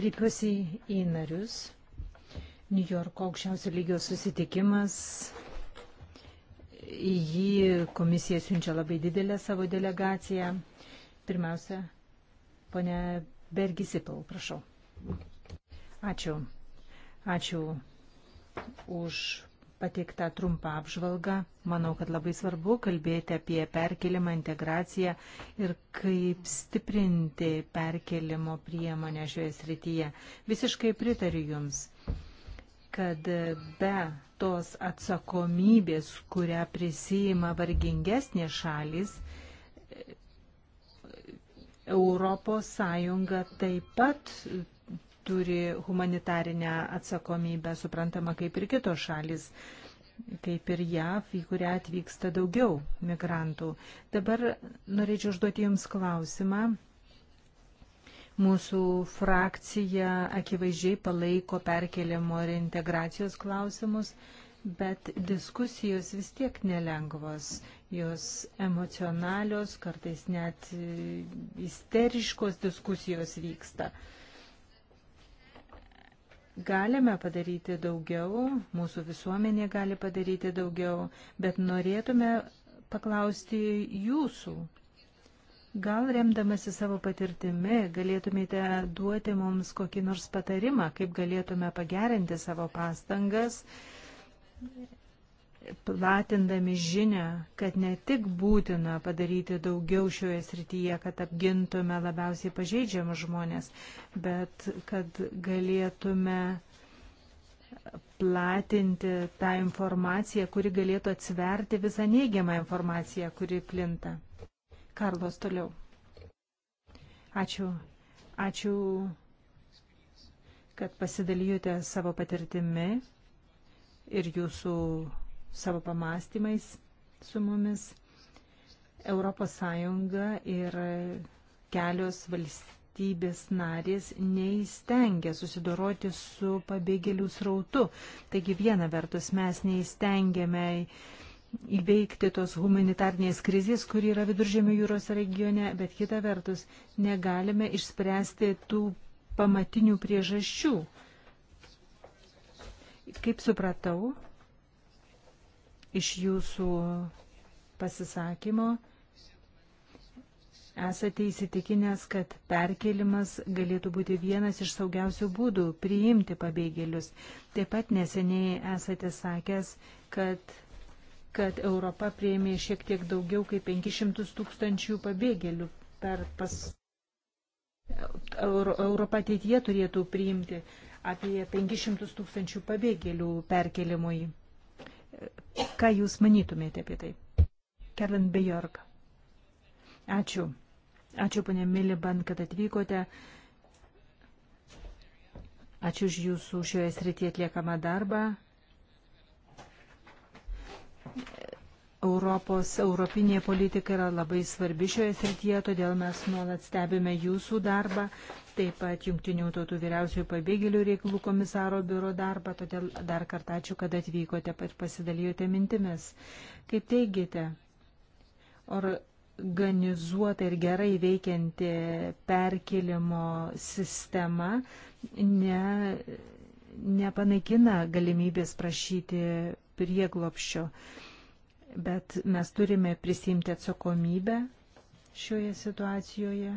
Kreipiuosi į narius. New Yorko aukščiausio lygio susitikimas. Į jį komisija siunčia labai didelę savo delegaciją. Pirmiausia, ponia Bergisipil, prašau. Ačiū. Ačiū už pateiktą trumpą apžvalgą. Manau, kad labai svarbu kalbėti apie perkelimą, integraciją ir kaip stiprinti perkelimo priemonę šioje srityje. Visiškai pritariu Jums, kad be tos atsakomybės, kurią prisijima vargingesnės šalis, Europos Sąjunga taip pat turi humanitarinę atsakomybę, suprantama, kaip ir kitos šalis kaip ir JAV, į kurią atvyksta daugiau migrantų. Dabar norėčiau užduoti Jums klausimą. Mūsų frakcija akivaizdžiai palaiko perkeliamo ir integracijos klausimus, bet diskusijos vis tiek nelengvos. Jos emocionalios, kartais net isteriškos diskusijos vyksta. Uh, Galime padaryti daugiau, mūsų visuomenė gali padaryti daugiau, bet norėtume paklausti jūsų. Gal remdamasi savo patirtimi galėtumėte duoti mums kokį nors patarimą, kaip galėtume pagerinti savo pastangas platindami žinę, kad ne tik būtina padaryti daugiau šioje srityje, kad apgintume labiausiai pažeidžiamus žmonės, bet kad galėtume platinti tą informaciją, kuri galėtų atsverti visą neigiamą informaciją, kuri plinta. Karlos toliau. Ačiū. Ačiū, kad pasidalijote savo patirtimi ir jūsų savo pamastymais su mumis. ES ir kelios valstybės narės neįstengia susidoroti su pabėgėlių srautu. Taigi viena vertus mes neįstengiame įveikti tos humanitarnės krizės, kuri yra viduržėmio jūros regione, bet kita vertus negalime išspręsti tų pamatinių priežasčių. Kaip supratau, iš jūsų pasisakymo esate įsitikinęs, kad perkelimas galėtų būti vienas iš saugiausių būdų priimti pabėgėlius. Taip pat neseniai esate sakęs, kad kad Europa prieimė šiek tiek daugiau kaip 500 tūkstančių pabėgėlių per pas. Euro, Europa ateityje turėtų priimti apie 500 tūkstančių pabėgėlių perkelimui. Ką Jūs manytumėte apie tai? Kellen Bjork. Ačiū. Ačiū, ponė Miliban, kad atvykote. Ačiū už Jūsų šioje srityje atliekamą darbą. Europos, europinė politika yra labai svarbi šioje srityje, todėl mes nuolat stebime jūsų darbą taip pat Junktinių tautų vyriausiųjų pabėgėlių reikalų komisaro biuro darbą, todėl dar kartą ačiū, kad atvykote ir pasidalijote mintimis. Kaip teigite, organizuota ir gerai veikianti perkelimo sistema ne, nepanaikina galimybės prašyti prieglopščio, bet mes turime prisimti atsakomybę šioje situacijoje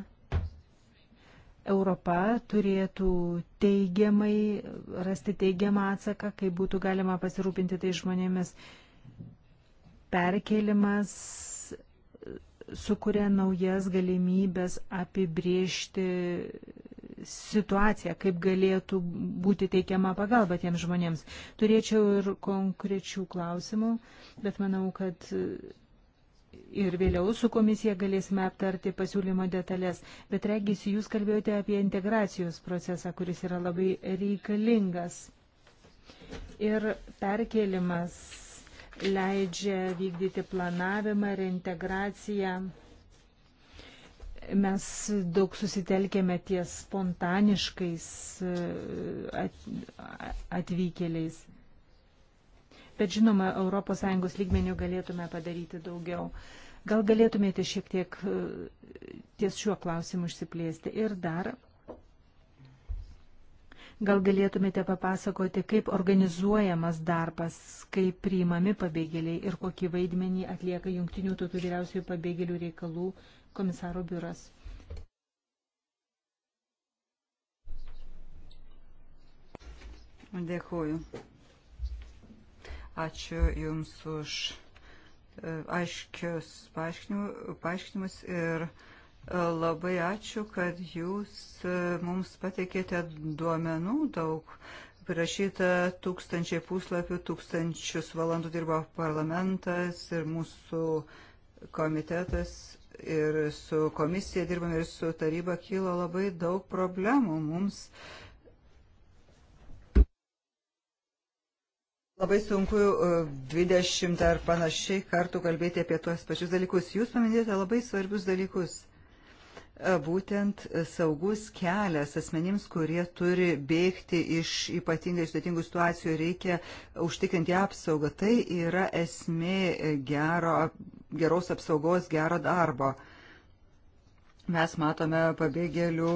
Europa turėtų teigiamai rasti teigiamą atsaką, kaip būtų galima pasirūpinti tai žmonėmis. Perkelimas sukuria naujas galimybės apibriežti situaciją, kaip galėtų būti teikiama pagalba tiems žmonėms. Turėčiau ir konkrečių klausimų, bet manau, kad ir vėliau su komisija galėsime aptarti pasiūlymo detalės. Bet regis, jūs kalbėjote apie integracijos procesą, kuris yra labai reikalingas. Ir perkelimas leidžia vykdyti planavimą ir integraciją. Mes daug susitelkėme ties spontaniškais e, atvykėliais bet žinoma, ES lygmenių galėtume padaryti daugiau. Gal galėtumėte šiek tiek e, ties šiuo klausimu išsiplėsti. Ir dar, gal galėtumėte papasakoti, kaip organizuojamas darbas, kaip priimami pabėgėliai ir kokį vaidmenį atlieka Junktinių tautų vyriausiųjų pabėgėlių reikalų komisaro biuras. Dėkuoju. Ačiū Jums už e, aiškius paaiškinimus ir e, labai ačiū, kad Jūs e, mums pateikėte duomenų daug. Prirašyta tūkstančiai puslapių, tūkstančius valandų dirbo parlamentas ir mūsų komitetas ir su komisija dirbame ir su taryba kilo labai daug problemų mums Labai sunku 20 e, ar panašiai kartų kalbėti apie tuos pačius dalykus. Jūs paminėjote labai svarbius dalykus. E, būtent saugus kelias asmenims, kurie turi bėgti iš ypatingai sudėtingų situacijų, reikia užtikrinti apsaugą. Tai yra esmė gero, geros apsaugos, gero darbo. Mes matome pabėgėlių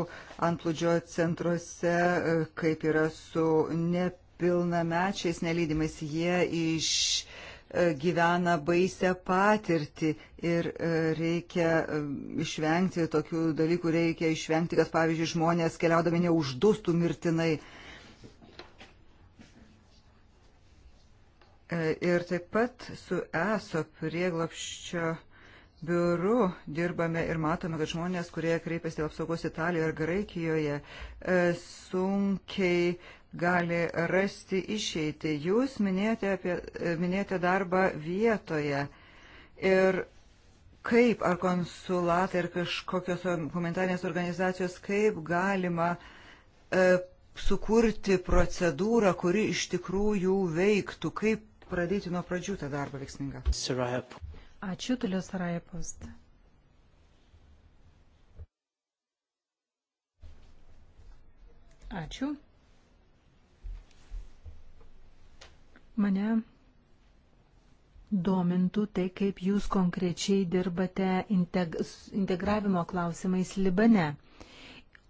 antplūdžio centruose, e, kaip yra su nepilnamečiais pilnamečiais nelydimais. Jie išgyvena e, baisę patirtį ir e, reikia e, išvengti tokių dalykų, reikia išvengti, kad, pavyzdžiui, žmonės keliaudami neuždūstų mirtinai. Ir taip pat su ESO prieglopščio biuru dirbame ir matome, kad žmonės, kurie kreipiasi dėl apsaugos Italijoje ir Graikijoje, sunkiai gali rasti išeitį. Jūs minėjote, apie, minėjote darbą vietoje ir kaip ar konsulatai ir kažkokios humanitarinės organizacijos, kaip galima e, sukurti procedūrą, kuri iš tikrųjų veiktų, kaip pradėti nuo pradžių tą darbą veiksmingą. Ačiū, Tulio Saraja Post. Ačiū. Mane domintų tai, kaip jūs konkrečiai dirbate integ integravimo klausimais Libane.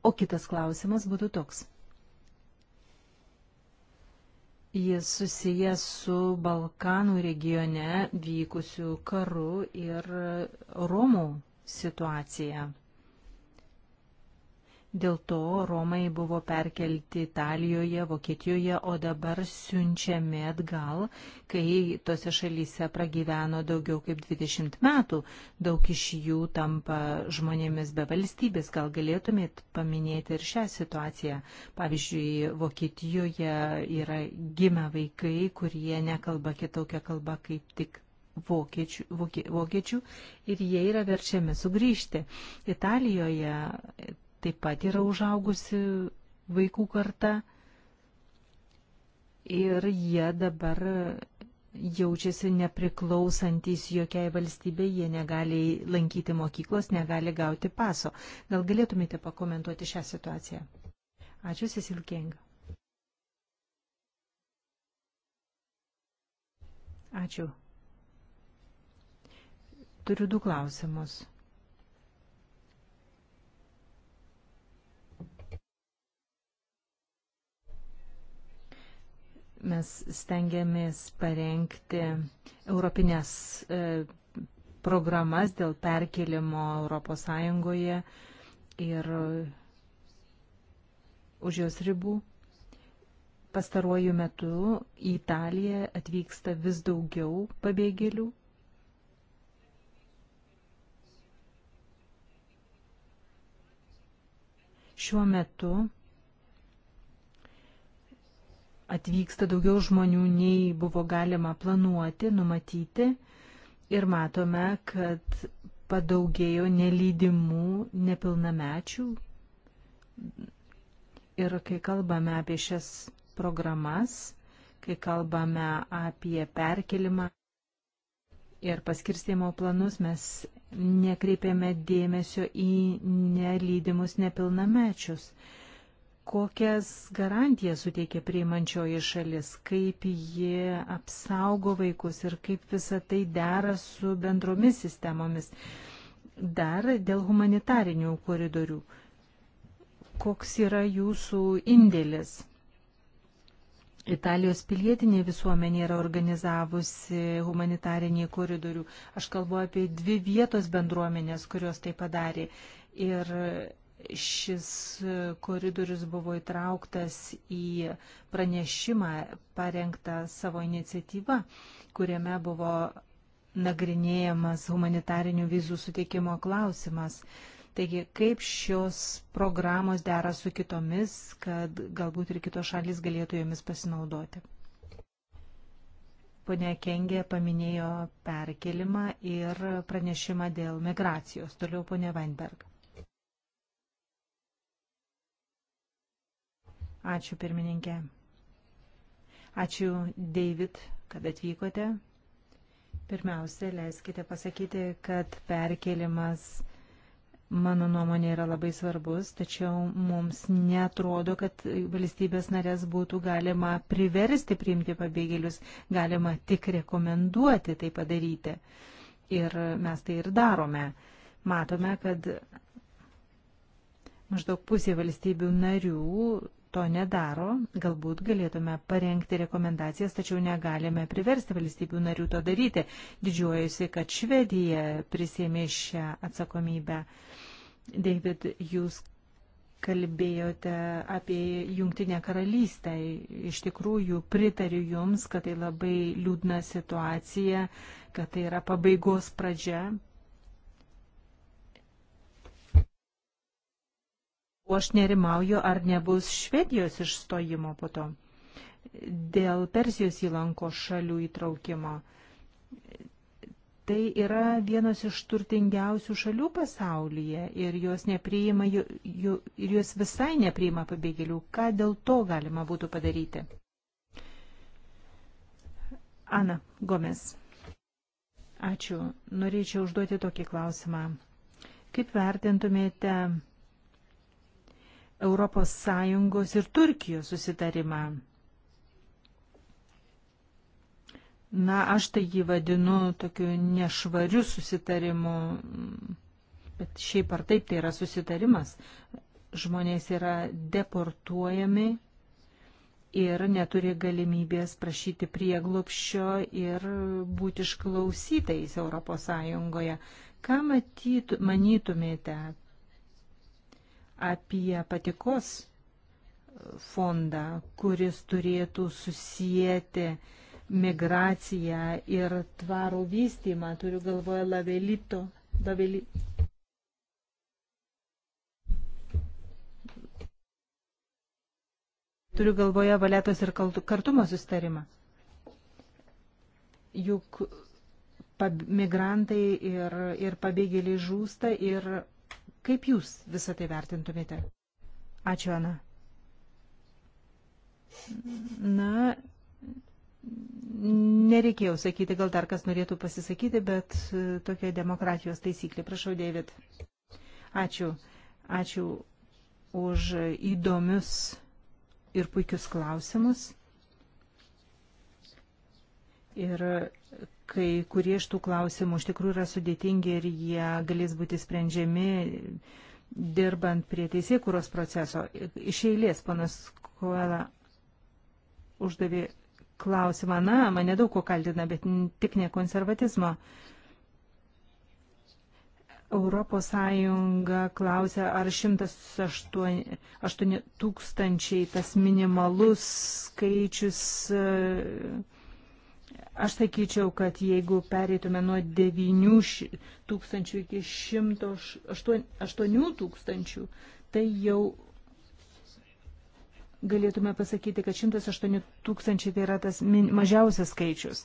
O kitas klausimas būtų toks. Jis susijęs su Balkanų regione vykusių karu ir Romų situacija. Dėl to Romai buvo perkelti Italijoje, Vokietijoje, o dabar siunčiami atgal, kai tose šalyse pragyveno daugiau kaip 20 metų. Daug iš jų tampa žmonėmis be valstybės. Gal galėtumėt paminėti ir šią situaciją? Pavyzdžiui, Vokietijoje yra gimę vaikai, kurie nekalba kitokią kalbą kaip tik vokiečių, vokie, vokiečių ir jie yra verčiami sugrįžti. Italijoje taip pat yra užaugusi vaikų karta ir jie dabar jaučiasi nepriklausantis jokiai valstybei, jie negali lankyti mokyklos, negali gauti paso. Gal galėtumėte pakomentuoti šią situaciją? Ačiū, Sisilkenga. Ačiū. Turiu du klausimus. mes stengiamės parengti europinės e, programas dėl perkelimo ES ir už jos ribų. Pastaruoju metu į Italiją atvyksta vis daugiau pabėgėlių, šiuo metu atvyksta daugiau žmonių, nei buvo galima planuoti, numatyti. Ir matome, kad padaugėjo nelydimų nepilnamečių. Ir kai kalbame apie šias programas, kai kalbame apie perkelimą ir paskirstimo planus, mes nekreipiame dėmesio į nelydimus nepilnamečius kokias garantijas suteikia priimančioji šalis, kaip ji apsaugo vaikus ir kaip visa tai dera su bendromis sistemomis. Dar dėl humanitarinių koridorių. Koks yra jūsų indėlis? Italijos pilietinė visuomenė yra organizavusi humanitarinį koridorių. Aš kalbu apie dvi vietos bendruomenės, kurios tai padarė. Ir šis koridorius buvo įtrauktas į pranešimą parengtą savo iniciatyvą, kuriame buvo nagrinėjamas humanitarinių vizų suteikimo klausimas. Taigi, kaip šios programos dera su kitomis, kad galbūt ir kitos šalis galėtų jomis pasinaudoti. Pone Kengė paminėjo perkelimą ir pranešimą dėl migracijos. Toliau pone Weinberg. Ačiū pirmininkė. Ačiū David, kad atvykote. Pirmiausia, leiskite pasakyti, kad perkelimas mano nuomonė yra labai svarbus, tačiau mums netrodo, kad valstybės narės būtų galima priversti priimti pabėgėlius, galima tik rekomenduoti tai padaryti. Ir mes tai ir darome. Matome, kad maždaug pusė valstybių narių to nedaro, galbūt galėtume parengti rekomendacijas, tačiau negalime priversti valstybių narių to daryti. Didžiuojusi, kad Švedija prisėmė šią atsakomybę. David, jūs kalbėjote apie Jungtinę karalystę. Iš tikrųjų, pritariu Jums, kad tai labai liūdna situacija, kad tai yra pabaigos pradžia, O aš nerimauju, ar nebus Švedijos išstojimo po to dėl Persijos įlanko šalių įtraukimo. Tai yra vienos iš turtingiausių šalių pasaulyje ir jos, nepriima, jų, jų, ir jos visai nepriima pabėgėlių. Ką dėl to galima būtų padaryti? Ana Gomes. Ačiū. Norėčiau užduoti tokį klausimą. Kaip vertintumėte ES ir Turkijos susitarimą. Na, aš tai jį vadinu tokiu nešvariu susitarimu, bet šiaip ar taip tai yra susitarimas. Žmonės yra deportuojami ir neturi galimybės prašyti prieglopščio ir būti išklausytais ES. Ką matytų, manytumėte apie patikos fondą, kuris turėtų susijęti migraciją ir tvarų vystymą, turiu galvoje lavelito, laveli. Turiu galvoje valėtos ir kartumo sustarimą. Juk migrantai ir, ir pabėgėliai žūsta ir Kaip jūs visą tai vertintumėte? Ačiū, Ana. Na, nereikėjo sakyti, gal dar kas norėtų pasisakyti, bet e, tokia demokratijos taisyklė. Prašau, David. Ačiū. Ačiū už įdomius ir puikius klausimus. Ir kai kurie iš tų klausimų iš tikrųjų yra sudėtingi ir jie galės būti sprendžiami dirbant prie teisėkūros proceso. Iš eilės panas Koela uždavė klausimą, na, mane daug ko kaltina, bet tik ne konservatizmo. Europos Sąjunga klausia, ar 108 tūkstančiai tas minimalus skaičius uh, Aš sakyčiau, kad jeigu pereitume nuo 9 tūkstančių iki 108 tūkstančių, tai jau galėtume pasakyti, kad 108 tūkstančiai tai yra tas mažiausias skaičius.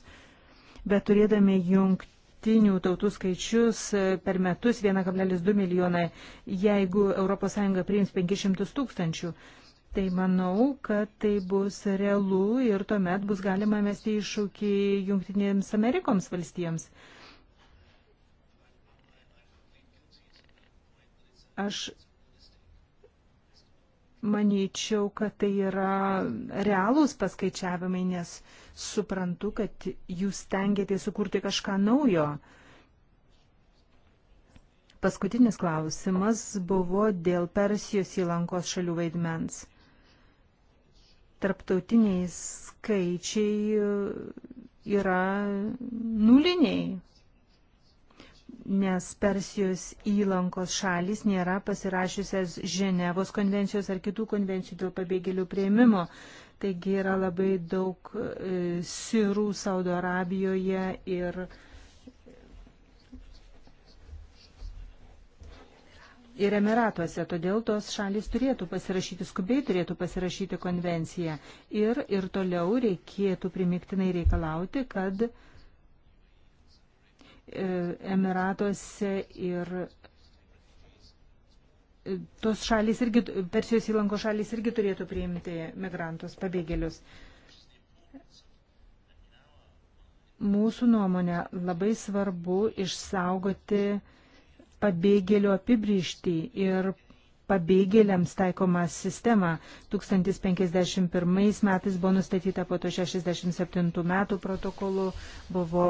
Bet turėdami jungti jungtinių tautų skaičius e, per metus 1,2 milijonai, jeigu ES priims 500 tūkstančių, tai manau, kad tai bus realu ir tuomet bus galima mesti iššūkį Junktinėms Amerikoms valstijams. Aš manyčiau, kad tai yra realūs paskaičiavimai, nes suprantu, kad jūs tengiate sukurti kažką naujo. Paskutinis klausimas buvo dėl Persijos įlankos šalių vaidmens tarptautiniai skaičiai yra nuliniai, nes Persijos įlankos šalis nėra pasirašiusias Ženevos konvencijos ar kitų konvencijų dėl pabėgėlių prieimimo. Taigi yra labai daug e, sirų Saudo Arabijoje ir uh, ir Emiratuose, todėl tos šalis turėtų pasirašyti, skubiai turėtų pasirašyti konvenciją ir, ir toliau reikėtų primiktinai reikalauti, kad e, Emiratuose ir e, tos šalis irgi, Persijos įlanko šalis irgi turėtų priimti migrantus, pabėgėlius. Mūsų nuomonė labai svarbu išsaugoti pabėgėlių apibriežtį ir pabėgėliams taikomą sistemą. 1051 metais buvo nustatyta po to 67 metų protokolu, buvo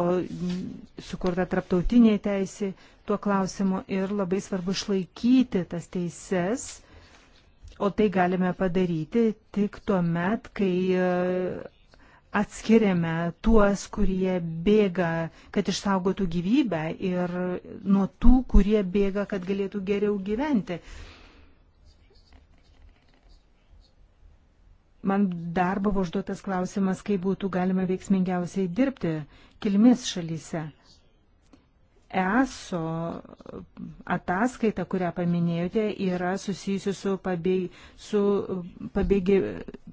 sukurta traptautinė teisė tuo klausimu ir labai svarbu išlaikyti tas teises, o tai galime padaryti tik tuo met, kai atskiriame tuos, kurie bėga, kad išsaugotų gyvybę ir nuo tų, kurie bėga, kad galėtų geriau gyventi. Man dar buvo užduotas klausimas, kaip būtų galima veiksmingiausiai dirbti kilmės šalyse. ESO ataskaita, kurią paminėjote, yra susijusi su, pabėg, su pabėgi,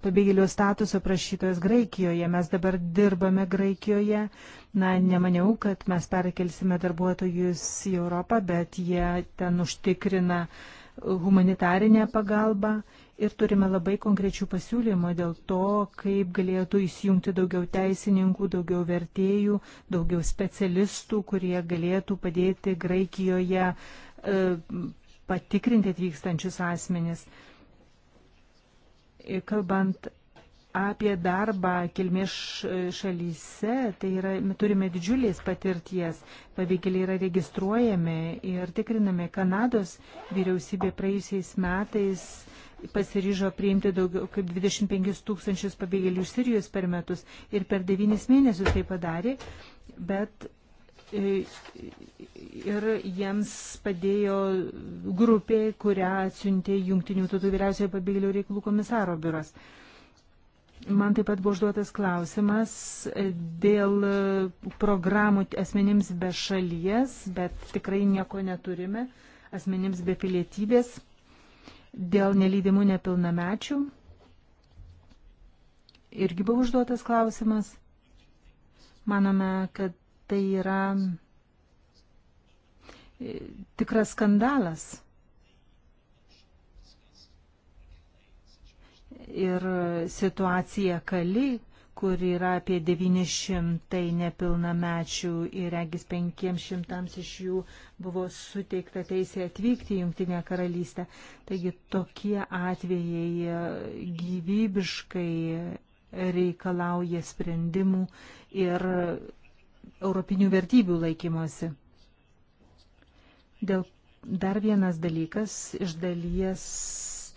pabėgėlio statuso prašytojas Graikijoje. Mes dabar dirbame Graikijoje. Na, nemaniau, kad mes perkelsime darbuotojus į Europą, bet jie ten užtikrina humanitarinę pagalbą ir turime labai konkrečių pasiūlymų dėl to, kaip galėtų įsijungti daugiau teisininkų, daugiau vertėjų, daugiau specialistų, kurie galėtų padėti Graikijoje e, patikrinti atvykstančius asmenis. Ir kalbant apie darbą kilmės šalyse, tai yra, turime didžiulės patirties. Pabėgėliai yra registruojami ir tikrinami. Kanados vyriausybė praėjusiais metais pasiryžo priimti daugiau kaip 25 tūkstančius pabėgėlių iš Sirijos per metus ir per 9 mėnesius tai padarė, bet e, ir jiems padėjo grupė, kurią atsiuntė Jungtinių tautų vyriausiojo pabėgėlių reikalų komisaro biuras. Man taip pat buvo užduotas klausimas e, dėl programų asmenims be šalies, bet tikrai nieko neturime, asmenims be pilietybės Dėl nelydimų nepilnamečių irgi buvo užduotas klausimas. Manome, kad tai yra e, tikras skandalas. Ir situacija kali kur yra apie 900 nepilnamečių ir regis 500 iš jų buvo suteikta teisė atvykti į Junktinę karalystę. Taigi tokie atvejai e, gyvybiškai reikalauja sprendimų ir europinių vertybių laikymosi. Dėl dar vienas dalykas iš dalies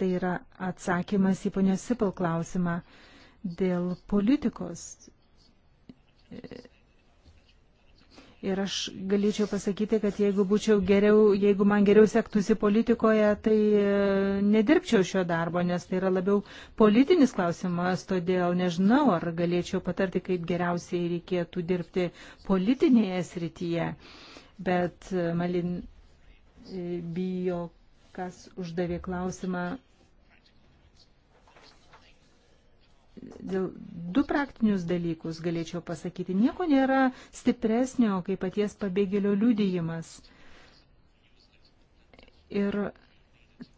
tai yra atsakymas į ponios Sipil klausimą dėl politikos. Ir aš galėčiau pasakyti, kad jeigu būčiau geriau, jeigu man geriau sektųsi politikoje, tai e, nedirbčiau šio darbo, nes tai yra labiau politinis klausimas, todėl nežinau, ar galėčiau patarti, kaip geriausiai reikėtų dirbti politinėje srityje. Bet e, Malin e, bijo, kas uždavė klausimą dėl du praktinius dalykus galėčiau pasakyti. Nieko nėra stipresnio, kaip paties pabėgėlio liudijimas. Ir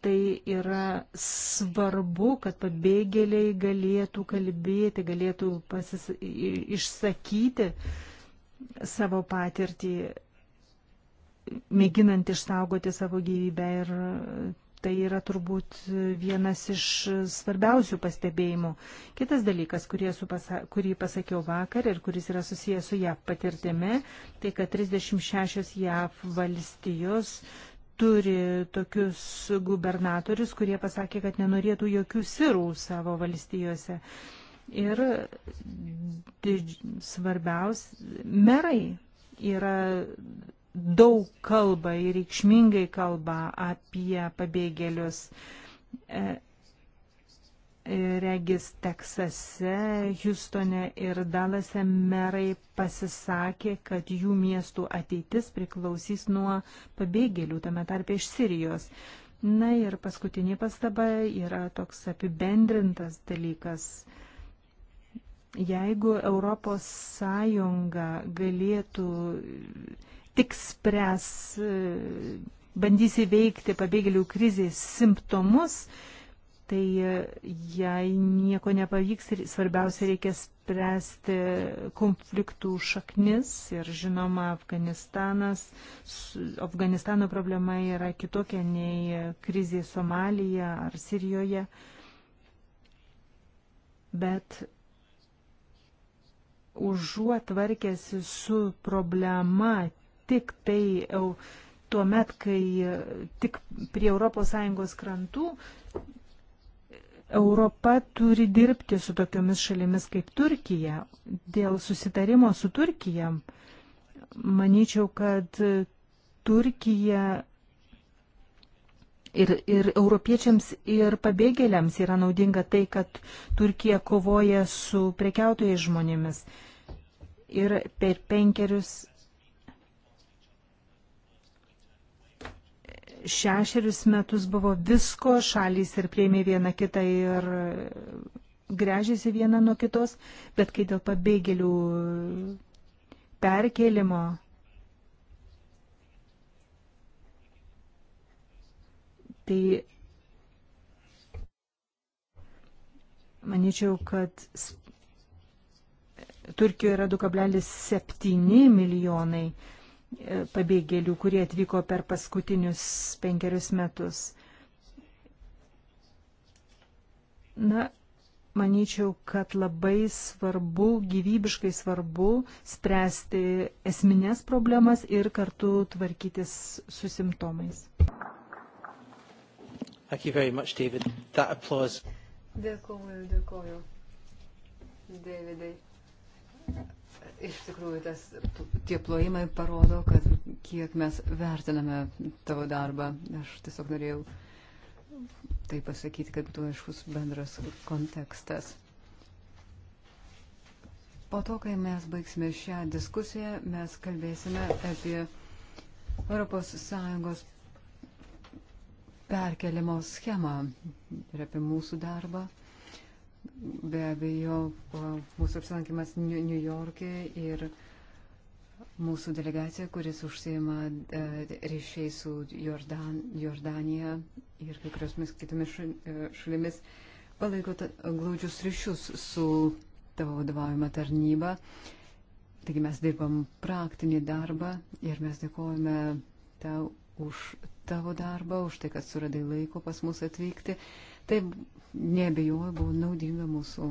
tai yra svarbu, kad pabėgėliai galėtų kalbėti, galėtų pasis, išsakyti savo patirtį, mėginant išsaugoti savo gyvybę ir Tai yra turbūt vienas iš svarbiausių pastebėjimų. Kitas dalykas, pasa kurį pasakiau vakar ir kuris yra susijęs su JAV patirtimi, tai kad 36 JAV valstijos turi tokius gubernatorius, kurie pasakė, kad nenorėtų jokių sirų savo valstijose. Ir svarbiausia, merai yra daug kalba ir reikšmingai kalba apie pabėgėlius. E, regis Teksase, Houstone ir Dalase merai pasisakė, kad jų miestų ateitis priklausys nuo pabėgėlių, tame tarpe iš Sirijos. Na ir paskutinė pastaba yra toks apibendrintas dalykas. Jeigu Europos Sąjunga galėtų tik spręs, e, bandys įveikti pabėgėlių krizės simptomus, tai e, jai nieko nepavyks ir svarbiausia reikia spręsti konfliktų šaknis ir žinoma Afganistanas, Afganistano problema yra kitokia nei krizė Somalija ar Sirijoje, bet užuot tvarkėsi su problema tik tai tuo met, kai tik prie ES krantų Europa turi dirbti su tokiomis šalimis kaip Turkija. Dėl susitarimo su Turkija, manyčiau, kad Turkija ir, ir europiečiams, ir pabėgėliams yra naudinga tai, kad Turkija kovoja su prekiautojais žmonėmis. Ir per penkerius šešerius metus buvo visko, šalys ir prieimė vieną kitą ir grežėsi viena nuo kitos, bet kai dėl pabėgėlių perkėlimo tai manyčiau, kad Turkijoje yra 2,7 milijonai pabėgėlių, kurie atvyko per paskutinius penkerius metus. Na, manyčiau, kad labai svarbu, gyvybiškai svarbu spręsti esminės problemas ir kartu tvarkytis su simptomais. Much, David. Dėkuoju, dėkuoju. Davidai Iš tikrųjų, tas, tie plojimai parodo, kad kiek mes vertiname tavo darbą. Aš tiesiog norėjau tai pasakyti, kad būtų aiškus bendras kontekstas. Po to, kai mes baigsime šią diskusiją, mes kalbėsime apie ES perkelimo schemą ir apie mūsų darbą be abejo mūsų apsilankimas New York'e ir mūsų delegacija, kuris užsieima e, ryšiai su Jordan, Jordanija ir kai kuriomis kitomis e, šalimis, palaiko glaudžius ryšius su tavo vadovaujama tarnyba. Taigi mes dirbam praktinį darbą ir mes dėkojame tau už tavo darbą, už tai, kad suradai laiko pas mus atvykti. Tai nebejoju buvo naudinga mūsų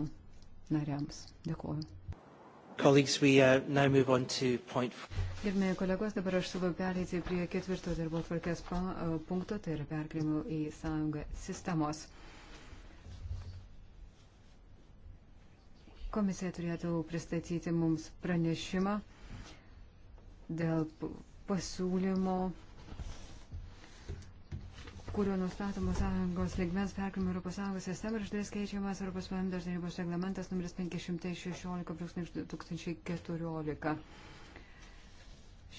nariams. Dėkuoju. Uh, Gerbėjai kolegos, dabar aš siūlau perėti prie ketvirto darbo tvarkės punkto, tai yra perkelimų į sąjungą sistemos. Komisija turėtų pristatyti mums pranešimą dėl pasiūlymo kurio nustatomos sąjungos ligmens perkrimų Europos Sąjungos sistemą ir išdės keičiamas Europos Sąjungos tarybos reglamentas numeris 516.2014.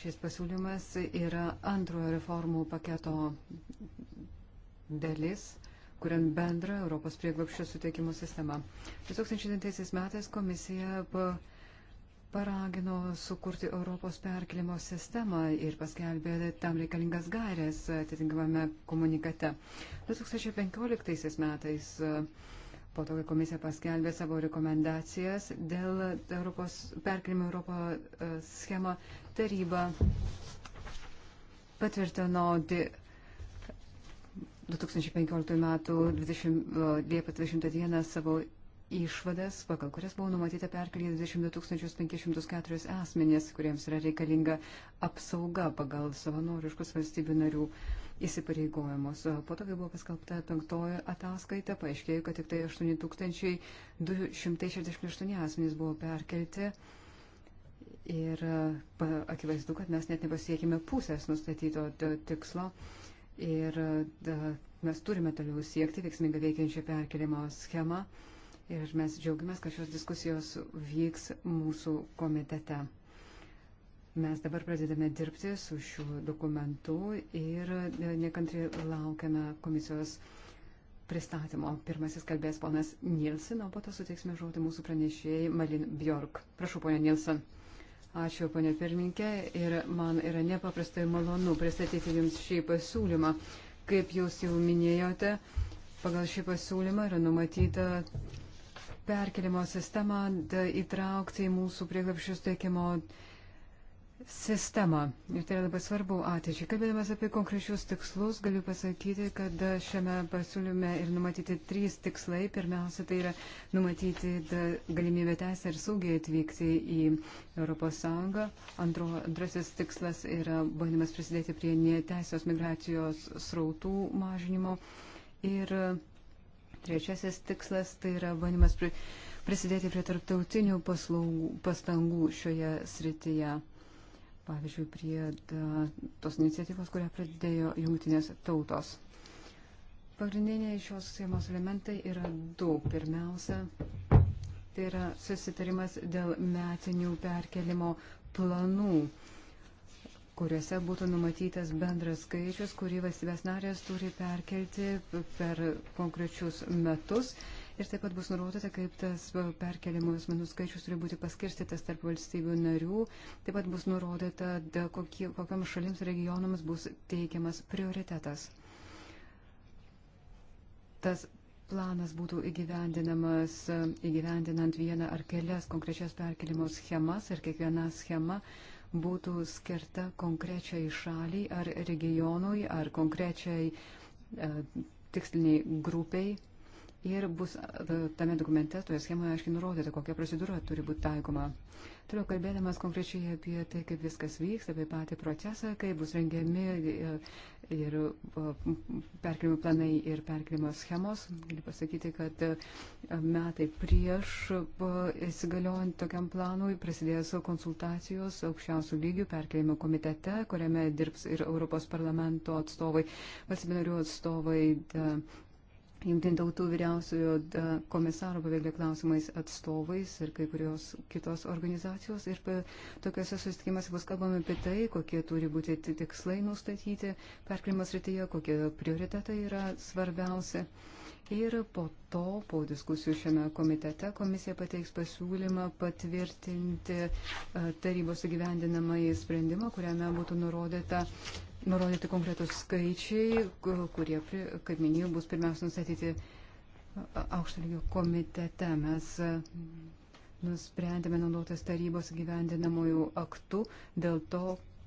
Šis pasiūlymas yra antrojo reformų paketo dalis, kuriant bendrą Europos prieglopščio suteikimo sistemą. 2009 metais komisija paragino sukurti Europos perkelimo sistemą ir paskelbė tam reikalingas gairės atitinkamame komunikate. 2015 metais e, po to, kai komisija paskelbė savo rekomendacijas dėl Europos perkelimo Europo e, schemą, taryba patvirtino 2015 m. 20, Liepą 20 dieną savo išvadas, pagal kurias buvo numatyta perkelti 22 504 asmenės, kuriems yra reikalinga apsauga pagal savanoriškus valstybių narių įsipareigojimus. Po to, kai buvo paskelbta penktoji ataskaita, paaiškėjo, kad tik tai 8268 asmenys buvo perkelti. Ir akivaizdu, kad mes net nepasiekime pusės nustatyto tikslo. Ir da, mes turime toliau siekti veiksmingą veikiančią perkelimo schemą. Uh, ir mes džiaugiamės, kad šios diskusijos vyks mūsų komitete. Mes dabar pradedame dirbti su šiuo dokumentu ir nekantri laukiame komisijos pristatymo. Pirmasis kalbės ponas Nilsen, o po to suteiksime žodį mūsų pranešėjai Malin Bjork. Prašau, ponė Nilsen. Ačiū, ponė pirmininkė, ir man yra nepaprastai malonu pristatyti Jums šį pasiūlymą. Kaip Jūs jau minėjote, pagal šį pasiūlymą yra numatyta perkelimo sistemą įtraukti į mūsų prieglapšių steikimo sistemą. Ir tai yra labai svarbu ateičiai. Kalbėdamas apie konkrečius tikslus, galiu pasakyti, kad šiame pasiūlyme ir numatyti trys tikslai. Pirmiausia, tai yra numatyti galimybę teisę ir saugiai atvykti į ES. Antro, antrasis tikslas yra bandymas prisidėti prie neteisės migracijos srautų mažinimo. Ir Trečiasis tikslas tai yra bandymas prisidėti prie tarptautinių paslaugų, pastangų šioje srityje. Pavyzdžiui, prie tos iniciatyvos, kurią pradėjo jungtinės tautos. Pagrindiniai šios schemos elementai yra du. Pirmiausia, tai yra susitarimas dėl metinių perkelimo planų kuriuose būtų numatytas bendras skaičius, kurį valstybės narės turi perkelti per konkrečius metus. Ir taip pat bus nurodyta, kaip tas perkeliamų asmenų skaičius turi būti paskirstytas tarp valstybių narių. Taip pat bus nurodyta, kokie, kokiam šalims regionams bus teikiamas prioritetas. Tas planas būtų įgyvendinamas įgyvendinant vieną ar kelias konkrečias perkelimo schemas ir kiekviena schema būtų skirta konkrečiai šaliai ar regionui ar konkrečiai e, tiksliniai grupiai Ir bus e, tame dokumente, toje schemoje aiškiai nurodyta, kokia procedūra turi būti taikoma. Toliau kalbėdamas konkrečiai apie tai, kaip viskas vyks, apie patį procesą, kaip bus rengiami e, ir, ir e, perkelimo planai ir perkelimo schemos, galiu pasakyti, kad metai prieš įsigaliojant tokiam planui prasidės konsultacijos aukščiausių lygių perkelimo komitete, kuriame dirbs ir Europos parlamento atstovai, valstybinarių atstovai. Da, Jungtinių tautų vyriausiojo komisaro pavėglė klausimais atstovais ir kai kurios kitos organizacijos. Ir tokiuose susitikimuose bus kalbama apie tai, kokie turi būti tikslai nustatyti perkelimas rytyje, kokie prioritetai yra svarbiausia. Ir po to, po diskusijų šiame komitete, komisija pateiks pasiūlymą patvirtinti tarybos įgyvendinamąjį sprendimą, kuriame būtų nurodyta uh, nurodyti konkretus skaičiai, kurie, kaip minėjau, bus pirmiausia nustatyti aukšto lygio komitete. Mes mm, nusprendėme naudotis tarybos gyvendinamojų aktų dėl to,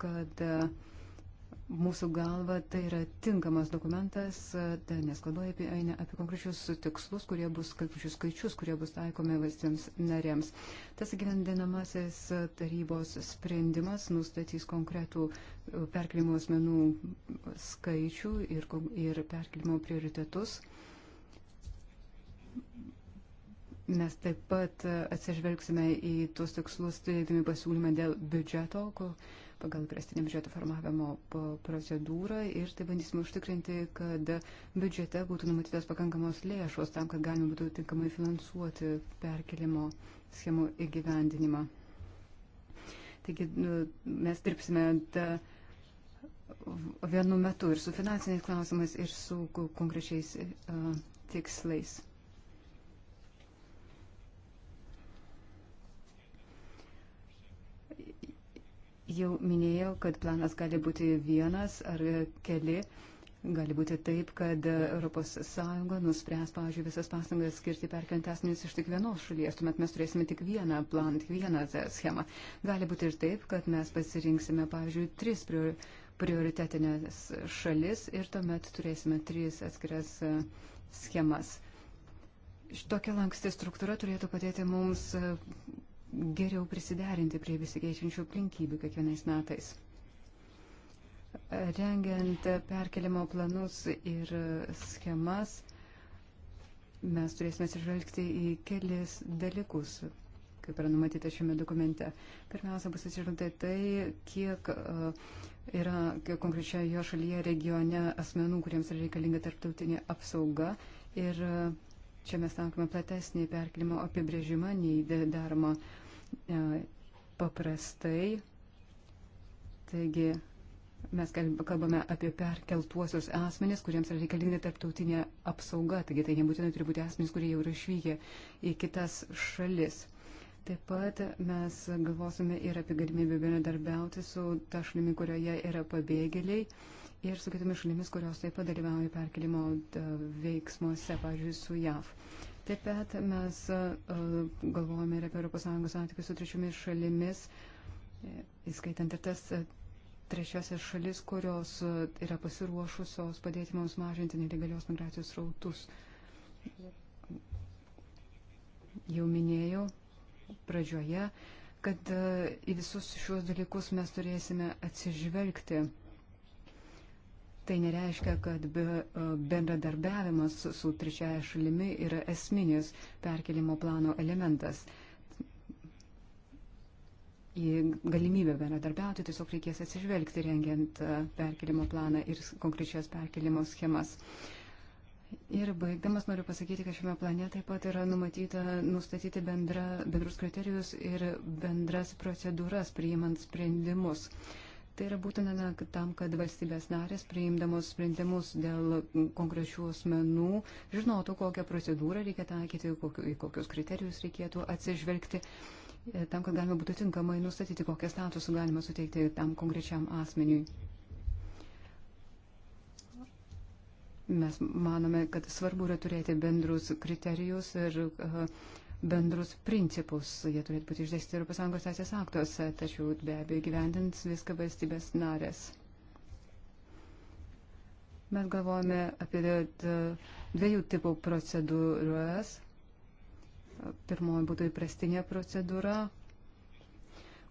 kad uh, mūsų galva tai yra tinkamas dokumentas, tai nes kalba apie, eina apie konkrečius tikslus, kurie bus, konkrečius skaičius, kurie bus taikomi valstybėms narėms. Tas gyvendinamasis tarybos sprendimas nustatys konkretų e, perkelimo asmenų skaičių ir, ir perkelimo prioritetus. Mes taip pat atsižvelgsime į tuos tikslus, turėdami pasiūlymą dėl biudžeto, ko, uh, pagal prastinį biudžeto formavimo procedūrą ir tai bandysime užtikrinti, kad biudžete būtų numatytos pakankamos lėšos tam, kad galima būtų tinkamai finansuoti perkelimo schemų įgyvendinimą. Taigi nu, mes dirbsime vienu metu ir su finansiniais klausimais, ir su konkrečiais uh, tikslais. Jau minėjau, kad planas gali būti vienas ar keli. Gali būti taip, kad ES nuspręs, pavyzdžiui, visas pastangas skirti perkeliant asmenys iš tik vienos šalies, tuomet mes turėsime tik vieną planą, tik vieną schemą. Gali būti ir taip, kad mes pasirinksime, pavyzdžiui, tris prioritetinės šalis ir tuomet turėsime tris atskiras e, schemas. Šitokia lanksti struktūra turėtų padėti mums e, geriau prisiderinti prie besikeičiančių aplinkybių kiekvienais metais. Rengiant perkelimo planus ir schemas, mes turėsime atsižvelgti į kelis dalykus, kaip yra numatyta šiame dokumente. Pirmiausia, bus atsižvelgta tai, kiek e, yra konkrečioje jo šalyje regione asmenų, kuriems yra reikalinga tarptautinė apsauga. Ir e, čia mes tankome platesnį perkelimo apibrėžimą nei daroma E, paprastai. Taigi mes kalbame apie perkeltuosius asmenis, kuriems yra reikalinga tarptautinė apsauga. Taigi tai nebūtinai turi būti asmenys, kurie jau yra išvykę į kitas šalis. Taip pat mes galvosime ir apie galimybę bendradarbiauti su ta šalimi, kurioje yra pabėgėliai ir su kitomis šalimis, kurios taip pat dalyvauja perkelimo e, veiksmuose, pavyzdžiui, su JAV. Taip pat mes e, galvojame ir apie ES santykius su trečiomis šalimis, e, įskaitant ir tas e, trečiasias šalis, kurios yra pasiruošusios padėti mums mažinti nelegalios migracijos rautus. Jau minėjau pradžioje, kad į visus šiuos dalykus mes turėsime atsižvelgti. Tai nereiškia, kad be, e, bendradarbiavimas su trečiaja šalimi yra esminis perkelimo plano elementas. Į galimybę bendradarbiauti tiesiog reikės atsižvelgti rengiant e, perkelimo planą ir konkrečias perkelimo schemas. Ir baigdamas noriu pasakyti, kad šiame plane taip pat yra numatyta nustatyti bendra, bendrus kriterijus ir bendras procedūras priimant sprendimus. Uh, Tai yra būtina na, tam, kad valstybės narės priimdamos sprendimus dėl konkrečių asmenų žinotų, kokią procedūrą reikia taikyti, kokius kriterijus reikėtų atsižvelgti, e, tam, kad galima būtų tinkamai nustatyti, kokią statusą galima suteikti tam konkrečiam asmeniui. Mes manome, kad svarbu yra turėti bendrus kriterijus ir uh, bendrus principus. Jie turėtų būti išdėstyti Europos Sąjungos teisės aktuose, tačiau be abejo gyvendins viską valstybės narės. Mes galvojame apie dviejų tipų procedūras. Pirmoji būtų įprastinė procedūra,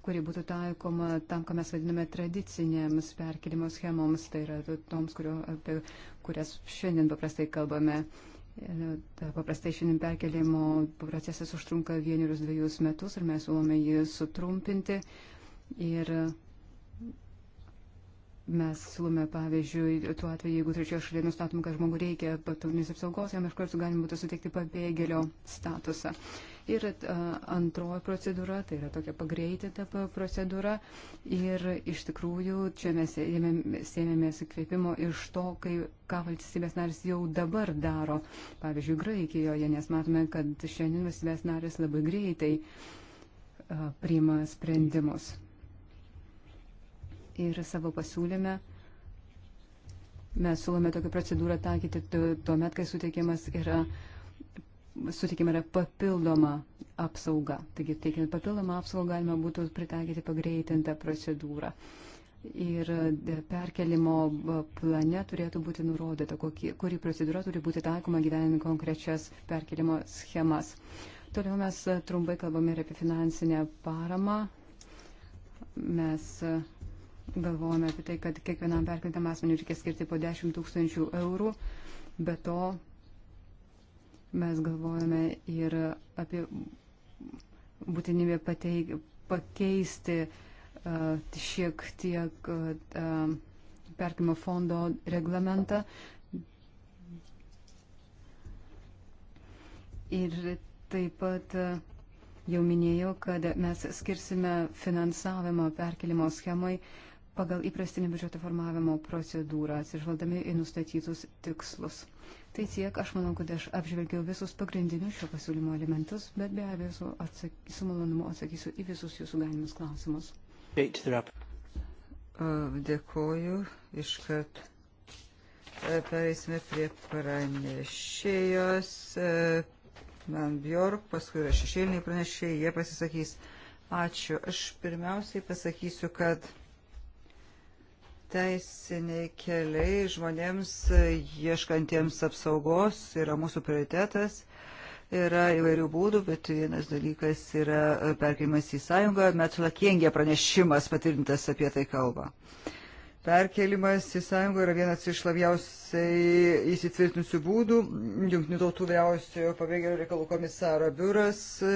kuri būtų taikoma tam, ką mes vadiname tradicinėms perkelimo schemoms, tai yra toms, kurio, apie kurias šiandien paprastai kalbame. E, paprastai šiandien perkelimo procesas užtrunka vienerius dviejus metus ir mes siūlome jį sutrumpinti. Ir Mes siūlome, pavyzdžiui, tuo atveju, jeigu trečioje šalyje nustatoma, kad žmogų reikia papildomis apsaugos, jam iš karto galima būtų suteikti pabėgėlio statusą. Ir uh, antroji procedūra, tai yra tokia pagreitinta procedūra. Ir iš tikrųjų, čia mes sėmėmės įkvėpimo iš to, kai, ką valstybės narys jau dabar daro. Pavyzdžiui, Graikijoje, nes matome, kad šiandien valstybės narys labai greitai uh, priima sprendimus ir savo pasiūlyme mes siūlome tokią procedūrą taikyti tuomet, kai suteikiamas yra sutikime yra papildoma apsauga. Taigi, teikiant papildomą apsaugą, galima būtų pritaikyti pagreitintą procedūrą. Ir e, perkelimo e, plane turėtų būti nurodyta, kokie, kuri procedūra turi būti taikoma gyvenant konkrečias perkelimo schemas. Toliau mes e, trumpai kalbame ir apie finansinę paramą. Mes galvojame apie tai, kad kiekvienam perkeltam asmeniu reikia skirti po 10 tūkstančių eurų. Be to, mes galvojame ir apie būtinybę pateik, pakeisti uh, šiek tiek uh, perkimo fondo reglamentą. Ir taip pat uh, jau minėjau, kad mes skirsime finansavimo perkelimo schemai uh, pagal įprastinį biudžeto formavimo procedūrą, atsižvaldami į nustatytus tikslus. Tai tiek, aš manau, kad aš apžvelgiau visus pagrindinius šio pasiūlymo elementus, bet be abejo su, atsaky, su malonumu atsakysiu į visus jūsų galimus klausimus. Dėkoju iškart. E, pereisime prie pranešėjos. Man e, Bjork, paskui yra šešėliniai pranešėjai, jie pasisakys. Ačiū. Aš pirmiausiai pasakysiu, kad Teisiniai keliai žmonėms ieškantiems apsaugos yra mūsų prioritetas yra įvairių būdų, bet vienas dalykas yra perkelimas į sąjungą, Metlakiengė pranešimas patvirtintas apie tai kalba. Perkelimas į sąjungą yra vienas iš labiausiai įsitvirtinusių būdų. Junktinių tautų vyriausiojo pabėgėlių reikalų komisaro biuras e,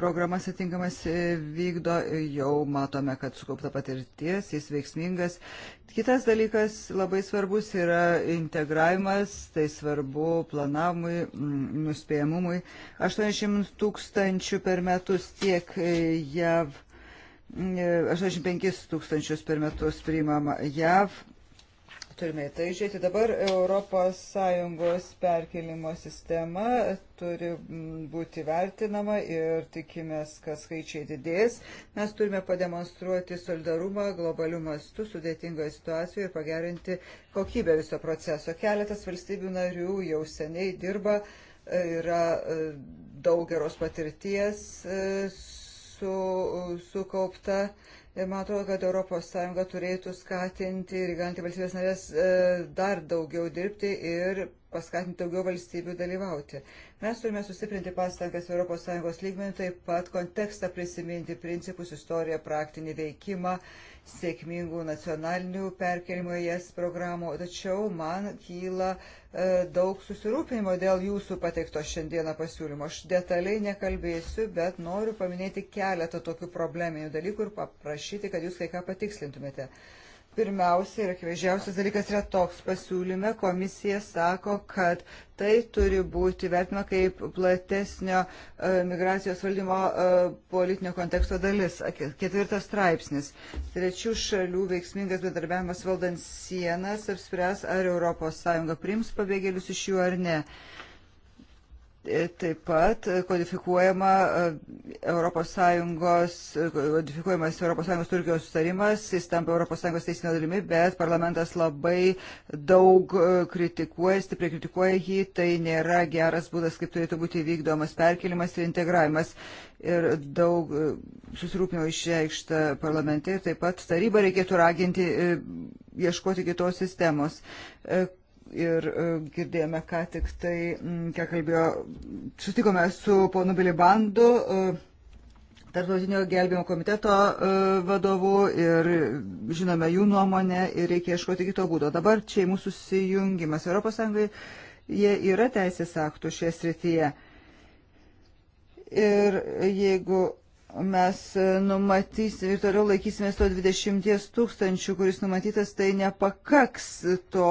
programas atinkamas e, vykdo, jau matome, kad sukaupta patirties, jis veiksmingas. Kitas dalykas labai svarbus yra integravimas, tai svarbu planavimui, nuspėjamumui. 80 tūkstančių per metus tiek e, JAV 85 tūkstančius per metus priimama JAV. Turime į tai žiūrėti. Dabar ES perkelimo sistema turi būti vertinama ir tikimės, kad skaičiai didės. Mes turime pademonstruoti solidarumą globalių mastų sudėtingoje situacijoje ir pagerinti kokybę viso proceso. Keletas valstybių narių jau seniai dirba, yra daug geros patirties e, su, sukaupta. Ir man atrodo, kad ES turėtų skatinti ir galinti valstybės narės e, dar daugiau dirbti ir paskatinti daugiau valstybių dalyvauti. Mes turime sustiprinti pastangas ES lygmenį, taip pat kontekstą prisiminti principus, istoriją, praktinį veikimą, sėkmingų nacionalinių perkelimo jas programų. Tačiau man kyla e, daug susirūpinimo dėl jūsų pateikto šiandieną pasiūlymo. Aš detaliai nekalbėsiu, bet noriu paminėti keletą tokių probleminių dalykų ir paprašyti, kad jūs kai ką patikslintumėte. E, Pirmiausia ir akivaizdžiausias dalykas yra toks pasiūlyme, komisija sako, kad tai turi būti vertima kaip platesnio e, migracijos valdymo e, politinio konteksto dalis. Ketvirtas straipsnis. Trečių šalių veiksmingas bedarbiavimas valdant sienas apspręs, ar ES priims pabėgėlius iš jų ar ne. E, E, taip pat e, kodifikuojama ES, e, kodifikuojamas ES Turkijos sustarimas, jis tampa ES teisinio dalimi, bet parlamentas labai daug kritikuoja, stipriai kritikuoja jį, tai nėra geras būdas, kaip turėtų būti vykdomas perkelimas ir integravimas. Ir daug susirūpinimo išreikšta parlamente ir taip pat tarybą reikėtų raginti ieškoti kitos sistemos ir e, girdėjome, ką tik tai, kiek kalbėjo, sutikome su ponu Bilibandu, e, Tartautinio gelbėjimo komiteto e, vadovu ir žinome jų nuomonę ir reikia ieškoti kito būdo. Dabar čia mūsų susijungimas ES, jie yra teisės aktų šioje srityje. Ir jeigu mes e, numatysime ir toliau laikysimės to 20 tūkstančių, kuris numatytas, tai nepakaks to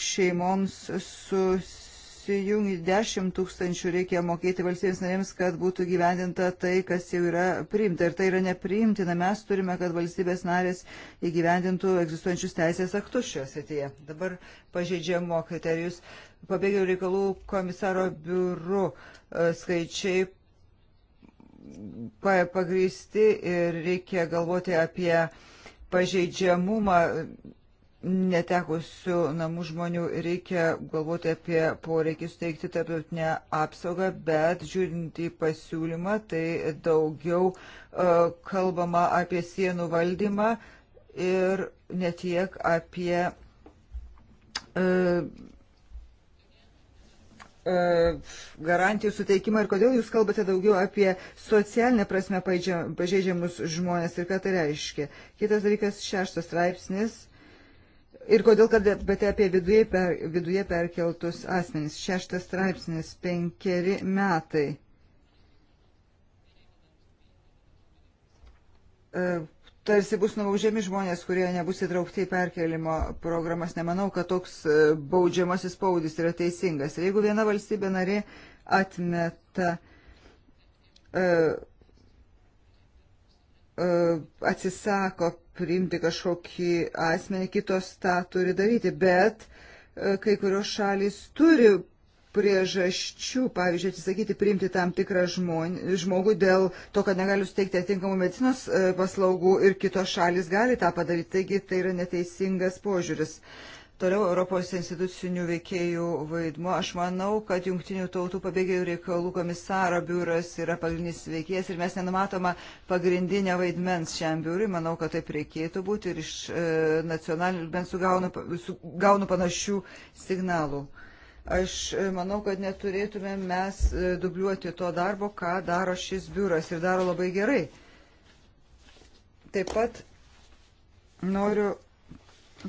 šeimoms susijungti 10 tūkstančių reikia mokėti valstybės narėms, kad būtų gyvendinta tai, kas jau yra priimta. Ir tai yra nepriimtina. Mes turime, kad valstybės narės įgyvendintų egzistuojančius teisės aktus šioje srityje. Dabar pažeidžiamo kriterijus pabėgėlių reikalų komisaro biuru e, skaičiai pagrysti ir reikia galvoti apie pažeidžiamumą netekusių namų žmonių. Reikia galvoti apie poreikį suteikti tarptautinę apsaugą, bet žiūrint į pasiūlymą, tai daugiau e, kalbama apie sienų valdymą ir netiek apie e, E, garantijų suteikimą ir kodėl jūs kalbate daugiau apie socialinę prasme pažeidžiamus žmonės ir ką tai reiškia. Kitas dalykas, šeštas straipsnis. Ir kodėl kalbate apie viduje, per, viduje perkeltus asmenys. Šeštas straipsnis, penkeri metai. E, tarsi bus nubaudžiami žmonės, kurie nebus įtraukti į perkelimo programas. Nemanau, kad toks e, baudžiamasis spaudis yra teisingas. Ir jeigu viena valstybė narė atmeta, e, e, atsisako priimti kažkokį asmenį, kitos tą turi daryti, bet kai kurios šalys turi priežasčių, pavyzdžiui, atsisakyti priimti tam tikrą žmonį, žmogų dėl to, kad negali suteikti atitinkamų medicinos e, paslaugų ir kitos šalis gali tą padaryti, taigi tai yra neteisingas požiūris. Toliau Europos institucinių veikėjų vaidmo. Aš manau, kad Junktinių tautų pabėgėjų reikalų komisaro biuras yra pagrindinis veikėjas ir mes nenumatoma pagrindinė vaidmens šiam biurui. Manau, kad taip reikėtų būti ir iš e, nacionalinių bent sugaunu, sugaunu panašių signalų. Aš e, manau, kad neturėtume mes e, dubliuoti to darbo, ką daro šis biuras ir daro labai gerai. Taip pat noriu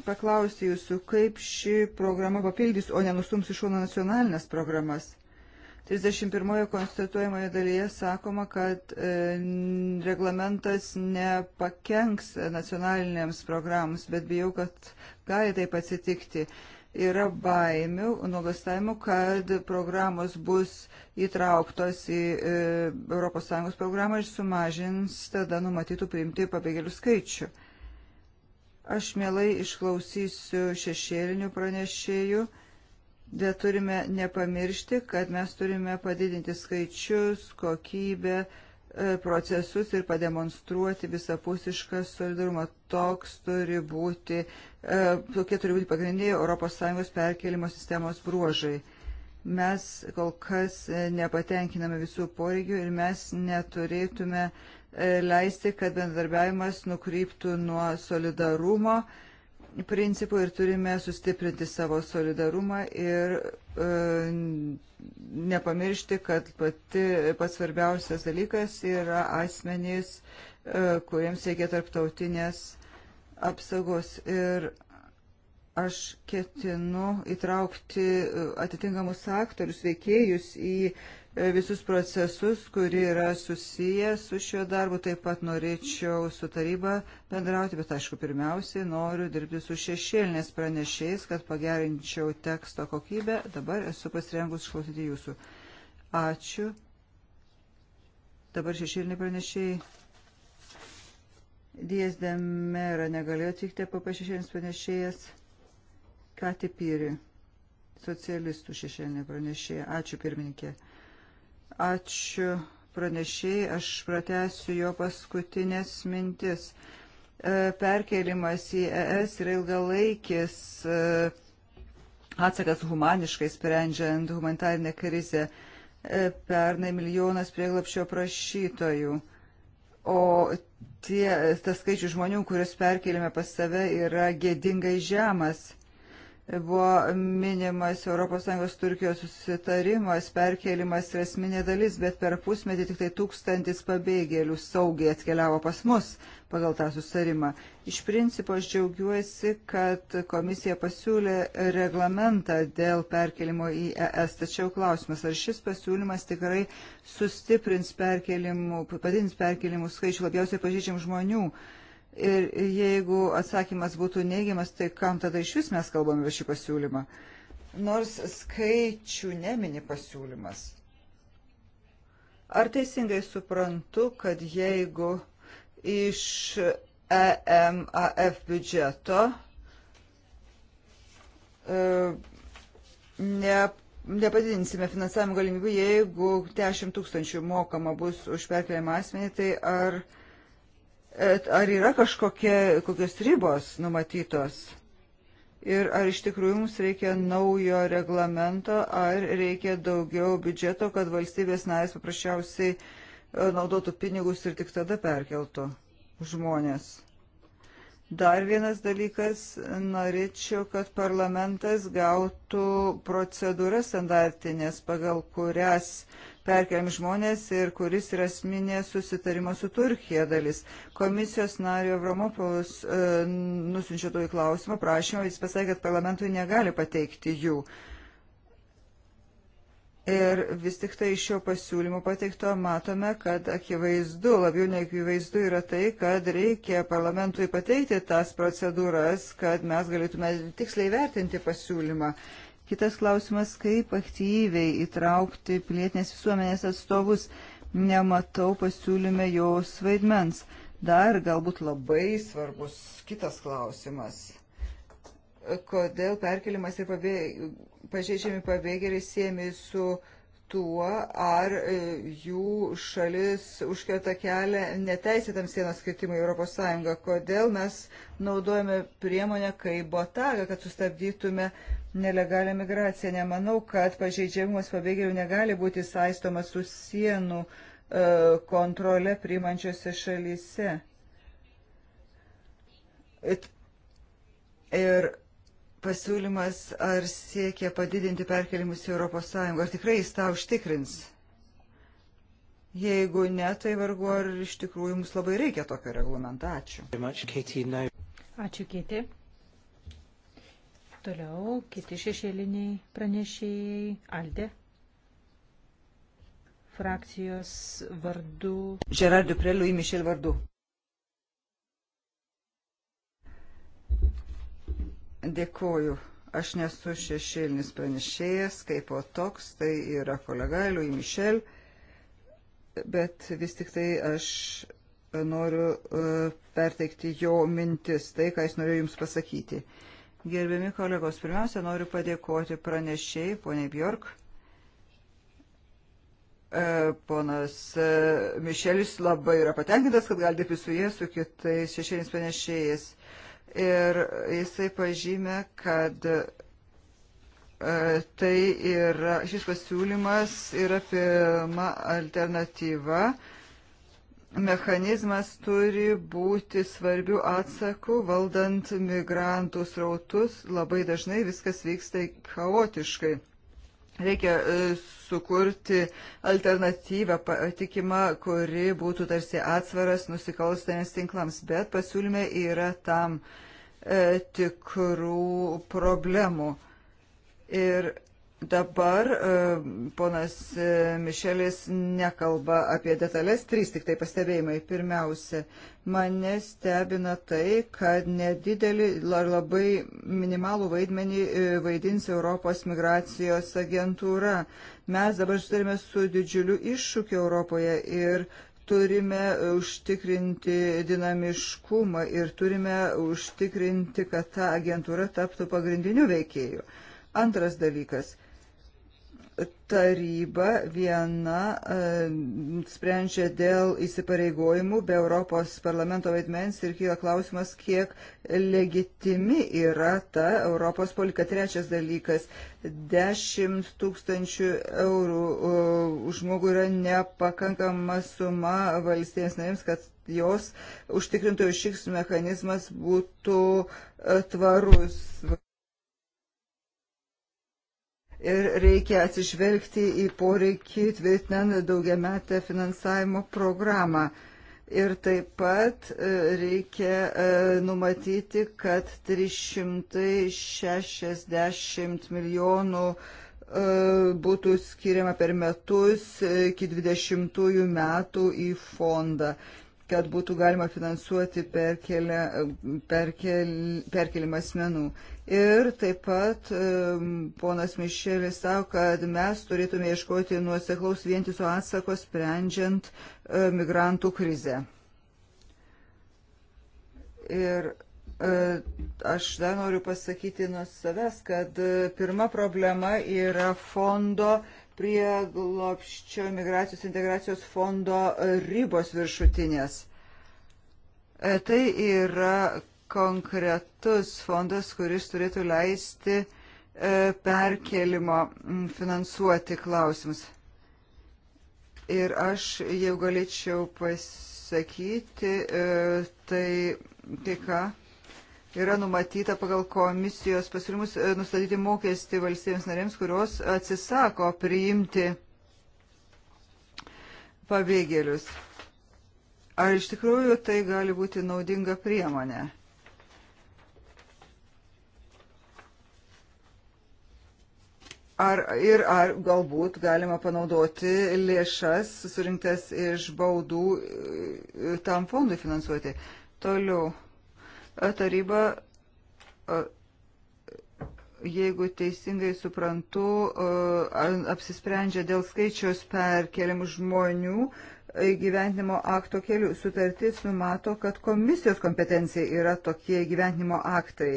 paklausti jūsų, kaip ši programa papildys, o nenustums iš šono nacionalinės programas. 31 konstatuojamoje dalyje sakoma, kad e, reglamentas nepakenks nacionalinėms programs, bet bijau, kad gali taip atsitikti yra baimių, nuogastavimų, kad programos bus įtrauktos į ES programą ir sumažins tada numatytų priimti pabėgėlių skaičių. Aš mielai išklausysiu šešėlinių pranešėjų, bet turime nepamiršti, kad mes turime padidinti skaičius, kokybę, E, procesus ir pademonstruoti visapusišką solidarumą. Toks turi būti, e, tokie turi būti pagrindiniai ES perkelimo sistemos bruožai. Mes kol kas e, nepatenkiname visų poreigių ir mes neturėtume leisti, kad bendarbiavimas nukryptų nuo solidarumo principų ir turime sustiprinti savo solidarumą ir E, nepamiršti, kad pati, pats svarbiausias dalykas yra asmenys, e, kuriems reikia tarptautinės apsaugos. Ir aš ketinu įtraukti e, atitinkamus aktorius, veikėjus į uh, E, visus procesus, kurie yra susiję su šiuo darbu. Taip pat norėčiau su taryba bendrauti, bet aišku, pirmiausiai noriu dirbti su šešėlinės pranešiais, kad pagerinčiau teksto kokybę. Dabar esu pasirengus išklausyti jūsų. Ačiū. Dabar šešėliniai pranešiai. Dijas Demera negalėjo atvykti, PP šešėlinis pranešėjas. Ką tipyri? Socialistų šešėlinė pranešėja. Ačiū pirmininkė. Ačiū pranešėjai, aš pratęsiu jo paskutinės mintis. E, Perkelimas į ES yra ilgalaikis e, atsakas humaniškai sprendžiant humanitarinę krizę. E, pernai milijonas prieglapšio prašytojų. O tie, tas skaičius žmonių, kuriuos perkelime pas save, yra gėdingai žemas buvo minimas ES Turkijos susitarimas, perkelimas ir esminė dalis, bet per pusmetį tik tai tūkstantis pabėgėlių saugiai atkeliavo pas mus pagal tą susitarimą. Iš principo aš džiaugiuosi, kad komisija pasiūlė reglamentą dėl perkelimo į ES, tačiau klausimas, ar šis pasiūlymas tikrai sustiprins perkelimų, padins perkelimų skaičių labiausiai pažydžiam žmonių Ir jeigu atsakymas būtų neigiamas, tai kam tada iš vis mes kalbame apie šį pasiūlymą? Nors skaičių nemini pasiūlymas. Ar teisingai suprantu, kad jeigu iš EMAF biudžeto e, ne, nepadidinsime finansavimo galimybių, jeigu 10 tūkstančių mokama bus už perkeliamą asmenį, tai ar uh, ar yra kažkokie, kokios ribos numatytos? Ir ar iš tikrųjų mums reikia naujo reglamento, ar reikia daugiau biudžeto, kad valstybės narės paprasčiausiai e, naudotų pinigus ir tik tada perkeltų žmonės. Dar vienas dalykas, norėčiau, kad parlamentas gautų procedūras standartinės, pagal kurias uh, perkeliami žmonės ir kuris yra asminė susitarimo su Turkija dalis. Komisijos nario Vromopolus e, nusinčia tokį klausimą, prašymą, jis pasakė, kad parlamentui negali pateikti jų. Ir vis tik tai iš šio pasiūlymo pateikto matome, kad akivaizdu, labiau neakivaizdu yra tai, kad reikia parlamentui pateikti tas procedūras, kad mes galėtume tiksliai vertinti pasiūlymą. E, Kitas klausimas, kaip aktyviai įtraukti pilietinės visuomenės atstovus. Nematau pasiūlyme jos vaidmens. Dar galbūt labai svarbus kitas klausimas. Kodėl perkelimas ir pabėg... pažeidžiami pabėgėliai siemi su uh, tuo, ar e, jų šalis užkerta kelią neteisėtam sienos kirtimui Europos Sąjungą. Kodėl mes naudojame priemonę kaip botagą, kad sustabdytume nelegalią migraciją. Nemanau, kad pažeidžiamumas pabėgėlių negali būti saistomas su sienų e, kontrole priimančiose šalyse. Ir pasiūlymas ar siekia padidinti perkelimus į ES, ar tikrai jis tą užtikrins? Jeigu ne, tai vargu ar iš tikrųjų mums labai reikia tokio reglamento. Ačiū. Ačiū, Kiti. Toliau kiti šešėliniai pranešėjai. Aldė. Frakcijos vardu. Žerardiu Preliu į Mišel vardu. Dėkuoju. Aš nesu šešėlinis pranešėjas, kaip po toks, tai yra kolega Louis Michel, bet vis tik tai aš noriu e, perteikti jo mintis, tai, ką jis norėjo jums pasakyti. Gerbiami kolegos, pirmiausia, noriu padėkoti pranešėjai, poniai Bjork. E, ponas e, Mišelis labai yra patenkintas, kad gali dirbti su jie, su kitais šešėlinis pranešėjais ir jisai pažymė, kad e, tai yra, šis pasiūlymas yra pirma alternatyva. Mechanizmas turi būti svarbių atsakų, valdant migrantų srautus. Labai dažnai viskas vyksta chaotiškai. Reikia e, sukurti alternatyvą patikimą, kuri būtų tarsi atsvaras nusikalstamiems tinklams, bet pasiūlyme yra tam e, tikrų problemų. Ir Dabar e, ponas e, Mišelis nekalba apie detalės, trys tik tai pastebėjimai. Pirmiausia, mane stebina tai, kad nedidelį ar labai minimalų vaidmenį e, vaidins Europos migracijos agentūra. Mes dabar turime su didžiuliu iššūkiu Europoje ir turime užtikrinti dinamiškumą ir turime užtikrinti, kad ta agentūra taptų pagrindiniu veikėju. Antras dalykas – taryba viena e, sprendžia dėl įsipareigojimų be Europos parlamento vaidmens ir kyla klausimas, kiek legitimi yra ta Europos politika. Trečias dalykas - 10 tūkstančių eurų e, žmogų yra nepakankama suma valstybės narėms, kad jos užtikrintojų šiks mechanizmas būtų e, tvarus ir reikia atsižvelgti į poreikį tvirtinant daugiametę finansavimo programą. Ir taip pat e, reikia e, numatyti, kad 360 milijonų e, būtų skiriama per metus iki 20 metų į fondą, kad būtų galima finansuoti perkelia, perkel, perkelimą asmenų. Ir taip pat ponas Mišelis savo, kad mes turėtume ieškoti nuoseklaus vientiso atsako sprendžiant e, migrantų krizę. Ir e, aš dar noriu pasakyti nuo savęs, kad e, pirma problema yra fondo prieglopščio migracijos integracijos fondo ribos viršutinės. Tai yra konkretus fondas, kuris turėtų leisti e, perkelimo finansuoti klausimus. Ir aš jau galėčiau pasakyti, e, tai tai ką yra numatyta pagal komisijos pasiūlymus e, nustatyti mokestį valstybėms narėms, kurios atsisako priimti pabėgėlius. Ar iš tikrųjų tai gali būti naudinga priemonė? Ar, ir ar galbūt galima panaudoti lėšas surinktas iš baudų e, e, tam fondui finansuoti. Toliau, e, taryba, jeigu teisingai suprantu, apsisprendžia dėl skaičiaus perkeliamų žmonių įgyventinimo akto keliu. Sutartis numato, kad komisijos kompetencija yra tokie įgyventinimo aktai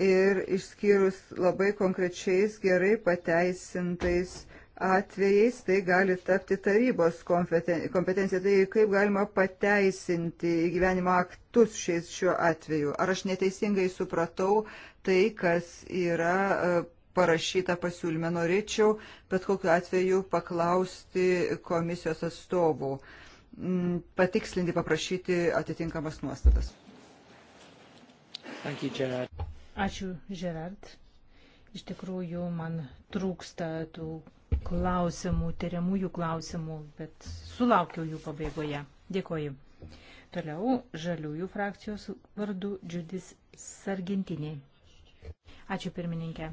ir išskyrus labai konkrečiais gerai pateisintais atvejais tai gali tapti tarybos kompetencija. Tai kaip galima pateisinti gyvenimo aktus šiais šiuo atveju? Ar aš neteisingai supratau tai, kas yra e, parašyta pasiūlyme? Norėčiau bet kokiu atveju paklausti komisijos atstovų, patikslinti, paprašyti atitinkamas nuostatas. Thank you, Gerard. Ačiū, Gerard. Iš tikrųjų, man trūksta tų klausimų, tyriamųjų klausimų, bet sulaukiau jų pabaigoje. Dėkoju. Toliau žaliųjų frakcijos vardu Džudis Sargentiniai. Ačiū pirmininkė.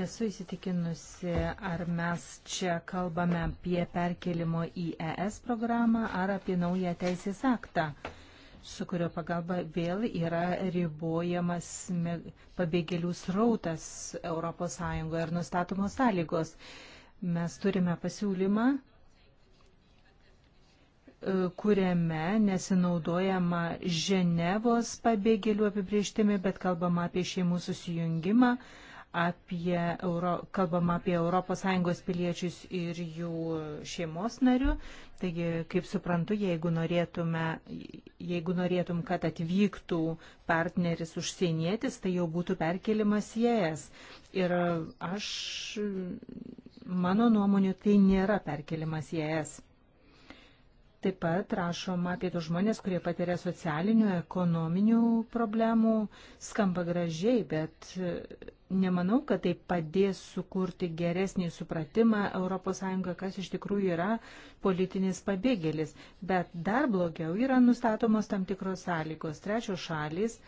Nesu įsitikinusi, ar mes čia kalbame apie perkelimo į ES programą ar apie naują teisės aktą su kurio pagalba vėl yra ribojamas pabėgėlių srautas ES ir nustatomos sąlygos. Mes turime pasiūlymą, e, kuriame nesinaudojama Ženevos pabėgėlių apibrieštimi, bet kalbama apie šeimų susijungimą, apie Euro, kalbama apie ES piliečius ir jų šeimos narių. Taigi, kaip suprantu, jeigu, norėtume, jeigu norėtum, kad atvyktų partneris užsienietis, tai jau būtų perkelimas į ES. Ir aš, mano nuomonė, tai nėra perkelimas į ES. Taip pat rašoma apie tos žmonės, kurie patiria socialinių, ekonominių problemų. Skamba gražiai, bet e, nemanau, kad tai padės sukurti geresnį supratimą ES, kas iš tikrųjų yra politinis pabėgėlis. Bet dar blogiau yra nustatomos tam tikros sąlygos. Trečios šalis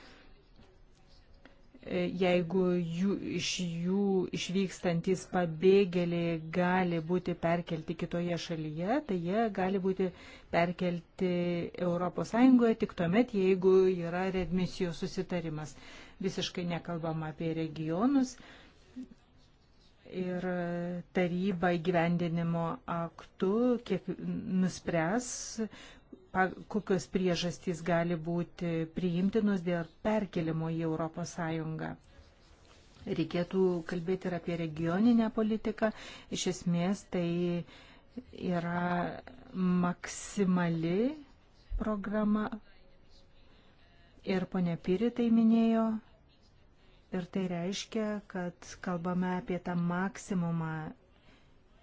jeigu jų, iš jų išvykstantis pabėgėliai gali būti perkelti kitoje šalyje, tai jie gali būti perkelti ES tik tuomet, jeigu yra redmisijos susitarimas. Visiškai nekalbama apie regionus. Ir taryba įgyvendinimo aktu kiek nuspręs, kokios priežastys gali būti priimtinos dėl perkelimo į ES. Reikėtų kalbėti ir apie regioninę politiką. Iš esmės tai yra maksimali programa. Ir ponia Piri tai minėjo. Ir tai reiškia, kad kalbame apie tą maksimumą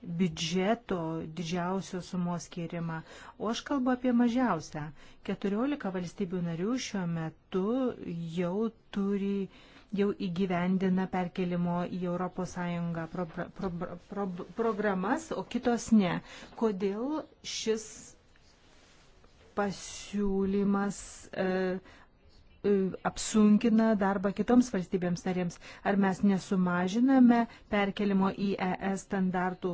biudžeto didžiausios sumos skirimą, o aš kalbu apie mažiausią. 14 valstybių narių šiuo metu jau turi jau įgyvendina perkelimo į ES pro, pro, pro, programas, o kitos ne. Kodėl šis pasiūlymas e, E, apsunkina darbą kitoms valstybėms narėms. Ar mes nesumažiname perkelimo į ES standartų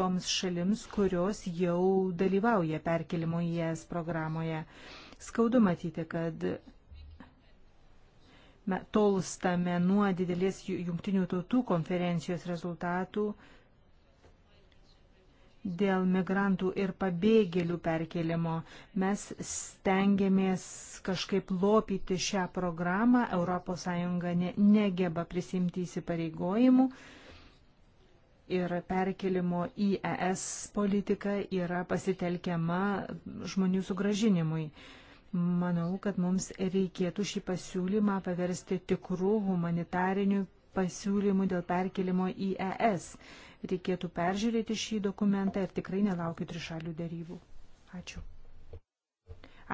toms šalims, kurios jau dalyvauja perkelimo į ES programoje? Skaudu matyti, kad tolstame nuo didelės jungtinių tautų konferencijos rezultatų dėl migrantų ir pabėgėlių perkelimo. Mes stengiamės kažkaip lopyti šią programą, ES ne, negeba prisimti įsipareigojimų ir perkelimo į ES politika yra pasitelkiama žmonių sugražinimui. Manau, kad mums reikėtų šį pasiūlymą paversti tikrų humanitarinių pasiūlymų dėl perkelimo į ES reikėtų peržiūrėti šį dokumentą ir tikrai nelaukiu trišalių dėrybų. Ačiū.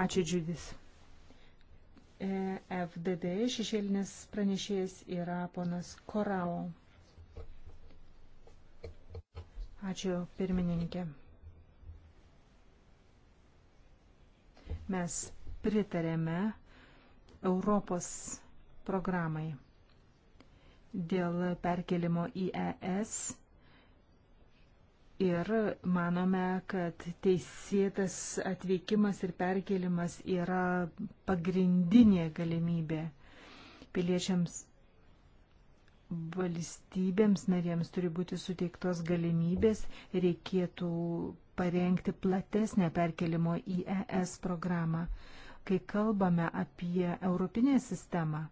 Ačiū, Džiudis. E, FDD šešėlinis pranešėjas yra ponas Korao. Ačiū, pirmininkė. Mes pritarėme Europos programai dėl perkelimo į ES Ir manome, kad teisėtas atvykimas ir perkelimas yra pagrindinė galimybė piliečiams valstybėms narėms turi būti suteiktos galimybės, reikėtų parengti platesnę perkelimo į ES programą. Kai kalbame apie europinę sistemą,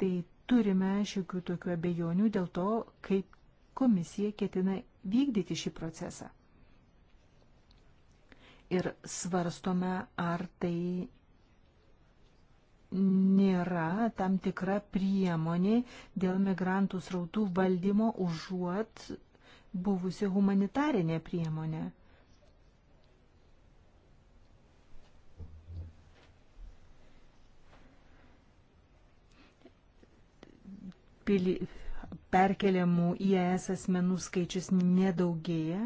tai turime šiokių tokių abejonių dėl to, kaip komisija ketina vykdyti šį procesą. Ir svarstome, ar tai nėra tam tikra priemonė dėl migrantų srautų valdymo užuot buvusi humanitarinė priemonė. Pili, perkeliamų į ES asmenų skaičius nedaugėja.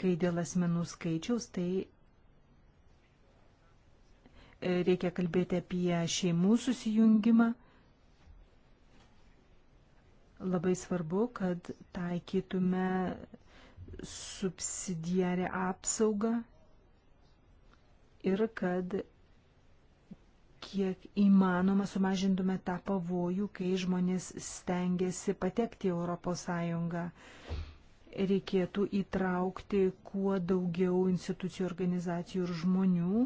Kai dėl asmenų skaičiaus, tai e, reikia kalbėti apie šeimų susijungimą. Labai svarbu, kad taikytume subsidiarę apsaugą ir kad kiek įmanoma sumažintume tą pavojų, kai žmonės stengiasi patekti į ES. Reikėtų įtraukti kuo daugiau institucijų, organizacijų ir žmonių,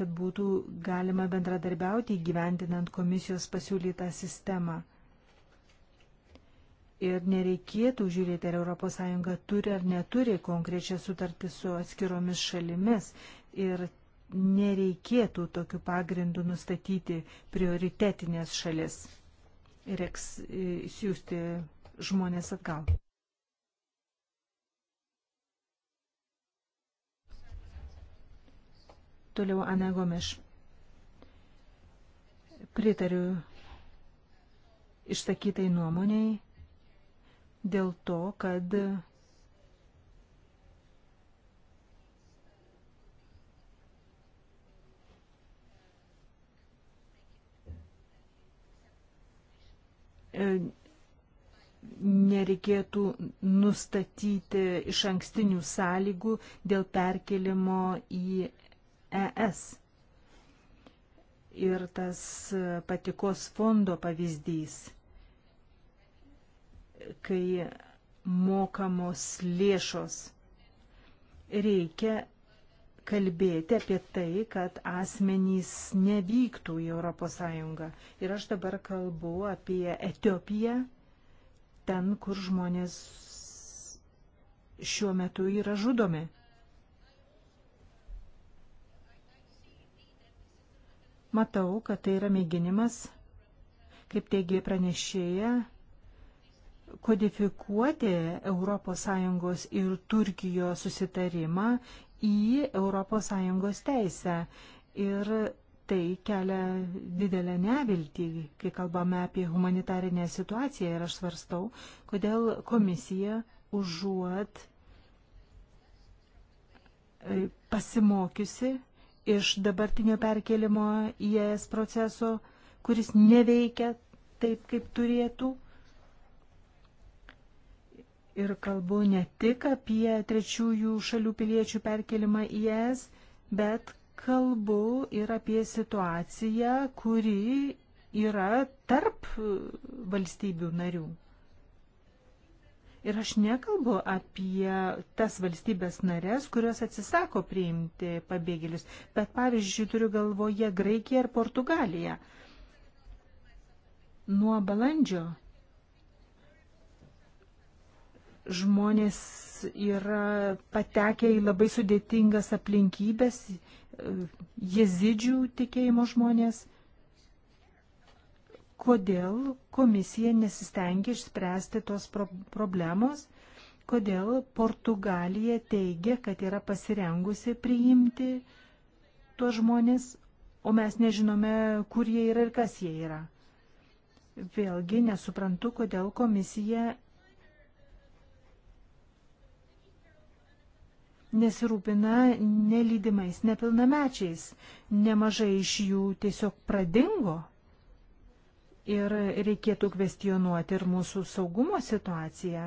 kad būtų galima bendradarbiauti įgyvendinant komisijos pasiūlytą sistemą. Ir nereikėtų žiūrėti, ar ES turi ar neturi konkrečią sutartį su atskiromis šalimis. Ir nereikėtų tokiu pagrindu nustatyti prioritetinės šalis ir siūsti žmonės atgal. Toliau Ana Gomeš. Pritariu išsakytai nuomoniai dėl to, kad E, nereikėtų nustatyti iš ankstinių sąlygų dėl perkelimo į ES. Ir tas patikos fondo pavyzdys, kai mokamos lėšos reikia kalbėti apie tai, kad asmenys nevyktų į ES. Ir aš dabar kalbu apie Etiopiją, ten, kur žmonės šiuo metu yra žudomi. Matau, kad tai yra mėginimas, kaip teigia pranešėja, kodifikuoti ES ir Turkijos susitarimą į ES teisę. Ir tai kelia didelę neviltį, kai kalbame apie humanitarinę situaciją. Ir aš svarstau, kodėl komisija užuot e, pasimokiusi iš dabartinio perkelimo į ES proceso, kuris neveikia taip, kaip turėtų, ir kalbu ne tik apie trečiųjų šalių piliečių perkelimą į ES, bet kalbu ir apie situaciją, kuri yra tarp valstybių narių. Ir aš nekalbu apie tas valstybės narės, kurios atsisako priimti pabėgėlius, bet pavyzdžiui turiu galvoje Graikiją ir Portugaliją. Nuo balandžio žmonės yra patekę į labai sudėtingas aplinkybės, jezidžių tikėjimo žmonės. Kodėl komisija nesistengia išspręsti tos pro problemos? Kodėl Portugalija teigia, kad yra pasirengusi priimti tuos žmonės, o mes nežinome, kur jie yra ir kas jie yra? Vėlgi nesuprantu, kodėl komisija nesirūpina nelydimais nepilnamečiais. Nemažai iš jų tiesiog pradingo. Ir reikėtų kvestionuoti ir mūsų saugumo situaciją.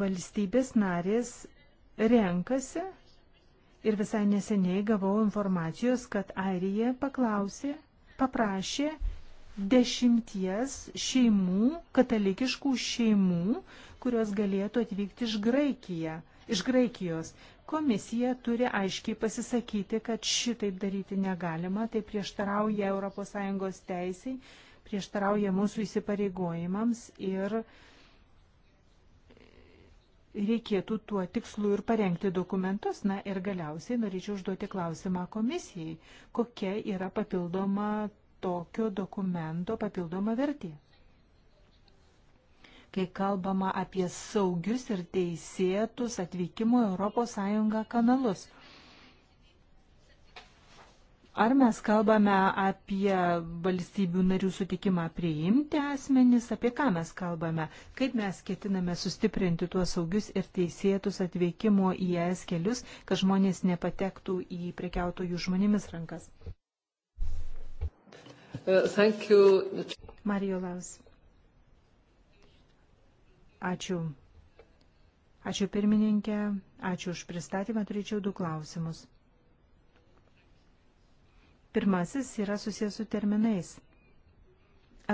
Valstybės narės renkasi ir visai neseniai gavau informacijos, kad Airija paklausė, paprašė dešimties šeimų, katalikiškų šeimų, kurios galėtų atvykti iš Graikiją iš Graikijos. Komisija turi aiškiai pasisakyti, kad šitaip daryti negalima, tai prieštarauja ES teisiai, prieštarauja mūsų įsipareigojimams ir reikėtų tuo tikslu ir parengti dokumentus. Na ir galiausiai norėčiau užduoti klausimą komisijai, kokia yra papildoma tokio dokumento papildoma vertė kai kalbama apie saugius ir teisėtus atvykimo ES kanalus. Ar mes kalbame apie valstybių narių sutikimą priimti asmenys, apie ką mes kalbame, kaip mes ketiname sustiprinti tuos saugius ir teisėtus atvykimo į ES kelius, kad žmonės nepatektų į prekiautojų žmonėmis rankas. Uh, Marijo Laus. Ačiū. Ačiū pirmininkė, ačiū už pristatymą, turėčiau du klausimus. Pirmasis yra susijęs su terminais.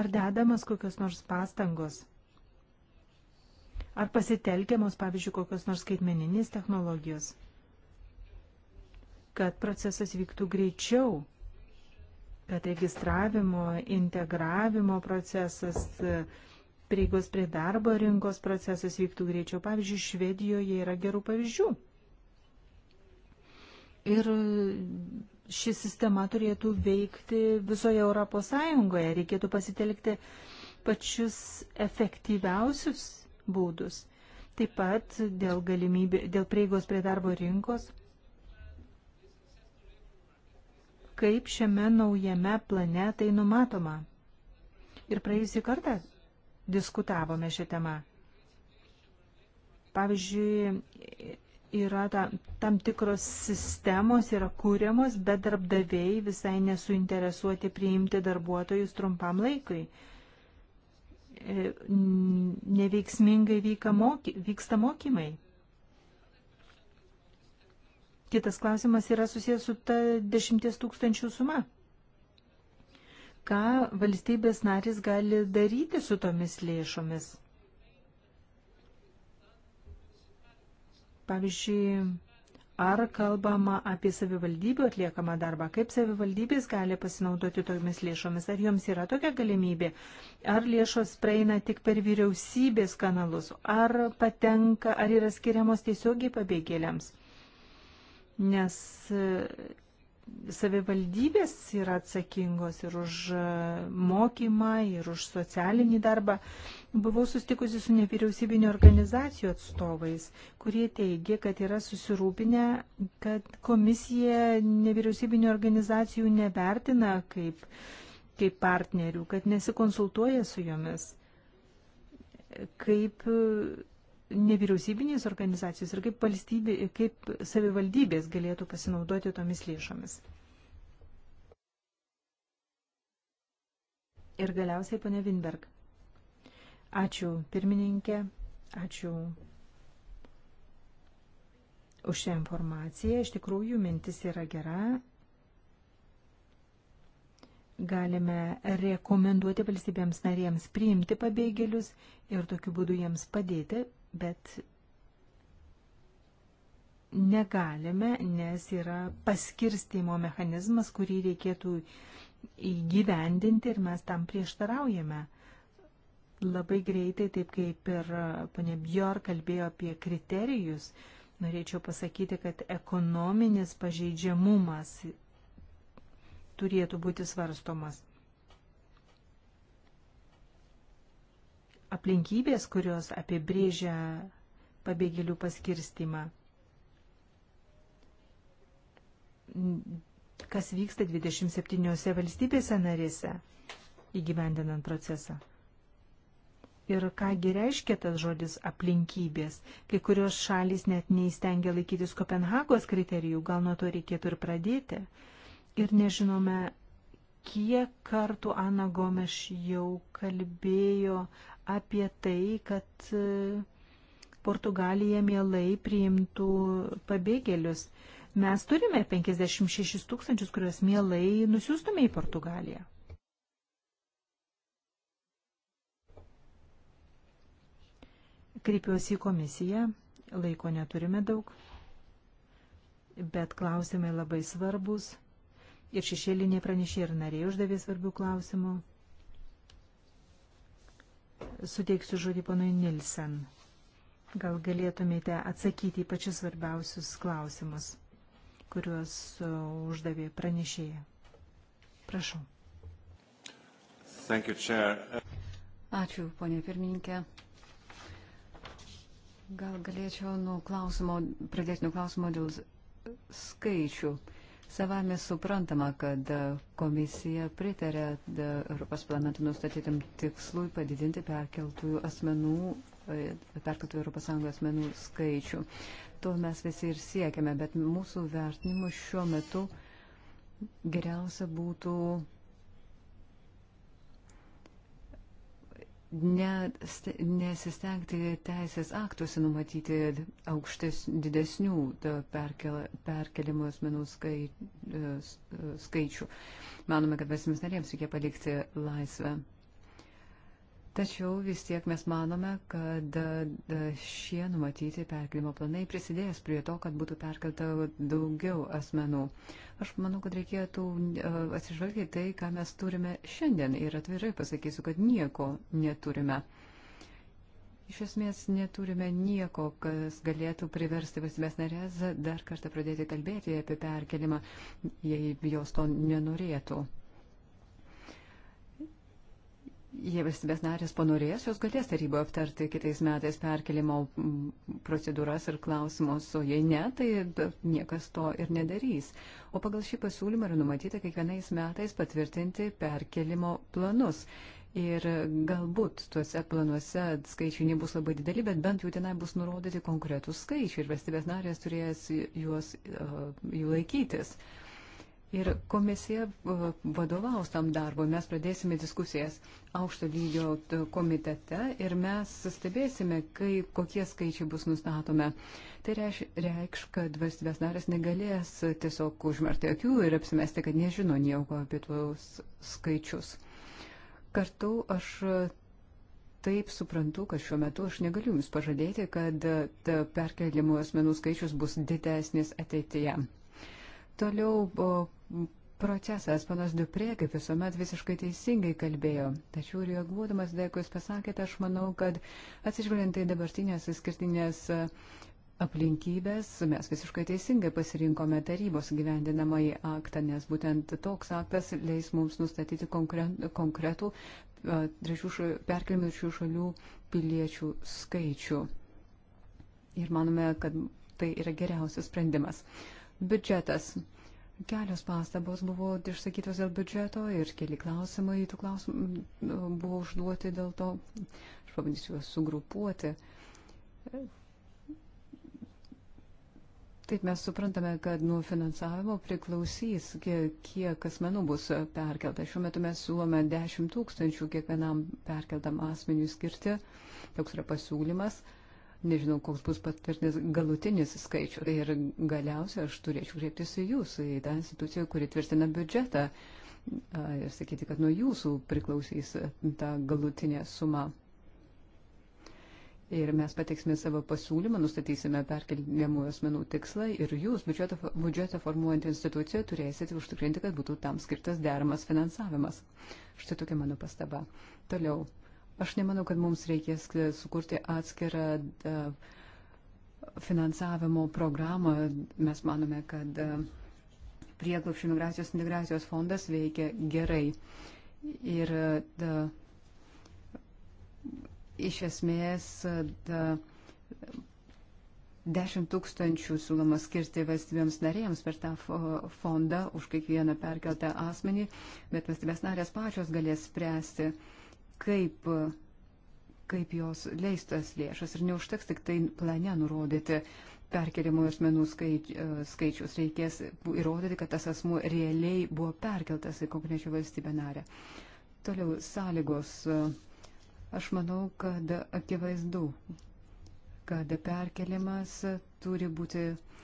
Ar dedamas kokios nors pastangos? Ar pasitelkiamos, pavyzdžiui, kokios nors skaitmeninės technologijos? Kad procesas vyktų greičiau, kad registravimo, integravimo procesas uh, prieigos prie darbo rinkos procesas vyktų greičiau. Pavyzdžiui, Švedijoje yra gerų pavyzdžių. Ir ši sistema turėtų veikti visoje Europos Sąjungoje. Reikėtų pasitelkti pačius efektyviausius būdus. Taip pat dėl, galimybė, dėl prieigos prie darbo rinkos, kaip šiame naujame plane tai numatoma. Ir praėjusį kartą diskutavome šią temą. Pavyzdžiui, yra tam, tam tikros sistemos, yra kūriamos, bet darbdaviai visai nesuinteresuoti priimti darbuotojus trumpam laikui. E, neveiksmingai moky, vyksta mokymai. Kitas klausimas yra susijęs su ta dešimties tūkstančių suma ką valstybės narys gali daryti su tomis lėšomis. Pavyzdžiui, ar kalbama apie savivaldybių atliekamą darbą, kaip savivaldybės gali pasinaudoti tomis lėšomis, ar joms yra tokia galimybė, ar lėšos praeina tik per vyriausybės kanalus, ar patenka, ar yra skiriamos tiesiogiai pabėgėliams. Nes savivaldybės yra atsakingos ir už e, mokymą, ir už socialinį darbą. Buvau sustikusi su nevyriausybinio organizacijų atstovais, kurie teigia, kad yra susirūpinę, kad komisija nevyriausybinio organizacijų nevertina kaip, kaip partnerių, kad nesikonsultuoja su jomis. Kaip nevyriausybinės organizacijos ir kaip, valstybė, kaip savivaldybės galėtų pasinaudoti tomis lėšomis. Ir galiausiai, pane Vinberg, ačiū pirmininkė, ačiū už šią informaciją. Iš tikrųjų, mintis yra gera. Galime rekomenduoti valstybėms narėms priimti pabėgėlius ir tokiu būdu jiems padėti bet negalime, nes yra paskirstimo mechanizmas, kurį reikėtų įgyvendinti ir mes tam prieštaraujame. Labai greitai, taip kaip ir ponė Bjor kalbėjo apie kriterijus, norėčiau pasakyti, kad ekonominis pažeidžiamumas turėtų būti svarstomas. aplinkybės, kurios apibrėžia pabėgėlių paskirstimą. Kas vyksta 27 valstybėse narėse įgyvendinant procesą. Ir kągi reiškia tas žodis aplinkybės, kai kurios šalis net neįstengia laikytis Kopenhagos kriterijų, gal nuo to reikėtų ir pradėti. Ir nežinome, kiek kartų Ana Gomeš jau kalbėjo apie tai, kad e, Portugalija mielai priimtų pabėgėlius. Mes turime 56 tūkstančius, kuriuos mielai nusiųstume į Portugaliją. Kreipiuosi į komisiją, laiko neturime daug, bet klausimai labai svarbus ir šešėlinė pranešė ir nariai uždavė svarbių klausimų. Suteiksiu žodį ponui Nilsen. Gal galėtumėte atsakyti į pačius svarbiausius klausimus, kuriuos uždavė pranešėja. Prašau. Thank you, Chair. Ačiū, ponė pirmininkė. Gal galėčiau nuo klausimo, pradėti nuo klausimo dėl skaičių. Uh, Savame suprantama, kad komisija pritarė Europos parlamento nustatytam tikslui padidinti perkeltųjų asmenų e, perkeltų Europos Sąjungos asmenų skaičių. To mes visi ir siekiame, bet mūsų vertinimu šiuo metu geriausia būtų nesistengti teisės aktuose numatyti aukštes didesnių perkeliamų asmenų skai, e, e, skaičių. Manome, kad valstybės narėms reikia palikti laisvę Tačiau vis tiek mes manome, kad e, šie numatyti perkelimo planai prisidės prie to, kad būtų perkelta daugiau asmenų. Aš manau, kad reikėtų e, atsižvelgti tai, ką mes turime šiandien ir atvirai pasakysiu, kad nieko neturime. Iš esmės neturime nieko, kas galėtų priversti valstybės narės dar kartą pradėti kalbėti apie perkelimą, jei jos to nenorėtų. Jei valstybės narės panorės, jos galės taryboje aptarti kitais metais perkelimo procedūras ir klausimus, o jei ne, tai niekas to ir nedarys. O pagal šį pasiūlymą yra numatyta kiekvienais metais patvirtinti perkelimo planus. Ir galbūt tuose planuose skaičiai nebus labai dideli, bet bent jau tenai bus nurodyti konkretus skaičiai ir valstybės narės turės juos, uh, jų laikytis. Uh, Ir komisija vadovaus tam darbui. Mes pradėsime diskusijas aukšto lygio komitete ir mes stebėsime, kai, kokie skaičiai bus nustatome. Tai reikš, reikš kad valstybės narės negalės tiesiog užmerti akių ir apsimesti, kad nežino nieko apie tuos skaičius. Kartu aš taip suprantu, kad šiuo metu aš negaliu Jums pažadėti, kad perkeliamų asmenų skaičius bus didesnis ateityje. Toliau procesas, panas Duprė, kaip visuomet visiškai teisingai kalbėjo. Tačiau reaguodamas, dėkui, jūs pasakėte, aš manau, kad atsižvelgiant į dabartinės skirtinės e, aplinkybės, mes visiškai teisingai pasirinkome tarybos gyvendinamąjį aktą, nes būtent toks aktas leis mums nustatyti konkretų e, perkelmių šalių piliečių skaičių. Ir manome, kad tai yra geriausias sprendimas. Uh, Biudžetas. Kelios pastabos buvo išsakytos dėl biudžeto ir keli klausimai, tų klausimų buvo užduoti dėl to. Aš pabandysiu juos sugrupuoti. Taip mes suprantame, kad nuo finansavimo priklausys, kiek, kiek asmenų bus perkelta. Šiuo metu mes siūlome 10 tūkstančių kiekvienam perkeltam asmeniui skirti. Toks yra pasiūlymas. Uh, Nežinau, koks bus patvirtintas galutinis skaičius. Ir galiausiai aš turėčiau kreiptis į jūs, į tą instituciją, kuri tvirtina biudžetą ir sakyti, kad nuo jūsų priklausys ta galutinė suma. Ir mes pateiksime savo pasiūlymą, nustatysime perkeliamų asmenų tikslą ir jūs, biudžeto, biudžeto formuojant instituciją, turėsite užtikrinti, kad būtų tam skirtas deramas finansavimas. Štai tokia mano pastaba. Toliau. Aš nemanau, kad mums reikės e, sukurti atskirą e, finansavimo programą. Mes manome, kad e, prieglopšio migracijos integracijos fondas veikia gerai. Ir da, iš esmės da, 10 tūkstančių siūloma skirti valstybėms narėjams per tą fondą už kiekvieną perkeltą asmenį, bet valstybės narės pačios galės spręsti, uh, kaip, kaip jos leistas lėšas ir neužteks tik tai plane nurodyti perkeliamų asmenų skaič, e, skaičius. Reikės įrodyti, kad tas asmuo realiai buvo perkeltas į konkrečią valstybę narę. Toliau sąlygos. Aš manau, kad akivaizdu, kad perkelimas turi būti uh,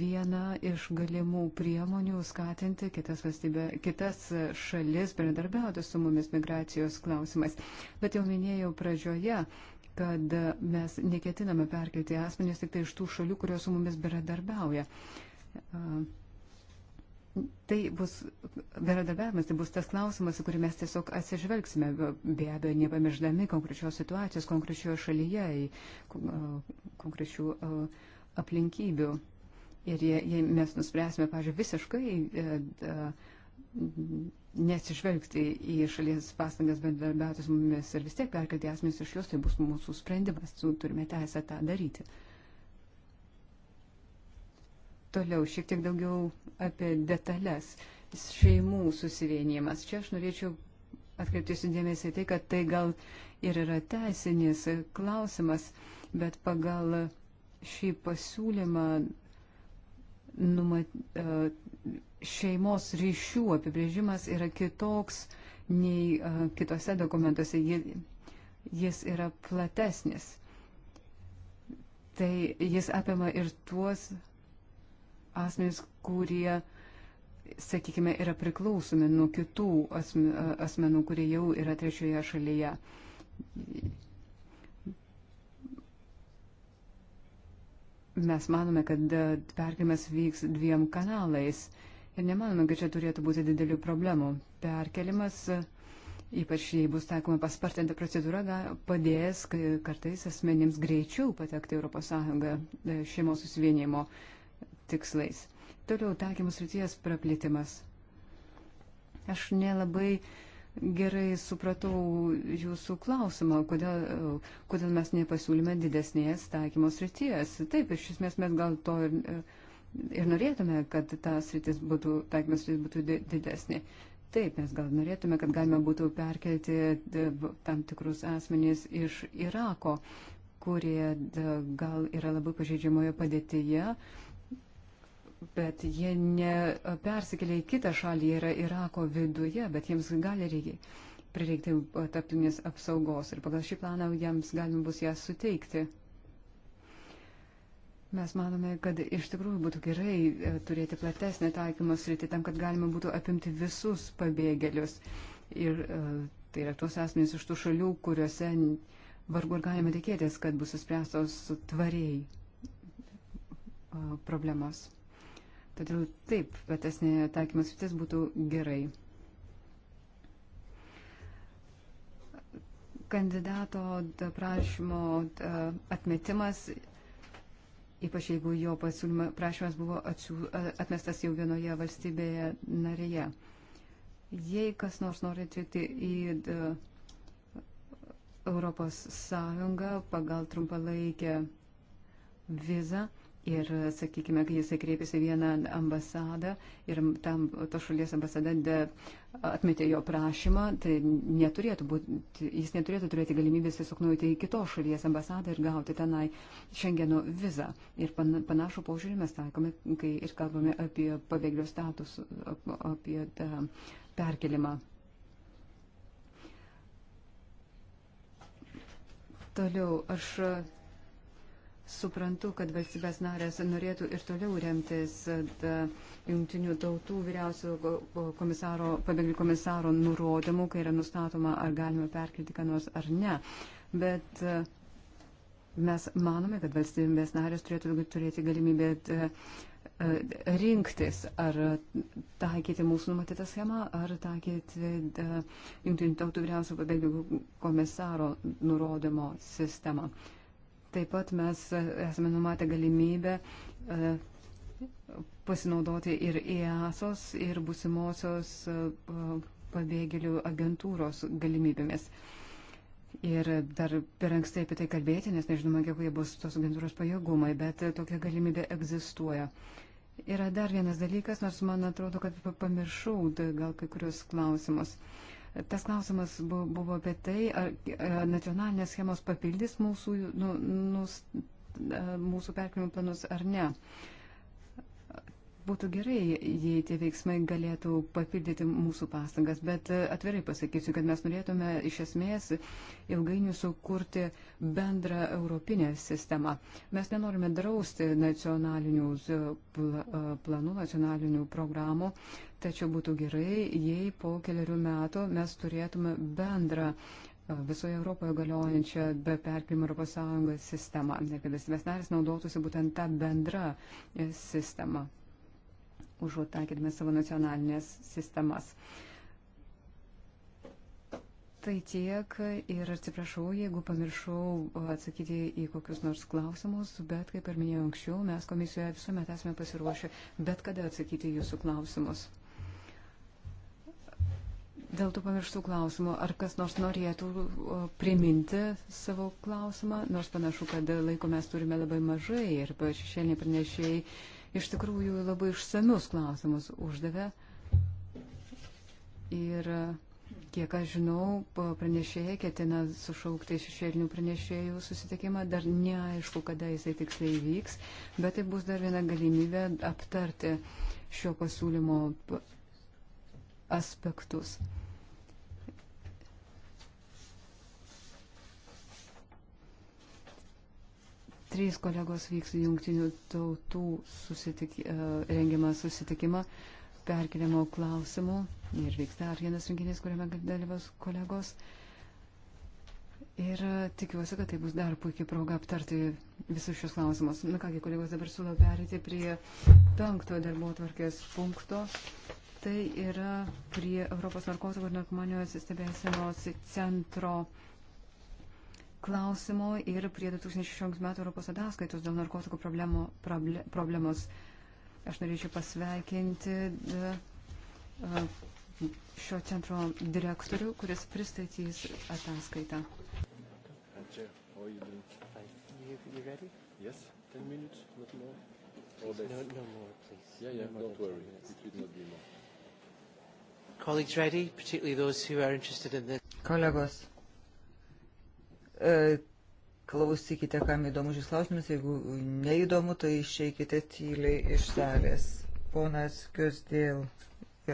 viena iš galimų priemonių skatinti kitas, valstybė, kitas šalis bendradarbiauti su mumis migracijos klausimais. Bet jau minėjau pradžioje, kad mes neketiname perkelti asmenys tik tai iš tų šalių, kurios su mumis bendradarbiauja. Tai bus bendradarbiavimas, tai bus tas klausimas, į kurį mes tiesiog atsižvelgsime, be abejo, nepamirždami konkrečios situacijos, konkrečioje šalyje, konkrečių aplinkybių. Ir jei, jei mes nuspręsime, pažiūrėjau, visiškai e, e, nesižvelgti į šalies pastangas bendradarbiauti su mumis ir vis tiek perkelti asmenys iš jos, tai bus mūsų sprendimas, turime teisę tą daryti. Toliau šiek tiek daugiau apie detalės. Šeimų susivienimas. Čia aš norėčiau atkreipti sudėmėsi tai, kad tai gal ir yra teisinis klausimas, bet pagal šį pasiūlymą numat, e, šeimos ryšių apibrėžimas yra kitoks nei e, kitose dokumentuose. Jis yra platesnis. Tai jis apima ir tuos asmenys, kurie, sakykime, yra priklausomi nuo kitų e, asmenų, kurie jau yra trečioje šalyje. Mes manome, kad e, perkelimas vyks dviem kanalais ir nemanome, kad čia turėtų būti didelių problemų. Perkelimas, e, ypač jei bus taikoma paspartinta procedūra, padės kartais asmenims greičiau patekti Europos Sąjungą e, šeimos susivienimo tikslais. Toliau taikymus ryties praplėtimas. Aš nelabai uh, gerai supratau jūsų klausimą, kodėl, kodėl mes nepasiūlyme didesnės taikymo srities. Taip, iš esmės mes gal to ir, ir norėtume, kad ta sritis būtų, taikymas sritis būtų didesnė. Taip, mes gal norėtume, kad galima būtų perkelti e, tam tikrus asmenys iš Irako, kurie e, gal yra labai pažeidžiamoje padėtyje bet jie nepersikelia į kitą šalį, jie yra Irako viduje, bet jiems gali reikia prireikti taptinės apsaugos ir pagal šį planą jiems galima bus ją suteikti. Mes manome, kad iš tikrųjų būtų gerai e, turėti platesnę taikymą sritį tam, kad galima būtų apimti visus pabėgėlius. Ir e, tai yra tuos asmenys iš tų šalių, kuriuose vargu ar galima tikėtis, kad bus įspręstos tvariai e, problemos. Todėl taip, platesnė taikymas rytis būtų gerai. Kandidato prašymo atmetimas, ypač jeigu jo prašymas buvo atmestas jau vienoje valstybėje narėje. Jei kas nors nori atvykti į Europos Sąjungą pagal trumpalaikę vizą, Ir, sakykime, kai jisai kreipėsi vieną ambasadą ir tam to šalies ambasada de, atmetė jo prašymą, tai neturėtų būti, jis neturėtų turėti galimybės tiesiog nueiti į kitos šalies ambasadą ir gauti tenai šengeno vizą. Ir pan, panašų požiūrį mes taikome, kai ir kalbame apie pabėgėlio status, ap, apie tą perkelimą. Toliau aš Suprantu, kad valstybės narės norėtų ir toliau remtis jungtinių tautų vyriausiojo komisaro, pabėgėlių komisaro nurodymų, kai yra nustatoma, ar galima perkelti ką nors ar ne. Bet e, mes manome, kad valstybės narės turėtų turėti galimybę e, e, rinktis, ar taikyti mūsų numatytą schemą, ar taikyti jungtinių tautų vyriausiojo pabėgėlių komisaro nurodymo sistemą. Taip pat mes e, esame numatę galimybę e, pasinaudoti ir EASOS, ir busimosios e, pabėgėlių agentūros galimybėmis. Ir dar per anksti apie tai kalbėti, nes nežinoma, kiek bus tos agentūros pajėgumai, bet tokia galimybė egzistuoja. Yra dar vienas dalykas, nors man atrodo, kad pamiršau tai gal kai kurios klausimus. Uh, Tas klausimas buvo apie tai, ar nacionalinės schemos papildys mūsų, nu, nus, mūsų perkelimų planus ar ne. Uh, Būtų gerai, jei tie veiksmai galėtų papildyti mūsų pastangas, bet e, atvirai pasakysiu, kad mes norėtume iš esmės ilgainių sukurti bendrą europinę sistemą. Mes nenorime drausti nacionalinių e, planų, nacionalinių programų, tačiau būtų gerai, jei po keliarių metų mes turėtume bendrą e, visoje Europoje galiojančią be perkelimo Europos Sąjungos sistemą. Ir kad valstybės narės naudotųsi būtent tą bendrą sistemą užuot taikydami savo nacionalinės sistemas. Tai tiek ir atsiprašau, jeigu pamiršau atsakyti į kokius nors klausimus, bet kaip ir minėjau anksčiau, mes komisijoje visuomet esame pasiruošę bet kada atsakyti jūsų klausimus. Dėl tų pamirštų klausimų, ar kas nors norėtų priminti savo klausimą, nors panašu, kad laiko mes turime labai mažai ir šešėliniai pranešėjai iš tikrųjų labai išsamius klausimus uždavė. Ir kiek aš žinau, pranešėjai ketina sušaukti šešėlinių pranešėjų susitikimą. Dar neaišku, kada jisai tiksliai vyks, bet tai bus dar viena galimybė aptarti šio pasiūlymo aspektus. Trys kolegos vyks į jungtinių tautų susitik, e, rengiamą susitikimą perkeliamo klausimų ir vyksta dar vienas renginys, kuriame dalyvaus kolegos. Ir tikiuosi, kad tai bus dar puikiai proga aptarti visus šios klausimus. Na kągi, kolegos, dabar siūlau perėti prie penktojo darbo tvarkės punkto. Tai yra prie Europos narkotikų ir narkomanijos stebėsenos centro klausimo ir prie 2016 metų Europos ataskaitos dėl narkotikų problemo, proble, problemos. Aš norėčiau pasveikinti e, e, šio centro direktorių, kuris pristatys ataskaitą. Ačiū. How are you doing? Fine. You, you ready? Yes, 10 minutes, not more. Please, no, no more, please. Yeah, yeah, no don't worry. It will not be more. Colleagues ready, particularly those who are interested in this. Kolegos, E, klausykite, kam įdomu šis klausimas. Jeigu neįdomu, tai išeikite tyliai iš salės. Ponas Kiusdėl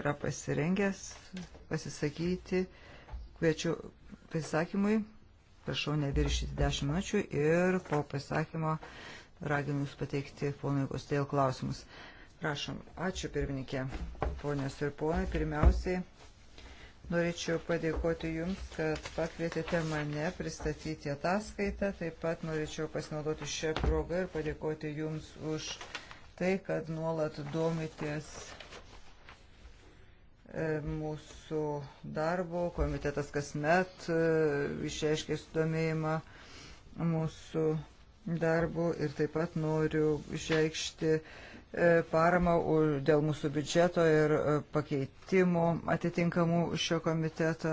yra pasirengęs pasisakyti. Kviečiu pasisakymui. Prašau neviršyti 10 minučių ir po pasisakymo raginu jūs pateikti ponui Kostėl klausimus. Prašom. Ačiū pirmininkė. Ponios ir ponai, pirmiausiai Norėčiau padėkoti Jums, kad pakvietėte mane pristatyti ataskaitą. Taip pat norėčiau pasinaudoti šią progą ir padėkoti Jums už tai, kad nuolat domitės e, mūsų darbo. Komitetas kasmet e, išreiškė sudomėjimą mūsų darbu ir taip pat noriu išreikšti E, paramą dėl mūsų biudžeto ir e, pakeitimų atitinkamų šio komiteto.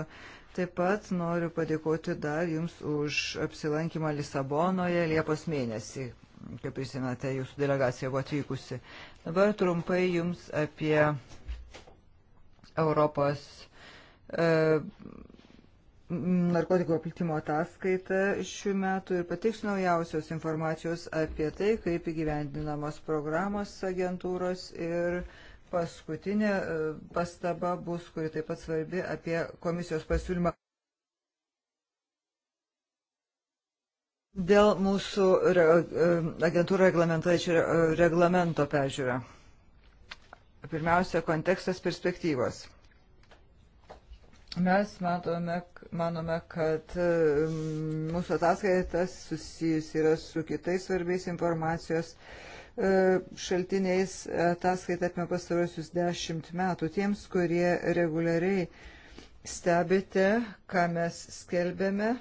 Taip pat noriu padėkoti dar Jums už apsilankymą Lisabonoje Liepos mėnesį, kaip prisimenate, Jūsų delegacija buvo atvykusi. Dabar trumpai Jums apie Europos e, narkotikų aplitimo ataskaitą šių metų ir pateiks naujausios informacijos apie tai, kaip įgyvendinamos programos agentūros ir paskutinė e, pastaba bus, kuri taip pat svarbi apie komisijos pasiūlymą. Dėl mūsų e, agentūrų reglamento e, peržiūrą. Pirmiausia, kontekstas perspektyvos. Mes matome, manome, kad e, mūsų ataskaitas susijus yra su kitais svarbiais informacijos e, šaltiniais ataskaitą apie pastarosius dešimt metų. Tiems, kurie reguliariai stebite, ką mes skelbėme,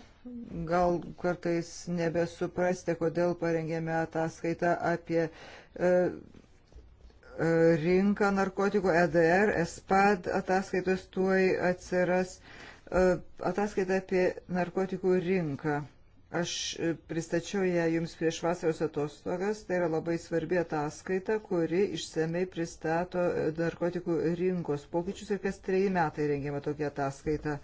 gal kartais nebesuprastė, kodėl parengėme ataskaitą apie e, rinką narkotikų EDR, ESPAD ataskaitos tuoj atsiras. E, E, ataskaita apie narkotikų rinką. Aš e, pristačiau ją jums prieš vasaros atostogas. Tai yra labai svarbi ataskaita, kuri išsamei pristato e, narkotikų rinkos pokyčius ir kas treji metai rengiama tokia ataskaita.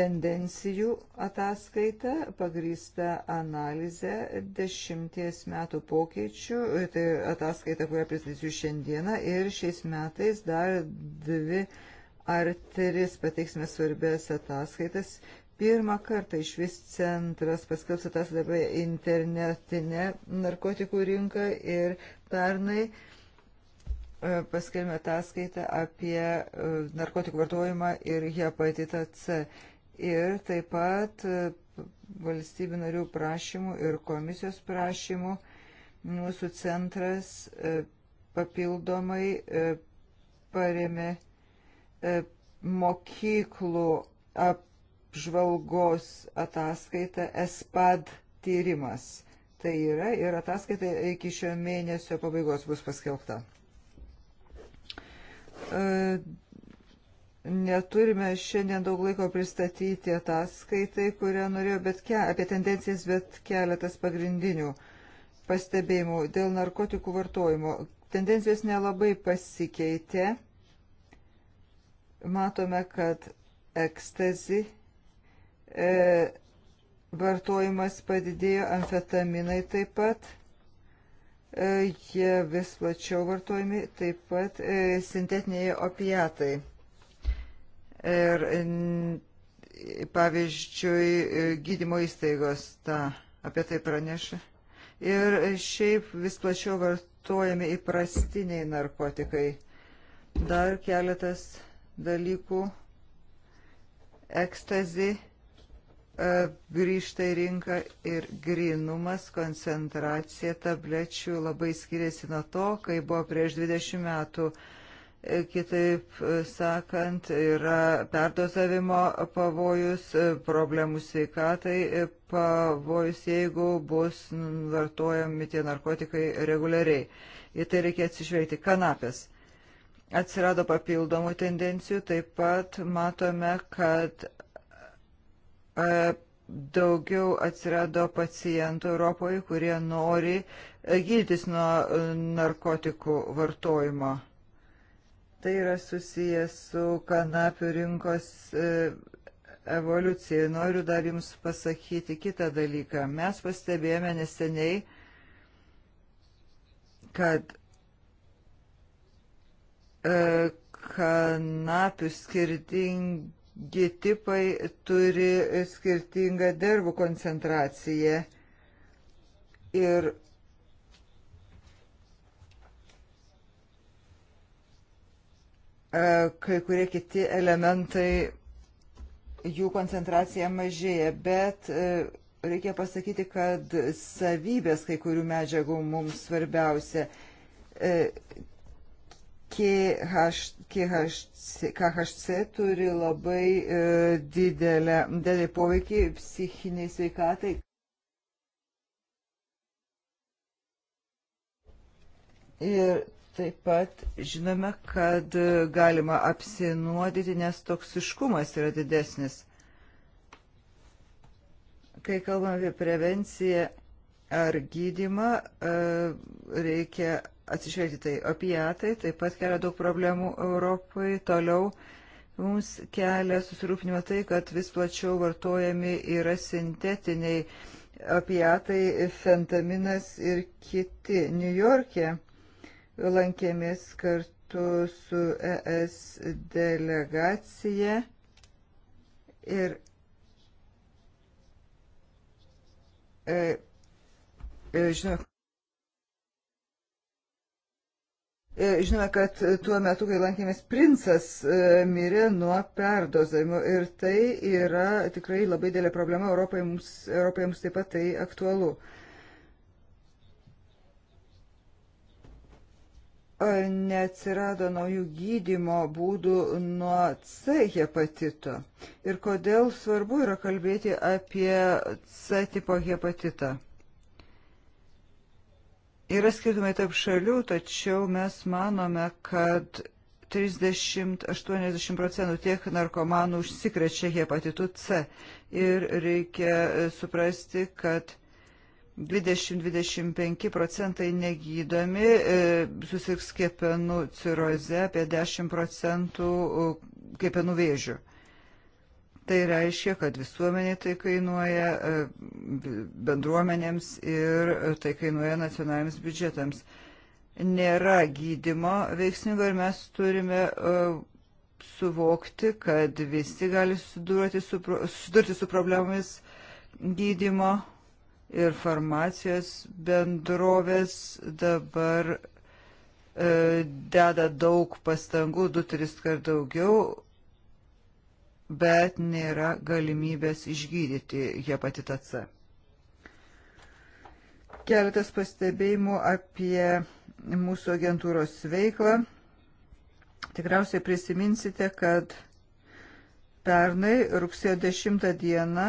Tendencijų ataskaita pagrįsta analizė dešimties metų pokyčių. Tai ataskaita, kurią pristatysiu šiandieną ir šiais metais dar dvi ar tris pateiksime svarbės ataskaitas. Pirmą kartą iš vis centras paskelbs ataskaitą apie internetinę narkotikų rinką ir pernai e, paskelbė ataskaitą apie e, narkotikų vartojimą ir hepatitą C. Ir taip pat e, valstybių narių prašymų ir komisijos prašymų mūsų centras papildomai paremė E, mokyklų apžvalgos ataskaita ESPAD tyrimas. Tai yra ir ataskaita iki šio mėnesio pabaigos bus paskelbta. E, neturime šiandien daug laiko pristatyti ataskaitai, kurią norėjau, bet ke, apie tendencijas, bet keletas pagrindinių pastebėjimų dėl narkotikų vartojimo. Tendencijos nelabai pasikeitė matome, kad ekstazi e, vartojimas padidėjo, amfetaminai taip pat, e, jie vis plačiau vartojami, taip pat e, sintetiniai opiatai. Ir pavyzdžiui, e, gydymo įstaigos tą apie tai praneša. Ir šiaip vis plačiau vartojami įprastiniai narkotikai. Dar keletas dalykų. Ekstazi e, grįžta į rinką ir grinumas, koncentracija tablečių labai skiriasi nuo to, kai buvo prieš 20 metų. E, kitaip e, sakant, yra perdozavimo pavojus, problemų sveikatai pavojus, jeigu bus vartojami tie narkotikai reguliariai. Į tai reikia atsižvelgti. Kanapės atsirado papildomų tendencijų, taip pat matome, kad e, daugiau atsirado pacientų Europoje, kurie nori e, gydytis nuo e, narkotikų vartojimo. Tai yra susijęs su kanapių rinkos evoliucija. Noriu dar Jums pasakyti kitą dalyką. Mes pastebėjome neseniai, kad E, kanapių skirtingi tipai turi skirtingą dervų koncentraciją. Ir e, kai kurie kiti elementai, jų koncentracija mažėja, bet e, reikia pasakyti, kad savybės kai kurių medžiagų mums svarbiausia. KH, KHC, KHC turi labai e, didelę, didelį poveikį psichiniai sveikatai. Ir taip pat žinome, kad galima apsinuodyti, nes toksiškumas yra didesnis. Kai kalbame apie prevenciją ar gydimą, e, reikia atsižvelgti tai. Opiatai taip pat kelia daug problemų Europai. Toliau mums kelia susirūpinimą tai, kad vis plačiau vartojami yra sintetiniai opiatai, fentaminas ir kiti. New York'e lankėmės kartu su ES delegacija ir e, e, žinau, E, žinome, kad tuo metu, kai lankėmės, princas e, mirė nuo perdozavimo ir tai yra tikrai labai dėlė problema, Europai mums, Europai mums taip pat tai aktualu. E, neatsirado naujų gydimo būdų nuo C hepatito. Ir kodėl svarbu yra kalbėti apie C tipo hepatitą? Yra skirtumai tarp šalių, tačiau mes manome, kad 30-80 procentų tiek narkomanų užsikrečia hepatitu C. Ir reikia e, suprasti, kad 20-25 procentai negydomi, e, susirgs kepenų ciroze, apie 10 procentų kepenų vėžių. Tai reiškia, kad visuomenė tai kainuoja e, bendruomenėms ir tai kainuoja nacionaliniams biudžetams. Nėra gydimo veiksmingo ir mes turime e, suvokti, kad visi gali susidurti su, susidurti su problemomis gydimo ir farmacijos bendrovės dabar e, deda daug pastangų, du, tris kart daugiau bet nėra galimybės išgydyti hepatitą C. Keletas pastebėjimų apie mūsų agentūros veiklą. Tikriausiai prisiminsite, kad pernai rugsėjo 10 dieną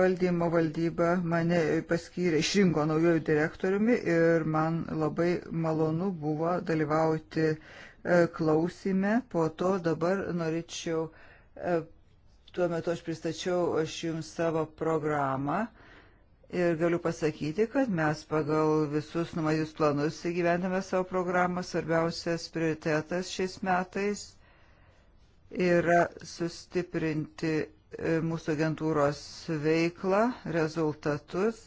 valdymo valdyba mane paskyrė, išrinko naujojų direktoriumi ir man labai malonu buvo dalyvauti e, klausime. Po to dabar norėčiau e, Tuo metu aš pristačiau aš jums savo programą ir galiu pasakyti, kad mes pagal visus numatytus planus įgyvendame savo programą. Svarbiausias prioritetas šiais metais yra sustiprinti e, mūsų agentūros veiklą, rezultatus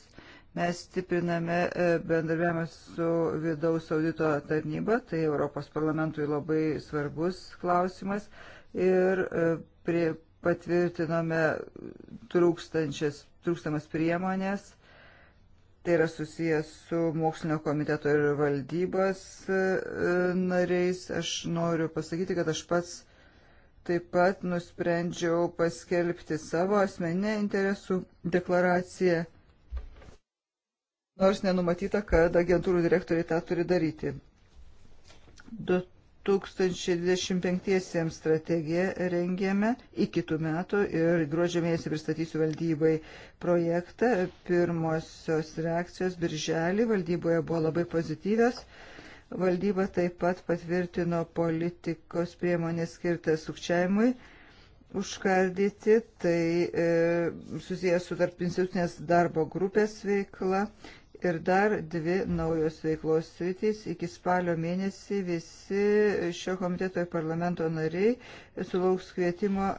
mes stipriname e, bendradarbiavimą su vidaus audito tarnyba, tai Europos parlamentui labai svarbus klausimas ir e, prie patvirtinome trūkstamas priemonės. Tai yra susijęs su mokslinio komiteto ir valdybos e, nariais. Aš noriu pasakyti, kad aš pats taip pat nusprendžiau paskelbti savo asmeninę interesų deklaraciją. Nors nenumatyta, kad agentūrų direktoriai tą turi daryti. Du 2025 strategiją rengėme iki tų metų ir gruodžio mėnesį pristatysiu valdybai projektą. Pirmosios reakcijos birželį valdyboje buvo labai pozityvios. Valdyba taip pat patvirtino politikos priemonės skirtą sukčiavimui užkardyti, tai e, susijęs su tarp institucinės darbo grupės veikla ir dar dvi naujos veiklos sritys. Iki spalio mėnesį visi šio komiteto ir parlamento nariai sulauks kvietimo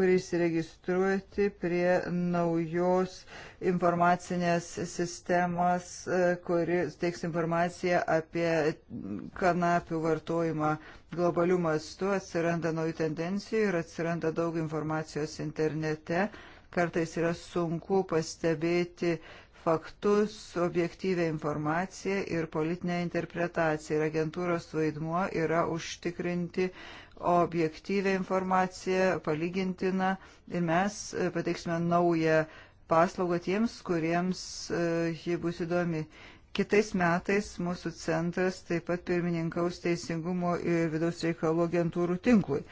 prisiregistruoti prie naujos informacinės sistemos, e, kuri teiks informaciją apie kanapių vartojimą globalių mastų. Atsiranda naujų tendencijų ir atsiranda daug informacijos internete. Kartais yra sunku pastebėti faktus, objektyvę informaciją ir politinę interpretaciją. Ir agentūros vaidmuo yra užtikrinti objektyvę informaciją, palygintiną ir mes e, pateiksime naują paslaugą tiems, kuriems e, ji bus įdomi. Kitais metais mūsų centras taip pat pirmininkaus teisingumo ir vidaus reikalų agentūrų tinklui.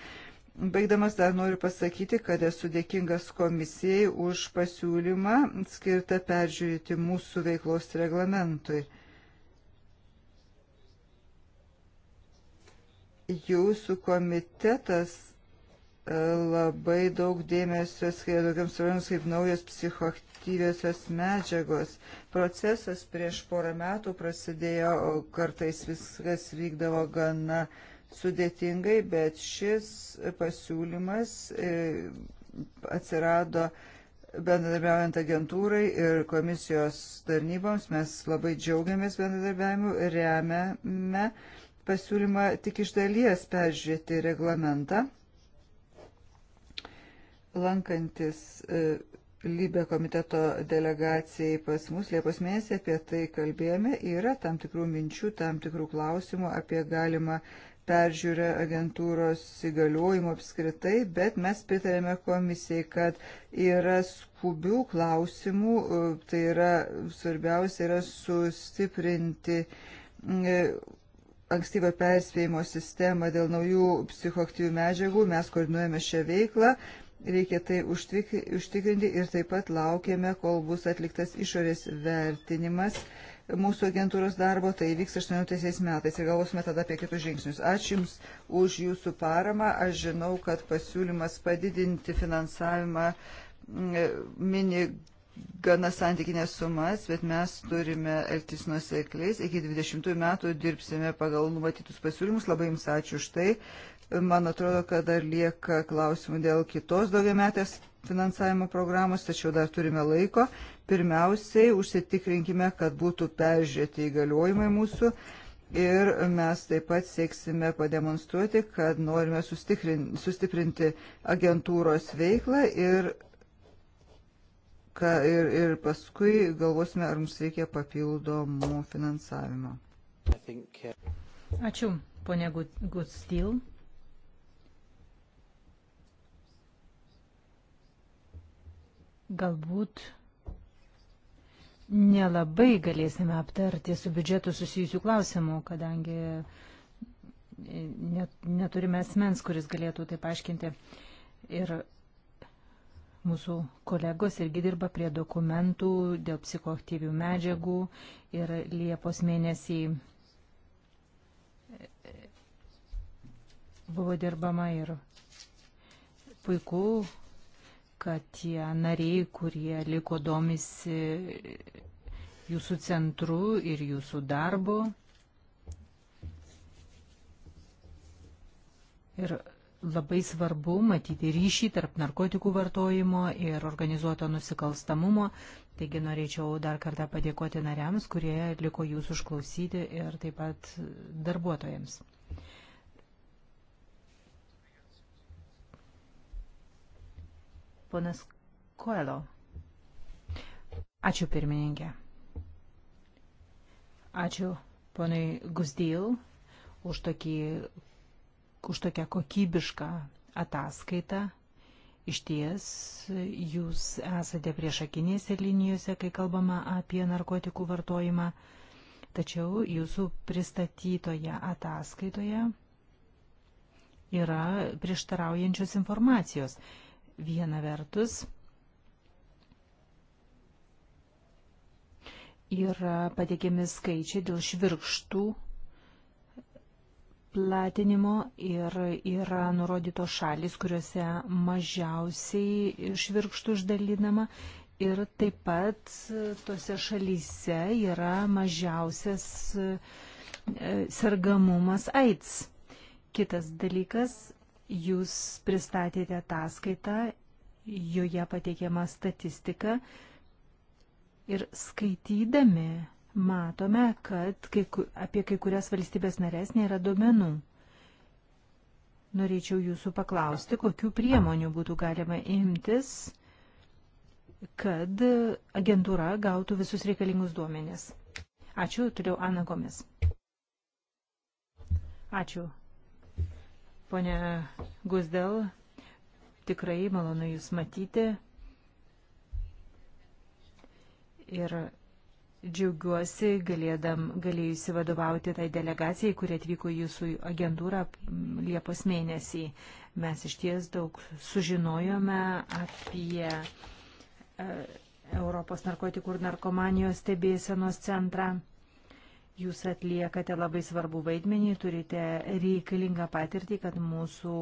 Baigdamas dar noriu pasakyti, kad esu dėkingas komisijai už pasiūlymą skirtą peržiūrėti mūsų veiklos reglamentui. Jūsų komitetas e, labai daug dėmesio skiria tokiams svarbiams kaip naujos psichoaktyviosios medžiagos. Procesas prieš porą metų prasidėjo, kartais viskas vykdavo gana uh, sudėtingai, bet šis pasiūlymas e, atsirado bendradarbiaujant agentūrai ir komisijos tarnyboms. Mes labai džiaugiamės bendradarbiavimu, remiame pasiūlymą tik iš dalies peržiūrėti reglamentą. Lankantis e, Lybė komiteto delegacijai pas mus Liepos mėnesį apie tai kalbėjome. Yra tam tikrų minčių, tam tikrų klausimų apie galimą peržiūrą agentūros įgaliojimų apskritai, bet mes pritarėme komisijai, kad yra skubių klausimų, e, tai yra svarbiausia yra sustiprinti e, ankstyvą perspėjimo sistemą dėl naujų psichoktyvių medžiagų, mes koordinuojame šią veiklą, reikia tai užtikrinti ir taip pat laukiame, kol bus atliktas išorės vertinimas mūsų agentūros darbo, tai vyks 18 metais ir galvosime tada apie kitus žingsnius. Ačiū Jums už Jūsų paramą. Aš žinau, kad pasiūlymas padidinti finansavimą mm, mini gana santykinės sumas, bet mes turime elgtis nusekliais. Iki 20 metų dirbsime pagal numatytus pasiūlymus. Labai Jums ačiū už tai. Man atrodo, kad dar lieka klausimų dėl kitos daugiametės finansavimo programos, tačiau dar turime laiko. Pirmiausiai užsitikrinkime, kad būtų peržiūrėti įgaliojimai mūsų ir mes taip pat sieksime pademonstruoti, kad norime sustiprinti agentūros veiklą ir, ka, ir, ir paskui galvosime, ar mums reikia papildomų finansavimo. Ačiū, ponė Gustil. Good, Galbūt nelabai galėsime aptarti su biudžetu susijusių klausimų, kadangi net, neturime asmens, kuris galėtų tai paaiškinti. Ir mūsų kolegos irgi dirba prie dokumentų dėl psichoaktyvių medžiagų ir Liepos mėnesį buvo dirbama ir puiku, kad tie nariai, kurie liko domisi jūsų centru ir jūsų darbu. Ir labai svarbu matyti ryšį tarp narkotikų vartojimo ir organizuoto nusikalstamumo. Taigi norėčiau dar kartą padėkoti nariams, kurie liko jūsų išklausyti ir taip pat darbuotojams. Ponas Koelo. Ačiū pirmininkė. Ačiū ponui Gusdil už, tokį, už tokią kokybišką ataskaitą. Iš ties, jūs esate priešakinėse linijose, kai kalbama apie narkotikų vartojimą, tačiau jūsų pristatytoje ataskaitoje yra prieštaraujančios informacijos. Viena vertus yra pateikiami skaičiai dėl švirkštų platinimo ir yra nurodytos šalis, kuriuose mažiausiai švirkštų išdalinama ir taip pat tose šalyse yra mažiausias e, sergamumas AIDS. Kitas dalykas Jūs pristatėte ataskaitą, joje pateikiama statistika ir skaitydami matome, kad kai, apie kai kurias valstybės narės nėra duomenų. Norėčiau jūsų paklausti, kokiu priemonių būtų galima imtis, kad agentūra gautų visus reikalingus duomenis. Ačiū, turiu Ana Gomis. Ačiū, Pone Guzdel, tikrai malonu Jūs matyti ir džiaugiuosi galėdam, galėjusi vadovauti tai delegacijai, kurie atvyko Jūsų agentūrą Liepos mėnesį. Mes iš ties daug sužinojome apie e, Europos narkotikų ir narkomanijos stebėsenos centrą Jūs atliekate labai svarbų vaidmenį, turite reikalingą patirtį, kad mūsų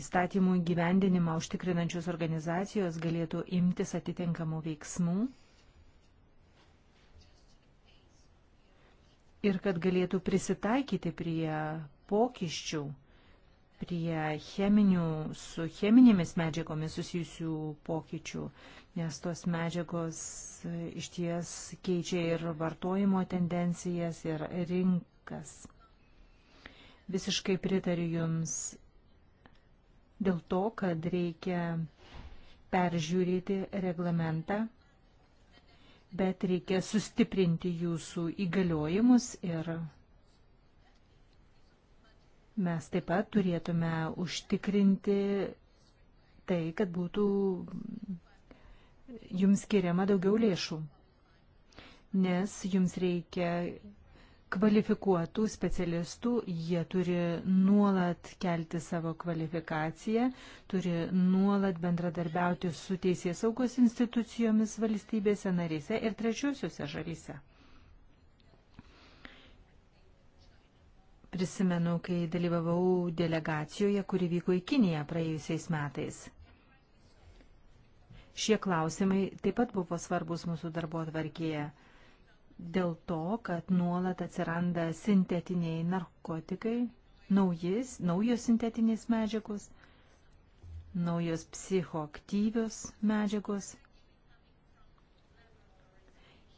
įstatymų gyvendinimą užtikrinančios organizacijos galėtų imtis atitinkamų veiksmų ir kad galėtų prisitaikyti prie pokyščių prie cheminių, su cheminėmis medžiagomis susijusių pokyčių, nes tos medžiagos e, iš ties keičia ir vartojimo tendencijas, ir rinkas. Visiškai pritariu Jums dėl to, kad reikia peržiūrėti reglamentą, bet reikia sustiprinti Jūsų įgaliojimus ir Mes taip pat turėtume užtikrinti tai, kad būtų jums skiriama daugiau lėšų, nes jums reikia kvalifikuotų specialistų, jie turi nuolat kelti savo kvalifikaciją, turi nuolat bendradarbiauti su teisės saugos institucijomis valstybėse narėse ir trečiosiuose žalyse. Prisimenu, kai dalyvavau delegacijoje, kuri vyko į Kiniją praėjusiais metais. Šie klausimai taip pat buvo svarbus mūsų darbo atvarkėje dėl to, kad nuolat atsiranda sintetiniai narkotikai, naujis, naujos sintetinės medžiagos, naujos psichoaktyvios medžiagos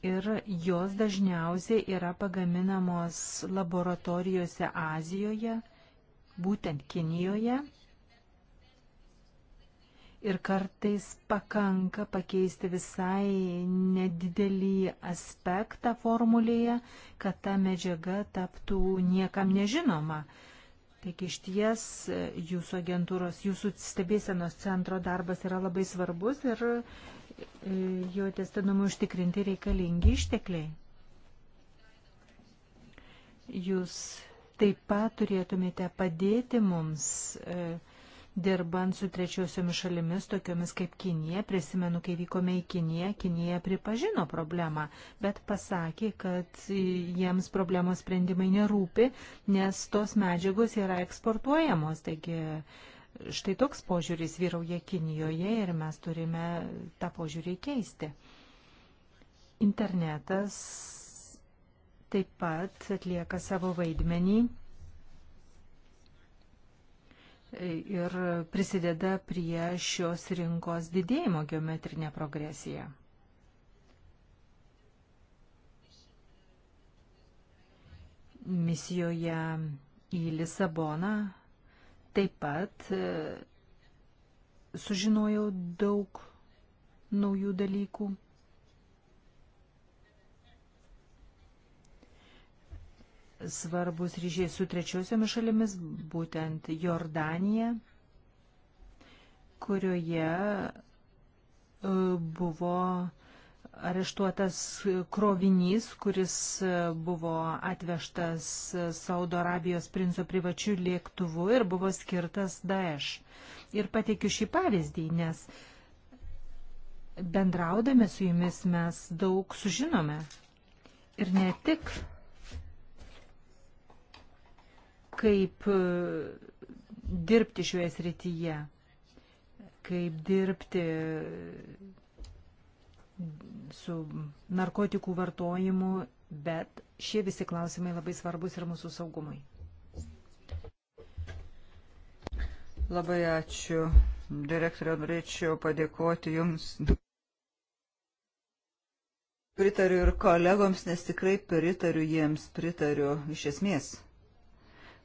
ir jos dažniausiai yra pagaminamos laboratorijose Azijoje, būtent Kinijoje. Ir kartais pakanka pakeisti visai nedidelį aspektą formulėje, kad ta medžiaga taptų niekam nežinoma. Taigi iš ties e, jūsų agentūros, jūsų stebėsenos centro darbas yra labai svarbus ir jo testinumui užtikrinti reikalingi ištekliai. Jūs taip pat turėtumėte padėti mums e, dirbant su trečiosiomis šalimis, tokiomis kaip Kinija. Prisimenu, kai vykome į Kiniją, Kinija pripažino problemą, bet pasakė, kad jiems problemos sprendimai nerūpi, nes tos medžiagos yra eksportuojamos. Taigi, Štai toks požiūris vyrauja Kinijoje ir mes turime tą požiūrį keisti. Internetas taip pat atlieka savo vaidmenį ir prisideda prie šios rinkos didėjimo geometrinė progresija. Misijoje į Lisaboną Taip pat e, sužinojau daug naujų dalykų. Svarbus ryžiai su trečiosiomis šalimis, būtent Jordanija, kurioje e, buvo areštuotas krovinys, kuris buvo atvežtas Saudo Arabijos princo privačių lėktuvų ir buvo skirtas Daesh. Ir pateikiu šį pavyzdį, nes bendraudami su jumis mes daug sužinome. Ir ne tik kaip e, dirbti šioje srityje, kaip dirbti su narkotikų vartojimu, bet šie visi klausimai labai svarbus ir mūsų saugumui. Labai ačiū. Direktorė, norėčiau padėkoti Jums. Pritariu ir kolegoms, nes tikrai pritariu jiems, pritariu iš esmės.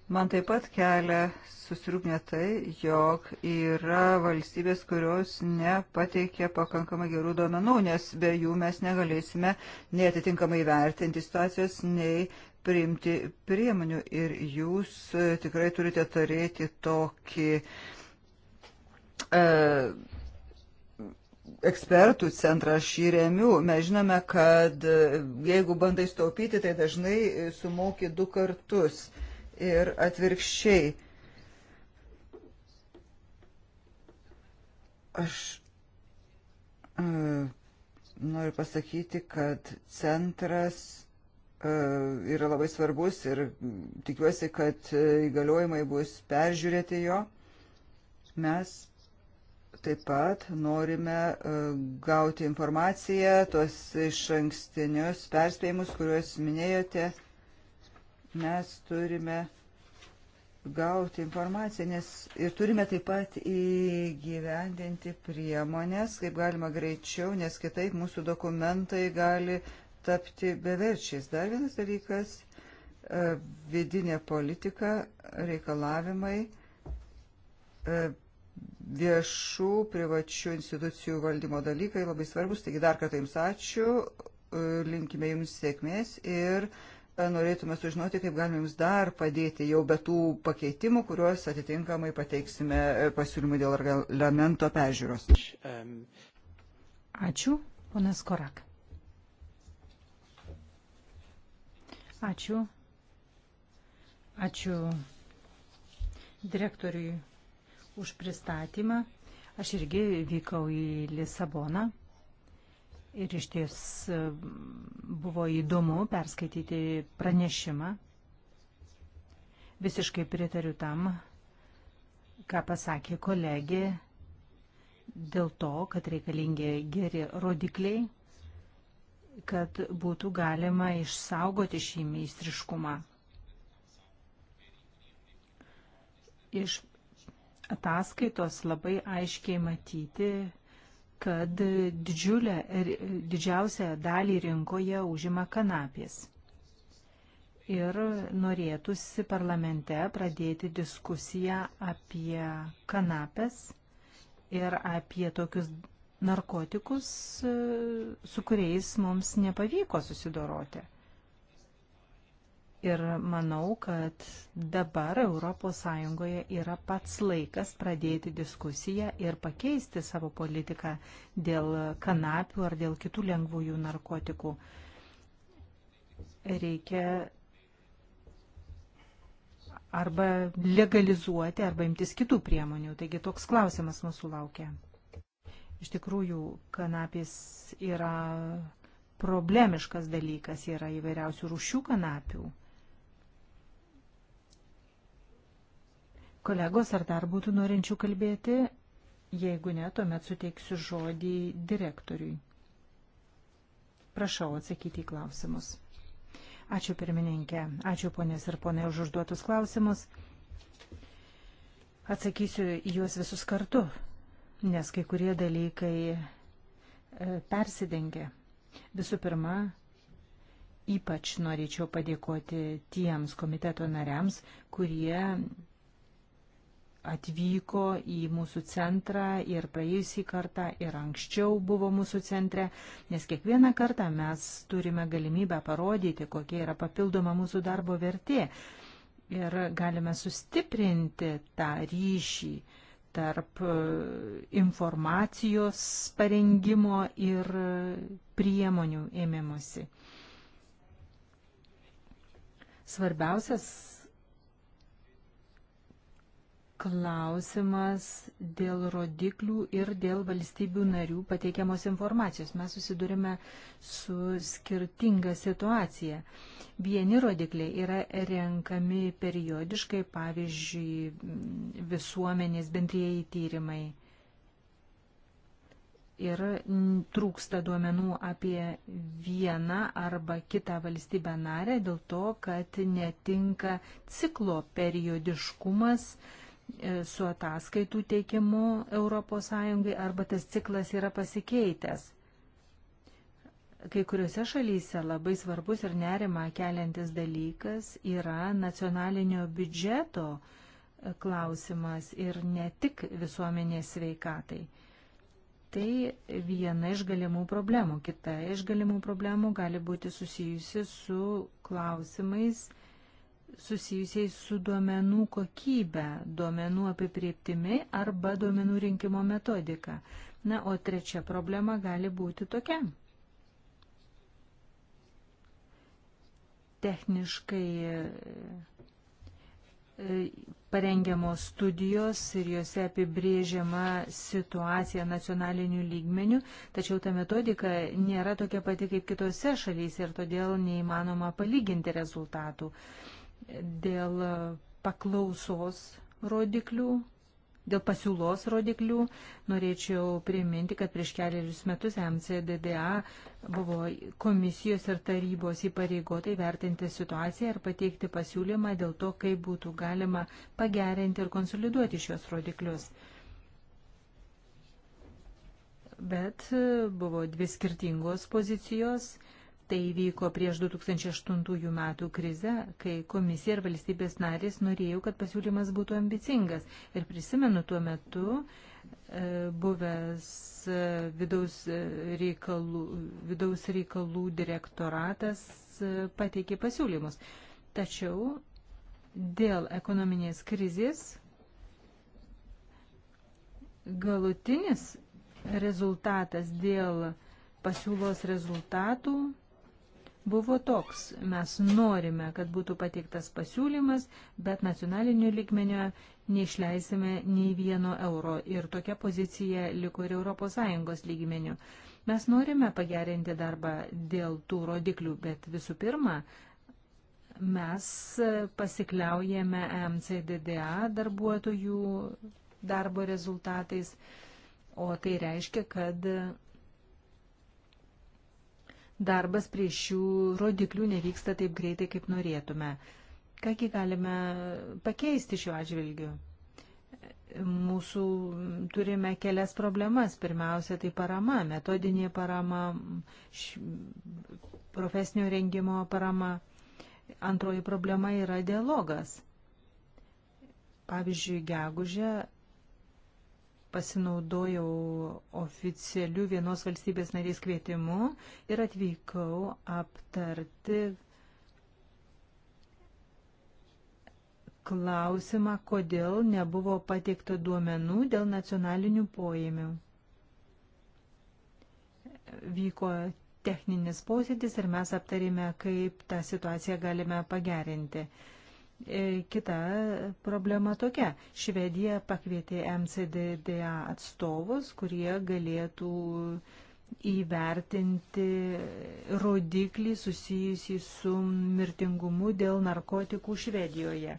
Man taip pat kelia susirūpinę tai, jog yra valstybės, kurios nepateikia pakankamai gerų duomenų, nes be jų mes negalėsime nei atitinkamai vertinti situacijos, nei priimti priemonių. Ir jūs e, tikrai turite turėti tokį e, ekspertų centrą aš jį remiu. Mes žinome, kad e, jeigu bandai staupyti, tai dažnai e, sumoki du kartus. E, ir atvirkščiai. Aš e, noriu pasakyti, kad centras e, yra labai svarbus ir tikiuosi, kad įgaliojimai bus peržiūrėti jo. Mes taip pat norime e, gauti informaciją, tuos iš ankstinius perspėjimus, kuriuos minėjote. Mes turime gauti informaciją, nes ir turime taip pat įgyvendinti priemonės, kaip galima greičiau, nes kitaip mūsų dokumentai gali tapti beverčiais. Dar vienas dalykas e, - vidinė politika, reikalavimai e, viešų, privačių institucijų valdymo dalykai labai svarbus. Taigi dar kartą Jums ačiū, e, linkime Jums sėkmės ir norėtume sužinoti, kaip galime jums dar padėti jau be tų pakeitimų, kuriuos atitinkamai pateiksime e, pasiūlymų dėl reglamento peržiūros. Ačiū, ponas Korak. Ačiū. Ačiū direktoriui už pristatymą. Aš irgi vykau į Lisaboną Ir iš ties e, buvo įdomu perskaityti pranešimą. Visiškai pritariu tam, ką pasakė kolegė, dėl to, kad reikalingi geri rodikliai, kad būtų galima išsaugoti šį meistriškumą. Iš ataskaitos labai aiškiai matyti, kad didžiulę, didžiausią dalį rinkoje užima kanapės. Ir norėtųsi parlamente pradėti diskusiją apie kanapės ir apie tokius narkotikus, su kuriais mums nepavyko susidoroti. Ir manau, kad dabar ES yra pats laikas pradėti diskusiją ir pakeisti savo politiką dėl kanapių ar dėl kitų lengvųjų narkotikų. Reikia arba legalizuoti, arba imtis kitų priemonių. Taigi toks klausimas mūsų laukia. Iš tikrųjų, kanapis yra problemiškas dalykas, yra įvairiausių rūšių kanapių Kolegos, ar dar būtų norinčių kalbėti? Jeigu ne, tuomet suteiksiu žodį direktoriui. Prašau atsakyti į klausimus. Ačiū pirmininkė, ačiū ponės ir ponai už užduotus klausimus. Atsakysiu juos visus kartu, nes kai kurie dalykai e, persidengia. Visų pirma, ypač norėčiau padėkoti tiems komiteto nariams, kurie atvyko į mūsų centrą ir praėjusį kartą ir anksčiau buvo mūsų centre, nes kiekvieną kartą mes turime galimybę parodyti, kokia yra papildoma mūsų darbo vertė ir galime sustiprinti tą ryšį tarp e, informacijos parengimo ir priemonių ėmimusi. Svarbiausias klausimas dėl rodiklių ir dėl valstybių narių pateikiamos informacijos. Mes susidurime su skirtinga situacija. Vieni rodikliai yra renkami periodiškai, pavyzdžiui, visuomenės bendrieji tyrimai. Ir trūksta duomenų apie vieną arba kitą valstybę narę dėl to, kad netinka ciklo periodiškumas, uh, E, su ataskaitų teikimu ES arba tas ciklas yra pasikeitęs. Kai kuriuose šalyse labai svarbus ir nerima keliantis dalykas yra nacionalinio biudžeto e, klausimas ir ne tik visuomenės sveikatai. Tai viena iš galimų problemų. Kita iš galimų problemų gali būti susijusi su klausimais, susijusiais su duomenų kokybe, duomenų apiprieptimi arba duomenų rinkimo metodika. Na, o trečia problema gali būti tokia. Techniškai e, parengiamos studijos ir juose apibrėžiama situacija nacionaliniu lygmeniu, tačiau ta metodika nėra tokia pati kaip kitose šalyse ir todėl neįmanoma palyginti rezultatų. Uh, dėl paklausos rodiklių, dėl pasiūlos rodiklių. Norėčiau priminti, kad prieš keliarius metus MCDDA buvo komisijos ir tarybos įpareigotai vertinti situaciją ir pateikti pasiūlymą dėl to, kaip būtų galima pagerinti ir konsoliduoti šios rodiklius. Bet buvo dvi skirtingos pozicijos Tai vyko prieš 2008 metų krizę, kai komisija ir valstybės narės norėjo, kad pasiūlymas būtų ambicingas. Ir prisimenu tuo metu e, buvęs e, vidaus reikalų, vidaus reikalų direktoratas e, pateikė pasiūlymus. Tačiau dėl ekonominės krizės galutinis rezultatas dėl pasiūlos rezultatų buvo toks. Mes norime, kad būtų pateiktas pasiūlymas, bet nacionaliniu lygmenio neišleisime nei vieno euro. Ir tokia pozicija liko ir ES lygmeniu. Mes norime pagerinti darbą dėl tų rodiklių, bet visų pirma, mes pasikliaujame MCDDA darbuotojų darbo rezultatais, o tai reiškia, kad darbas prie šių rodiklių nevyksta taip greitai, kaip norėtume. Kągi galime pakeisti šiuo atžvilgiu? Mūsų turime kelias problemas. Pirmiausia, tai parama, metodinė parama, profesinio rengimo parama. Antroji problema yra dialogas. Pavyzdžiui, gegužė pasinaudojau oficialiu vienos valstybės narės kvietimu ir atvykau aptarti klausimą, kodėl nebuvo pateikta duomenų dėl nacionalinių poėmių. Vyko techninis posėdis ir mes aptarėme, kaip tą situaciją galime pagerinti. E, kita problema tokia. Švedija pakvietė MCDDA atstovus, kurie galėtų įvertinti rodiklį susijusį su mirtingumu dėl narkotikų Švedijoje.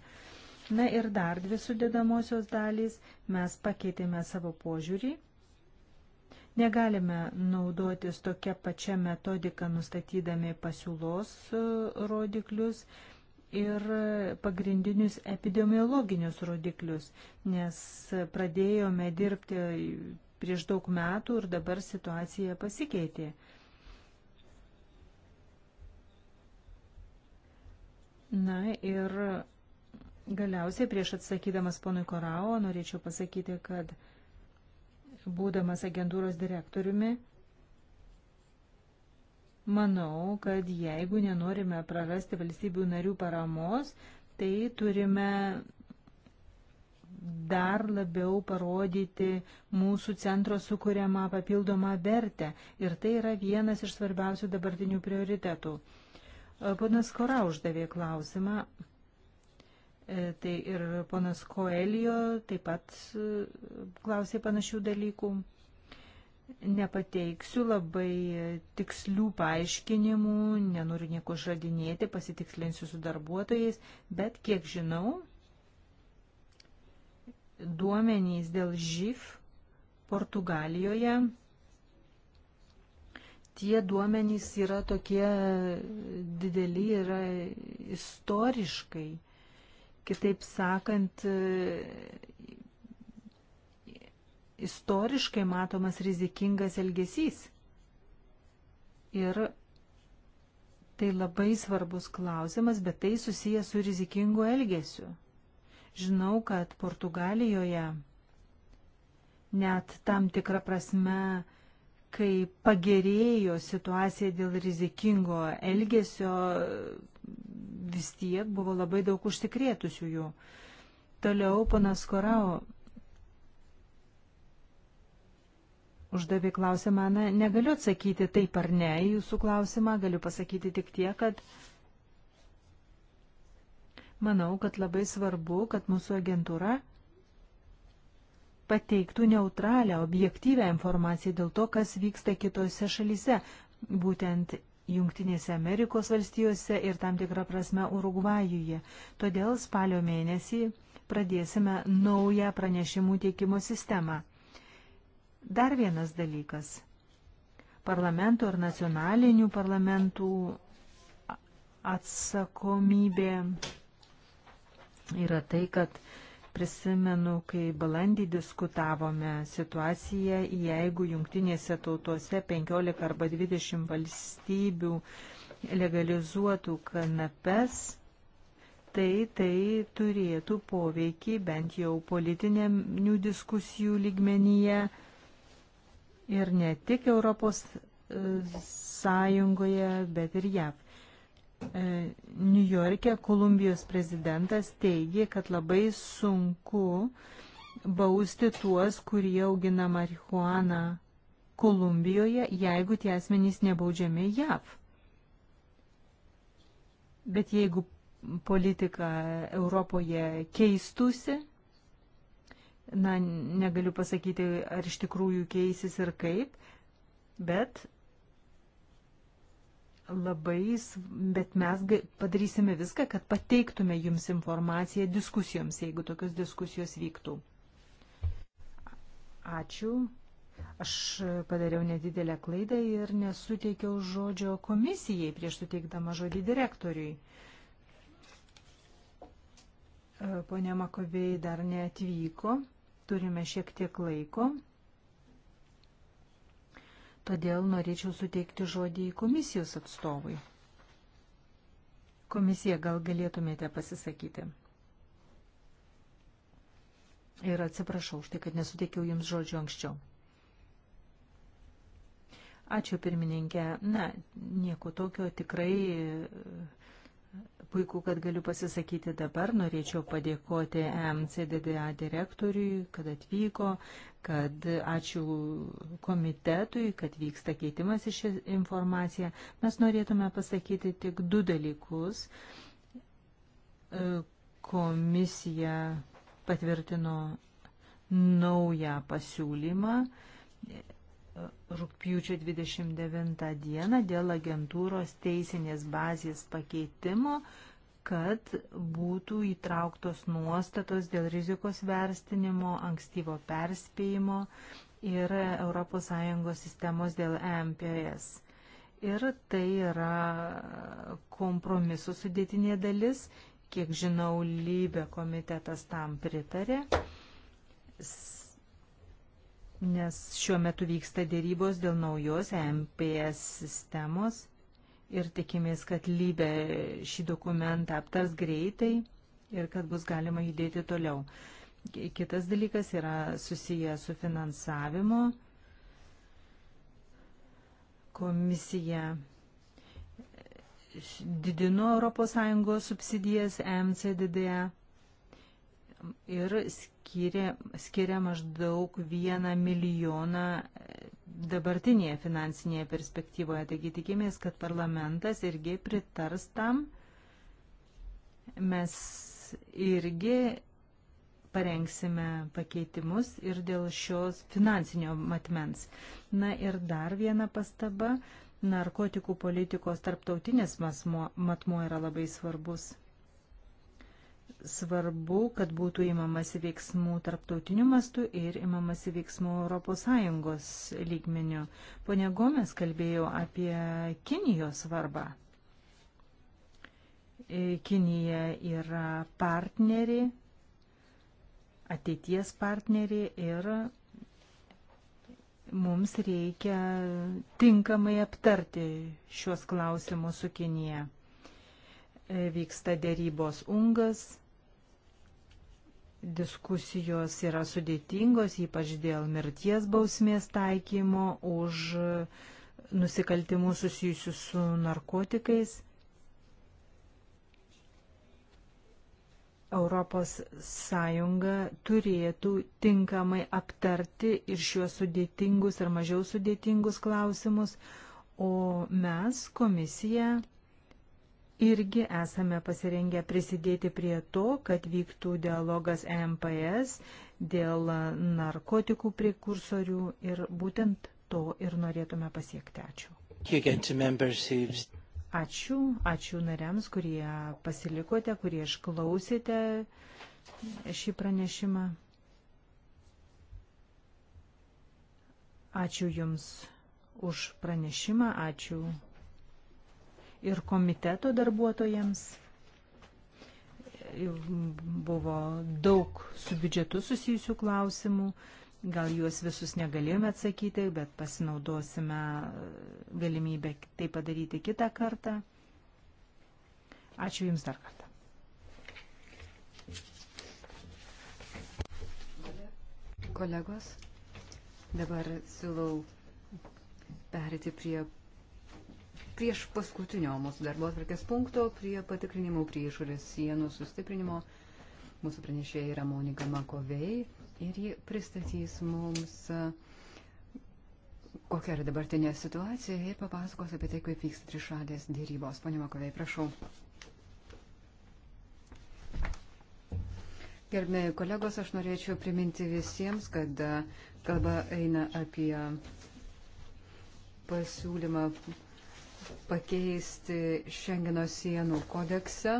Na ir dar dvi sudėdamosios dalys. Mes pakeitėme savo požiūrį. Negalime naudotis tokia pačia metodika nustatydami pasiūlos rodiklius. Uh, ir pagrindinius epidemiologinius rodiklius, nes pradėjome dirbti prieš daug metų ir dabar situacija pasikeitė. Na ir galiausiai prieš atsakydamas ponui Korao norėčiau pasakyti, kad būdamas agentūros direktoriumi, Manau, kad jeigu nenorime prarasti valstybių narių paramos, tai turime dar labiau parodyti mūsų centro sukūriamą papildomą vertę. Ir tai yra vienas iš svarbiausių dabartinių prioritetų. E, ponas Kora uždavė klausimą. E, tai ir ponas Koelio taip pat e, klausė panašių dalykų nepateiksiu labai tikslių paaiškinimų, nenoriu nieko žadinėti, pasitikslinsiu su darbuotojais, bet kiek žinau, duomenys dėl ŽIF Portugalijoje, tie duomenys yra tokie dideli, yra istoriškai. Kitaip sakant, istoriškai matomas rizikingas elgesys. Ir tai labai svarbus klausimas, bet tai susijęs su rizikingu elgesiu. Žinau, kad Portugalijoje net tam tikrą prasme, kai pagerėjo situacija dėl rizikingo elgesio, vis tiek buvo labai daug užsikrėtusiųjų. Toliau panas Korau uždavė klausimą, na, negaliu atsakyti taip ar ne į jūsų klausimą, galiu pasakyti tik tie, kad manau, kad labai svarbu, kad mūsų agentūra pateiktų neutralią, objektyvę informaciją dėl to, kas vyksta kitose šalyse, būtent Junktinėse Amerikos valstijose ir tam tikrą prasme Urugvajuje. Todėl spalio mėnesį pradėsime naują pranešimų teikimo sistemą. Dar vienas dalykas. Parlamento ir nacionalinių parlamentų atsakomybė yra tai, kad prisimenu, kai balandį diskutavome situaciją, jeigu jungtinėse tautose 15 arba 20 valstybių legalizuotų kanapes, tai tai turėtų poveikį bent jau politinių diskusijų lygmenyje ir ne tik Europos e, Sąjungoje, bet ir JAV. E, Niujorke Kolumbijos prezidentas teigia, kad labai sunku bausti tuos, kurie augina marihuaną Kolumbijoje, jeigu tie asmenys nebaudžiami JAV. Bet jeigu politika Europoje keistusi, Na, negaliu pasakyti, ar iš tikrųjų keisis ir kaip, bet labai, bet mes padarysime viską, kad pateiktume jums informaciją diskusijoms, jeigu tokios diskusijos vyktų. Ačiū. Aš padariau nedidelę klaidą ir nesuteikiau žodžio komisijai prieš suteikdama žodį direktoriui. Pone Makovėjai dar neatvyko turime šiek tiek laiko. Todėl norėčiau suteikti žodį komisijos atstovui. Komisija gal galėtumėte pasisakyti. Ir atsiprašau už tai, kad nesuteikiau jums žodžio anksčiau. Ačiū pirmininkė. Na, nieko tokio tikrai Puiku, kad galiu pasisakyti dabar. Norėčiau padėkoti e MCDDA direktoriui, kad atvyko, kad ačiū komitetui, kad vyksta keitimas iš informaciją. Mes norėtume pasakyti tik du dalykus. E, komisija patvirtino naują pasiūlymą rūpjūčio 29 dieną dėl agentūros teisinės bazės pakeitimo, kad būtų įtrauktos nuostatos dėl rizikos verstinimo, ankstyvo perspėjimo ir ES sistemos dėl e MPS. Ir tai yra kompromisų sudėtinė dalis, kiek žinau, lybė komitetas tam pritarė nes šiuo metu vyksta dėrybos dėl naujos e MPS sistemos ir tikimės, kad lybė šį dokumentą aptars greitai ir kad bus galima judėti toliau. Kitas dalykas yra susijęs su finansavimo. Komisija e, didino ES subsidijas e MCDD ir skiria, skiria maždaug vieną milijoną e, dabartinėje finansinėje perspektyvoje. Taigi tikimės, kad parlamentas irgi pritars tam. Mes irgi parengsime pakeitimus ir dėl šios finansinio matmens. Na ir dar viena pastaba. Narkotikų politikos tarptautinis matmo yra labai svarbus svarbu, kad būtų įmamasi veiksmų tarptautiniu mastu ir įmamasi veiksmų ES lygmeniu. Pone Gomes kalbėjo apie Kinijos svarbą. E, Kinija yra partneri, ateities partneri ir mums reikia tinkamai aptarti šiuos klausimus su Kinija e, vyksta dėrybos ungas diskusijos yra sudėtingos, ypač dėl mirties bausmės taikymo už nusikaltimus susijusius su narkotikais. Europos Sąjunga turėtų tinkamai aptarti ir šiuos sudėtingus ir mažiau sudėtingus klausimus, o mes, komisija, irgi esame pasirengę prisidėti prie to, kad vyktų dialogas EMPS dėl narkotikų prekursorių ir būtent to ir norėtume pasiekti. Ačiū. Ačiū, ačiū nariams, kurie pasilikote, kurie išklausėte šį pranešimą. Ačiū Jums už pranešimą, ačiū ir komiteto darbuotojams. Buvo daug su biudžetu susijusių klausimų. Gal juos visus negalėjome atsakyti, bet pasinaudosime galimybę tai padaryti kitą kartą. Ačiū Jums dar kartą. Kolegos, dabar siūlau perėti prie prieš paskutinio mūsų darbo atvarkės punkto prie patikrinimo prie išorės sienų sustiprinimo. Mūsų pranešėja yra Monika Makovei ir ji pristatys mums, kokia yra dabartinė situacija ir papasakos apie tai, kaip vyksta trišalės dėrybos. Pone Makovei, prašau. Gerbėjai kolegos, aš norėčiau priminti visiems, kad kalba eina apie pasiūlymą pakeisti Šengeno sienų kodeksą,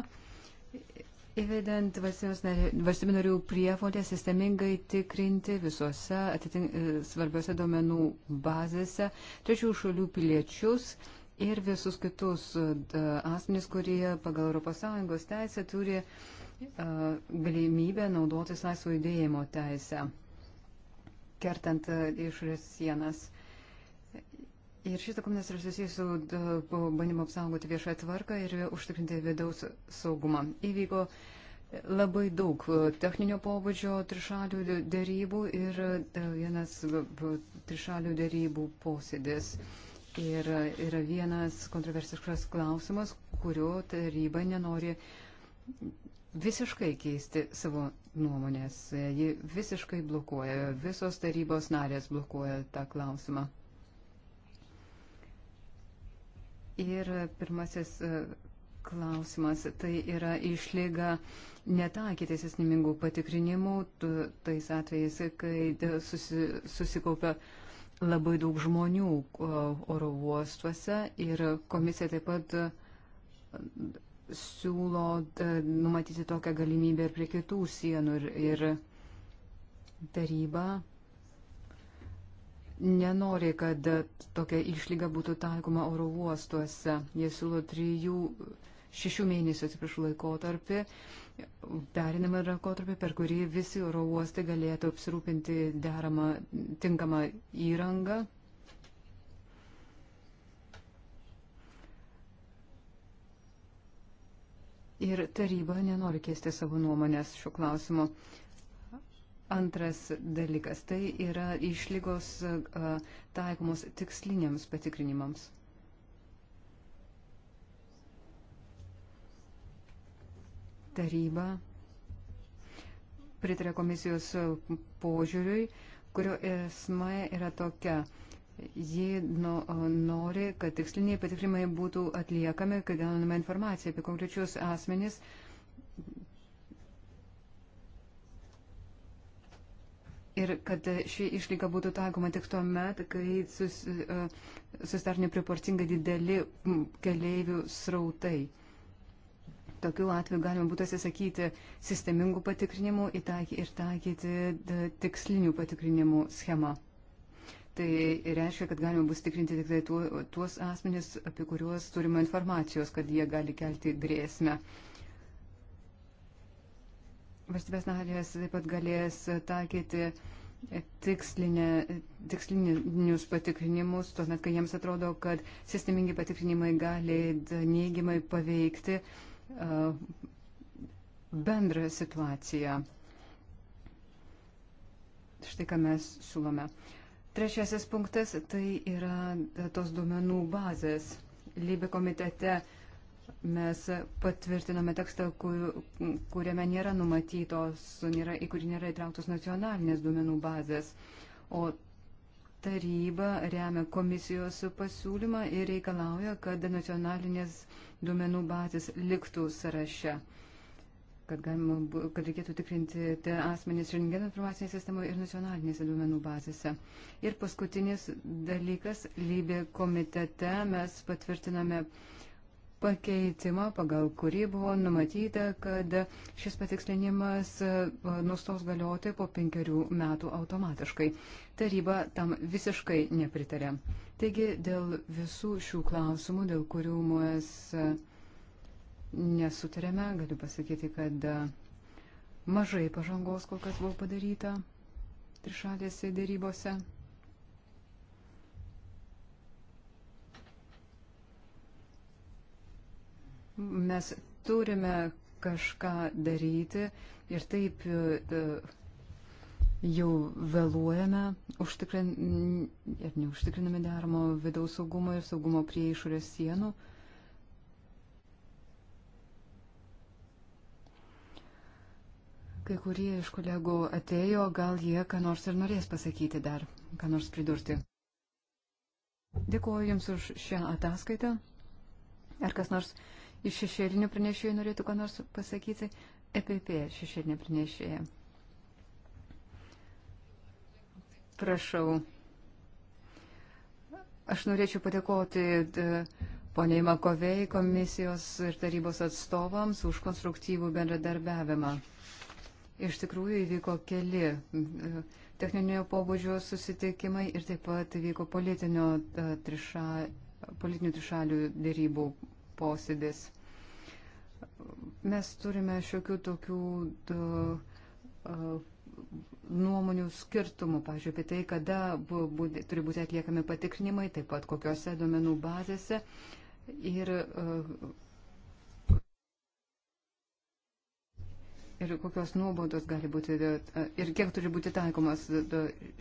įvedant valstybių narių prievolę sistemingai tikrinti visose atitink, e, svarbiose duomenų bazėse trečių šalių piliečius ir visus kitus e, asmenys, kurie pagal ES teisę turi e, galimybę naudotis laisvo judėjimo teisę, kertant išorės sienas. Ir šis dokumentas yra susijęs su bandymu apsaugoti viešąją tvarką ir užtikrinti vidaus saugumą. Įvyko labai daug e, techninio pobūdžio trišalių dėrybų ir e, vienas trišalių dėrybų posėdis. Ir e, yra vienas kontroversiškas klausimas, kurio taryba nenori visiškai keisti savo nuomonės. Ji visiškai blokuoja, visos tarybos narės blokuoja tą klausimą. Ir pirmasis e, klausimas, tai yra išlyga netaikyti sėsnimingų patikrinimų tais atvejais, kai susi, susikaupia labai daug žmonių oro uostuose ir komisija taip pat e, siūlo e, numatyti tokią galimybę ir prie kitų sienų ir, ir taryba nenori, kad tokia išlyga būtų taikoma oro uostuose. Jie siūlo trijų, šešių mėnesių, atsiprašau, laikotarpį, perinamą laikotarpį, per kurį visi oro uostai galėtų apsirūpinti deramą, tinkamą įrangą. Ir taryba nenori keisti savo nuomonės šiuo klausimu. Antras dalykas - tai yra išlygos taikomos tiksliniams patikrinimams. Taryba pritarė komisijos požiūriui, kurio esmė yra tokia. Ji nori, kad tiksliniai patikrimai būtų atliekami, kai gauname informaciją apie konkrečius asmenis, Ir kad ši išlyga būtų taikoma tik tuo met, kai sus, e, susidar neproporcingai dideli keleivių srautai. Tokiu atveju galima būtų atsisakyti sistemingų patikrinimų ir taikyti tikslinių patikrinimų schemą. Tai reiškia, kad galima bus tikrinti tik tai tuos asmenys, apie kuriuos turime informacijos, kad jie gali kelti grėsmę. Uh, Valstybės narės taip pat galės taikyti tikslinius patikrinimus, tuomet, kai jiems atrodo, kad sistemingi patikrinimai gali neigiamai paveikti bendrą situaciją. Štai ką mes siūlome. Trečiasis punktas tai yra tos duomenų bazės. Lybė komitete uh, mes patvirtinome tekstą, kur, kuriame nėra numatytos, nėra, į kurį nėra įtrauktos nacionalinės duomenų bazės. O taryba remia komisijos pasiūlymą ir reikalauja, kad nacionalinės duomenų bazės liktų sąraše. Kad, galima, kad reikėtų tikrinti asmenys rengeno informacinėje sistemoje ir nacionalinėse duomenų bazėse. Ir paskutinis dalykas, lybė komitete mes patvirtiname uh, pakeitimą, pagal kurį buvo numatyta, kad šis patikslinimas e, nustos galioti po penkerių metų automatiškai. Taryba tam visiškai nepritarė. Taigi dėl visų šių klausimų, dėl kurių mes e, nesutarėme, galiu pasakyti, kad e, mažai pažangos kol kas buvo padaryta trišalėse dėrybose. Mes turime kažką daryti ir taip e, e, jau vėluojame užtikrin... ir neužtikriname deramo vidaus saugumo ir saugumo prie išorės sienų. Kai kurie iš kolegų atėjo, gal jie ką nors ir norės pasakyti dar, ką nors pridurti. Dėkuoju Jums už šią ataskaitą. Ar kas nors uh, Iš šešėlinių pranešėjų norėtų ką nors pasakyti EPP šešėlinė pranešėja. Prašau. Aš norėčiau padėkoti e, poniai Makovei, komisijos ir tarybos atstovams už konstruktyvų bendradarbiavimą. Iš tikrųjų įvyko keli e, techninio pobūdžio susitikimai ir taip pat įvyko politinio, e, triša, politinių trišalių dėrybų posėdis. Mes turime šiokių tokių nuomonių skirtumų, pažiūrėjau, apie tai, kada bu, bu, turi būti atliekami patikrinimai, taip pat kokiuose duomenų bazėse. Ir, ir kokios nuobaudos gali būti ir kiek turi būti taikomas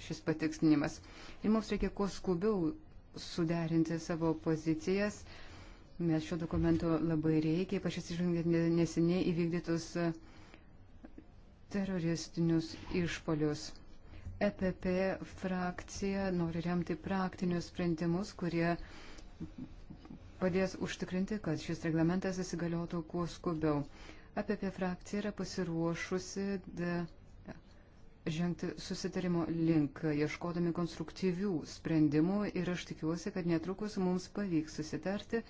šis patiksinimas. Ir mums reikia kuo skubiau suderinti savo pozicijas. Uh, Mes šio dokumento labai reikia, ypač atsižvelgiant neseniai įvykdytus e, teroristinius išpolius. EPP frakcija nori remti praktinius sprendimus, kurie padės užtikrinti, kad šis reglamentas įsigaliotų kuo skubiau. APP e frakcija yra pasiruošusi e, žengti susitarimo link, ieškodami konstruktyvių sprendimų ir aš tikiuosi, kad netrukus mums pavyks susitarti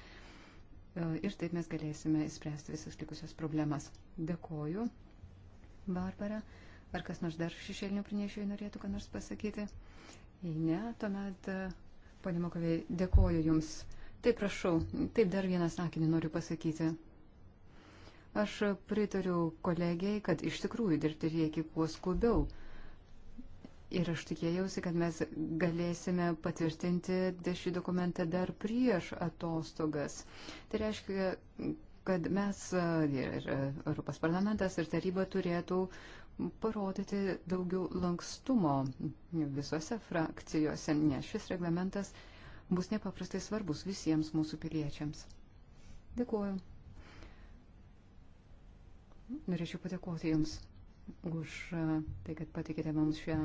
E, ir taip mes galėsime spręsti visas likusias problemas. Dėkoju, Barbara. Ar kas nors dar šešėlinių pranešėjų norėtų ką nors pasakyti? Jei ne, tuomet, e, ponė Mokovė, dėkoju Jums. Taip, prašau, taip dar vieną sakinį noriu pasakyti. Aš pritariu kolegijai, kad iš tikrųjų dirbti reikia kuo skubiau. Ir aš tikėjausi, kad mes galėsime patvirtinti šį dokumentą dar prieš atostogas. Tai reiškia, kad mes ir Europos parlamentas ir taryba turėtų parodyti daugiau lankstumo visose frakcijose, nes šis reglamentas bus nepaprastai svarbus visiems mūsų piliečiams. Dėkuoju. Norėčiau padėkoti Jums už tai, kad patikėte mums šią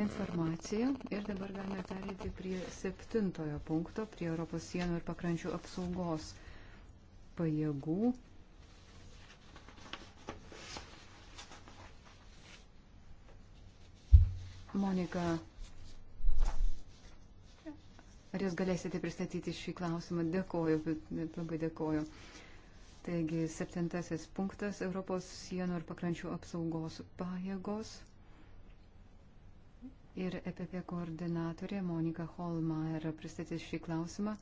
informaciją ir dabar galime perėti prie septintojo punkto, prie Europos sienų ir pakrančių apsaugos pajėgų. Monika, ar jūs galėsite pristatyti šį klausimą? Dėkoju, labai dėkoju. Taigi, septintasis punktas Europos sienų ir pakrančių apsaugos pajėgos ir EPP koordinatorė Monika Holmaier pristatys šį klausimą.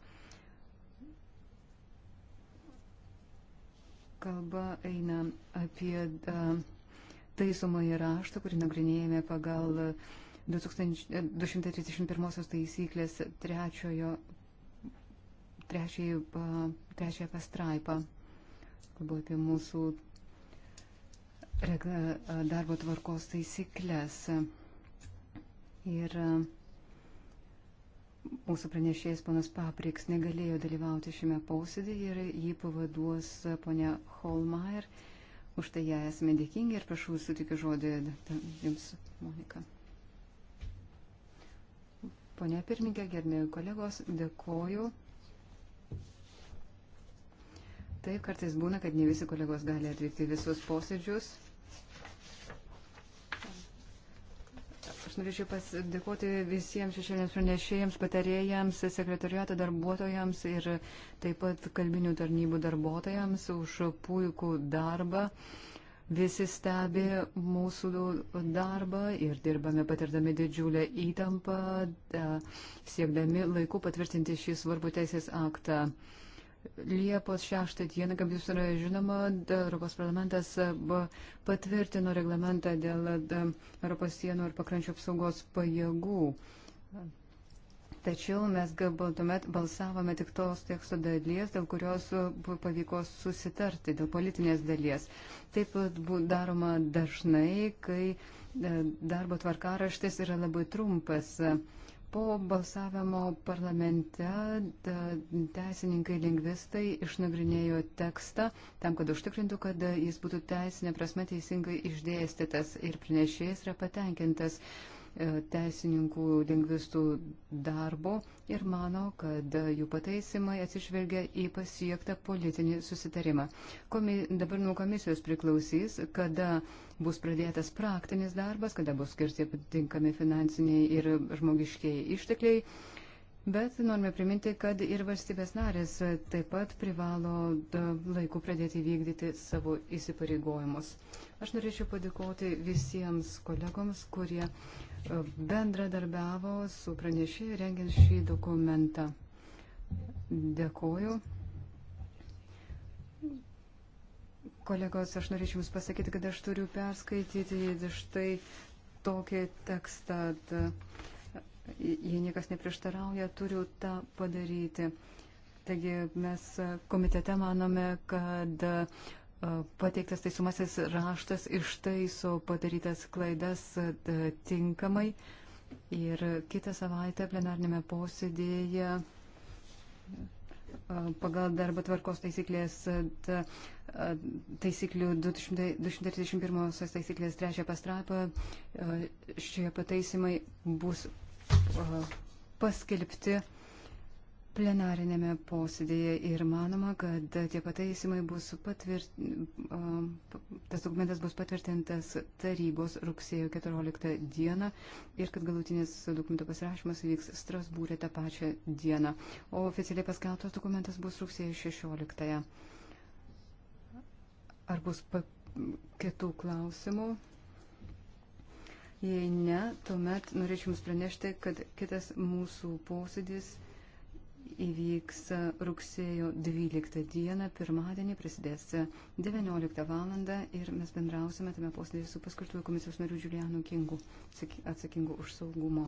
Kalba eina apie e, taisomąjį raštą, kurį nagrinėjame pagal 231 e, taisyklės trečiojo, trečiai, e, trečiąją pastraipą. Kalbu apie mūsų darbo tvarkos taisyklės. Ir e, mūsų pranešėjas ponas Papriks negalėjo dalyvauti šiame posėdėje ir jį pavaduos ponia Holmeier. Už tai ją esame dėkingi ir prašau sutikiu žodį jums, Monika. Pone pirmininkė, gerbėjai kolegos, dėkoju. Taip, kartais būna, kad ne visi kolegos gali atvykti visus posėdžius. Aš norėčiau pasidėkoti visiems šešėlėms pranešėjams, patarėjams, sekretariato darbuotojams ir taip pat kalbinių tarnybų darbuotojams už puikų darbą. Visi stebi mūsų darbą ir dirbame patirdami didžiulę įtampą, e, siekdami laiku patvirtinti šį svarbų teisės aktą. Liepos 6 dieną, kaip jūs yra žinoma, Europos parlamentas patvirtino reglamentą dėl Europos sienų ir pakrančių apsaugos pajėgų. Tačiau mes tuomet balsavome tik tos teksto dalies, dėl kurios pavyko susitarti, dėl politinės dalies. Taip būtų daroma dažnai, kai darbo tvarkaraštis yra labai trumpas. Po balsavimo parlamente teisininkai lingvistai išnagrinėjo tekstą tam, kad užtikrintų, kad jis būtų teisinė prasme teisingai išdėstytas ir prinešėjas yra patenkintas E, teisininkų, lingvistų darbo ir mano, kad jų pataisimai atsižvelgia į pasiektą politinį susitarimą. Komi, dabar nuo komisijos priklausys, kada bus pradėtas praktinis darbas, kada bus skirti tinkami finansiniai ir žmogiškiai ištekliai. Bet norime priminti, kad ir valstybės narės taip pat privalo e, laiku pradėti vykdyti savo įsipareigojimus. Aš norėčiau padėkoti visiems kolegoms, kurie bendradarbiavo su pranešėjai rengiant šį dokumentą. Dėkoju. Kolegos, aš norėčiau Jums pasakyti, kad aš turiu perskaityti štai tokį tekstą. Jei niekas neprieštarauja, turiu tą padaryti. Taigi mes komitete manome, kad uh, pateiktas taisomasis raštas ištaiso padarytas klaidas e, tinkamai. Ir kitą savaitę plenarnėme posėdėje e, pagal darbo tvarkos taisyklės e, taisyklių 231 taisyklės trečią pastrapą šie pataisimai bus paskelbti plenarinėme posėdėje ir manoma, kad tie pataisimai bus patvirt, tas dokumentas bus patvirtintas tarybos rugsėjo 14 dieną ir kad galutinis dokumento pasirašymas vyks Strasbūrė tą pačią dieną, o oficialiai paskelbtas dokumentas bus rugsėjo 16. Ar bus kitų klausimų? Jei ne, tuomet norėčiau Jums pranešti, kad kitas mūsų posėdis įvyks rugsėjo 12 dieną, pirmadienį prasidės 19 val. ir mes bendrausime tame posėdėje su paskirtuoju komisijos nariu Julianu Kingu, atsakingu už saugumo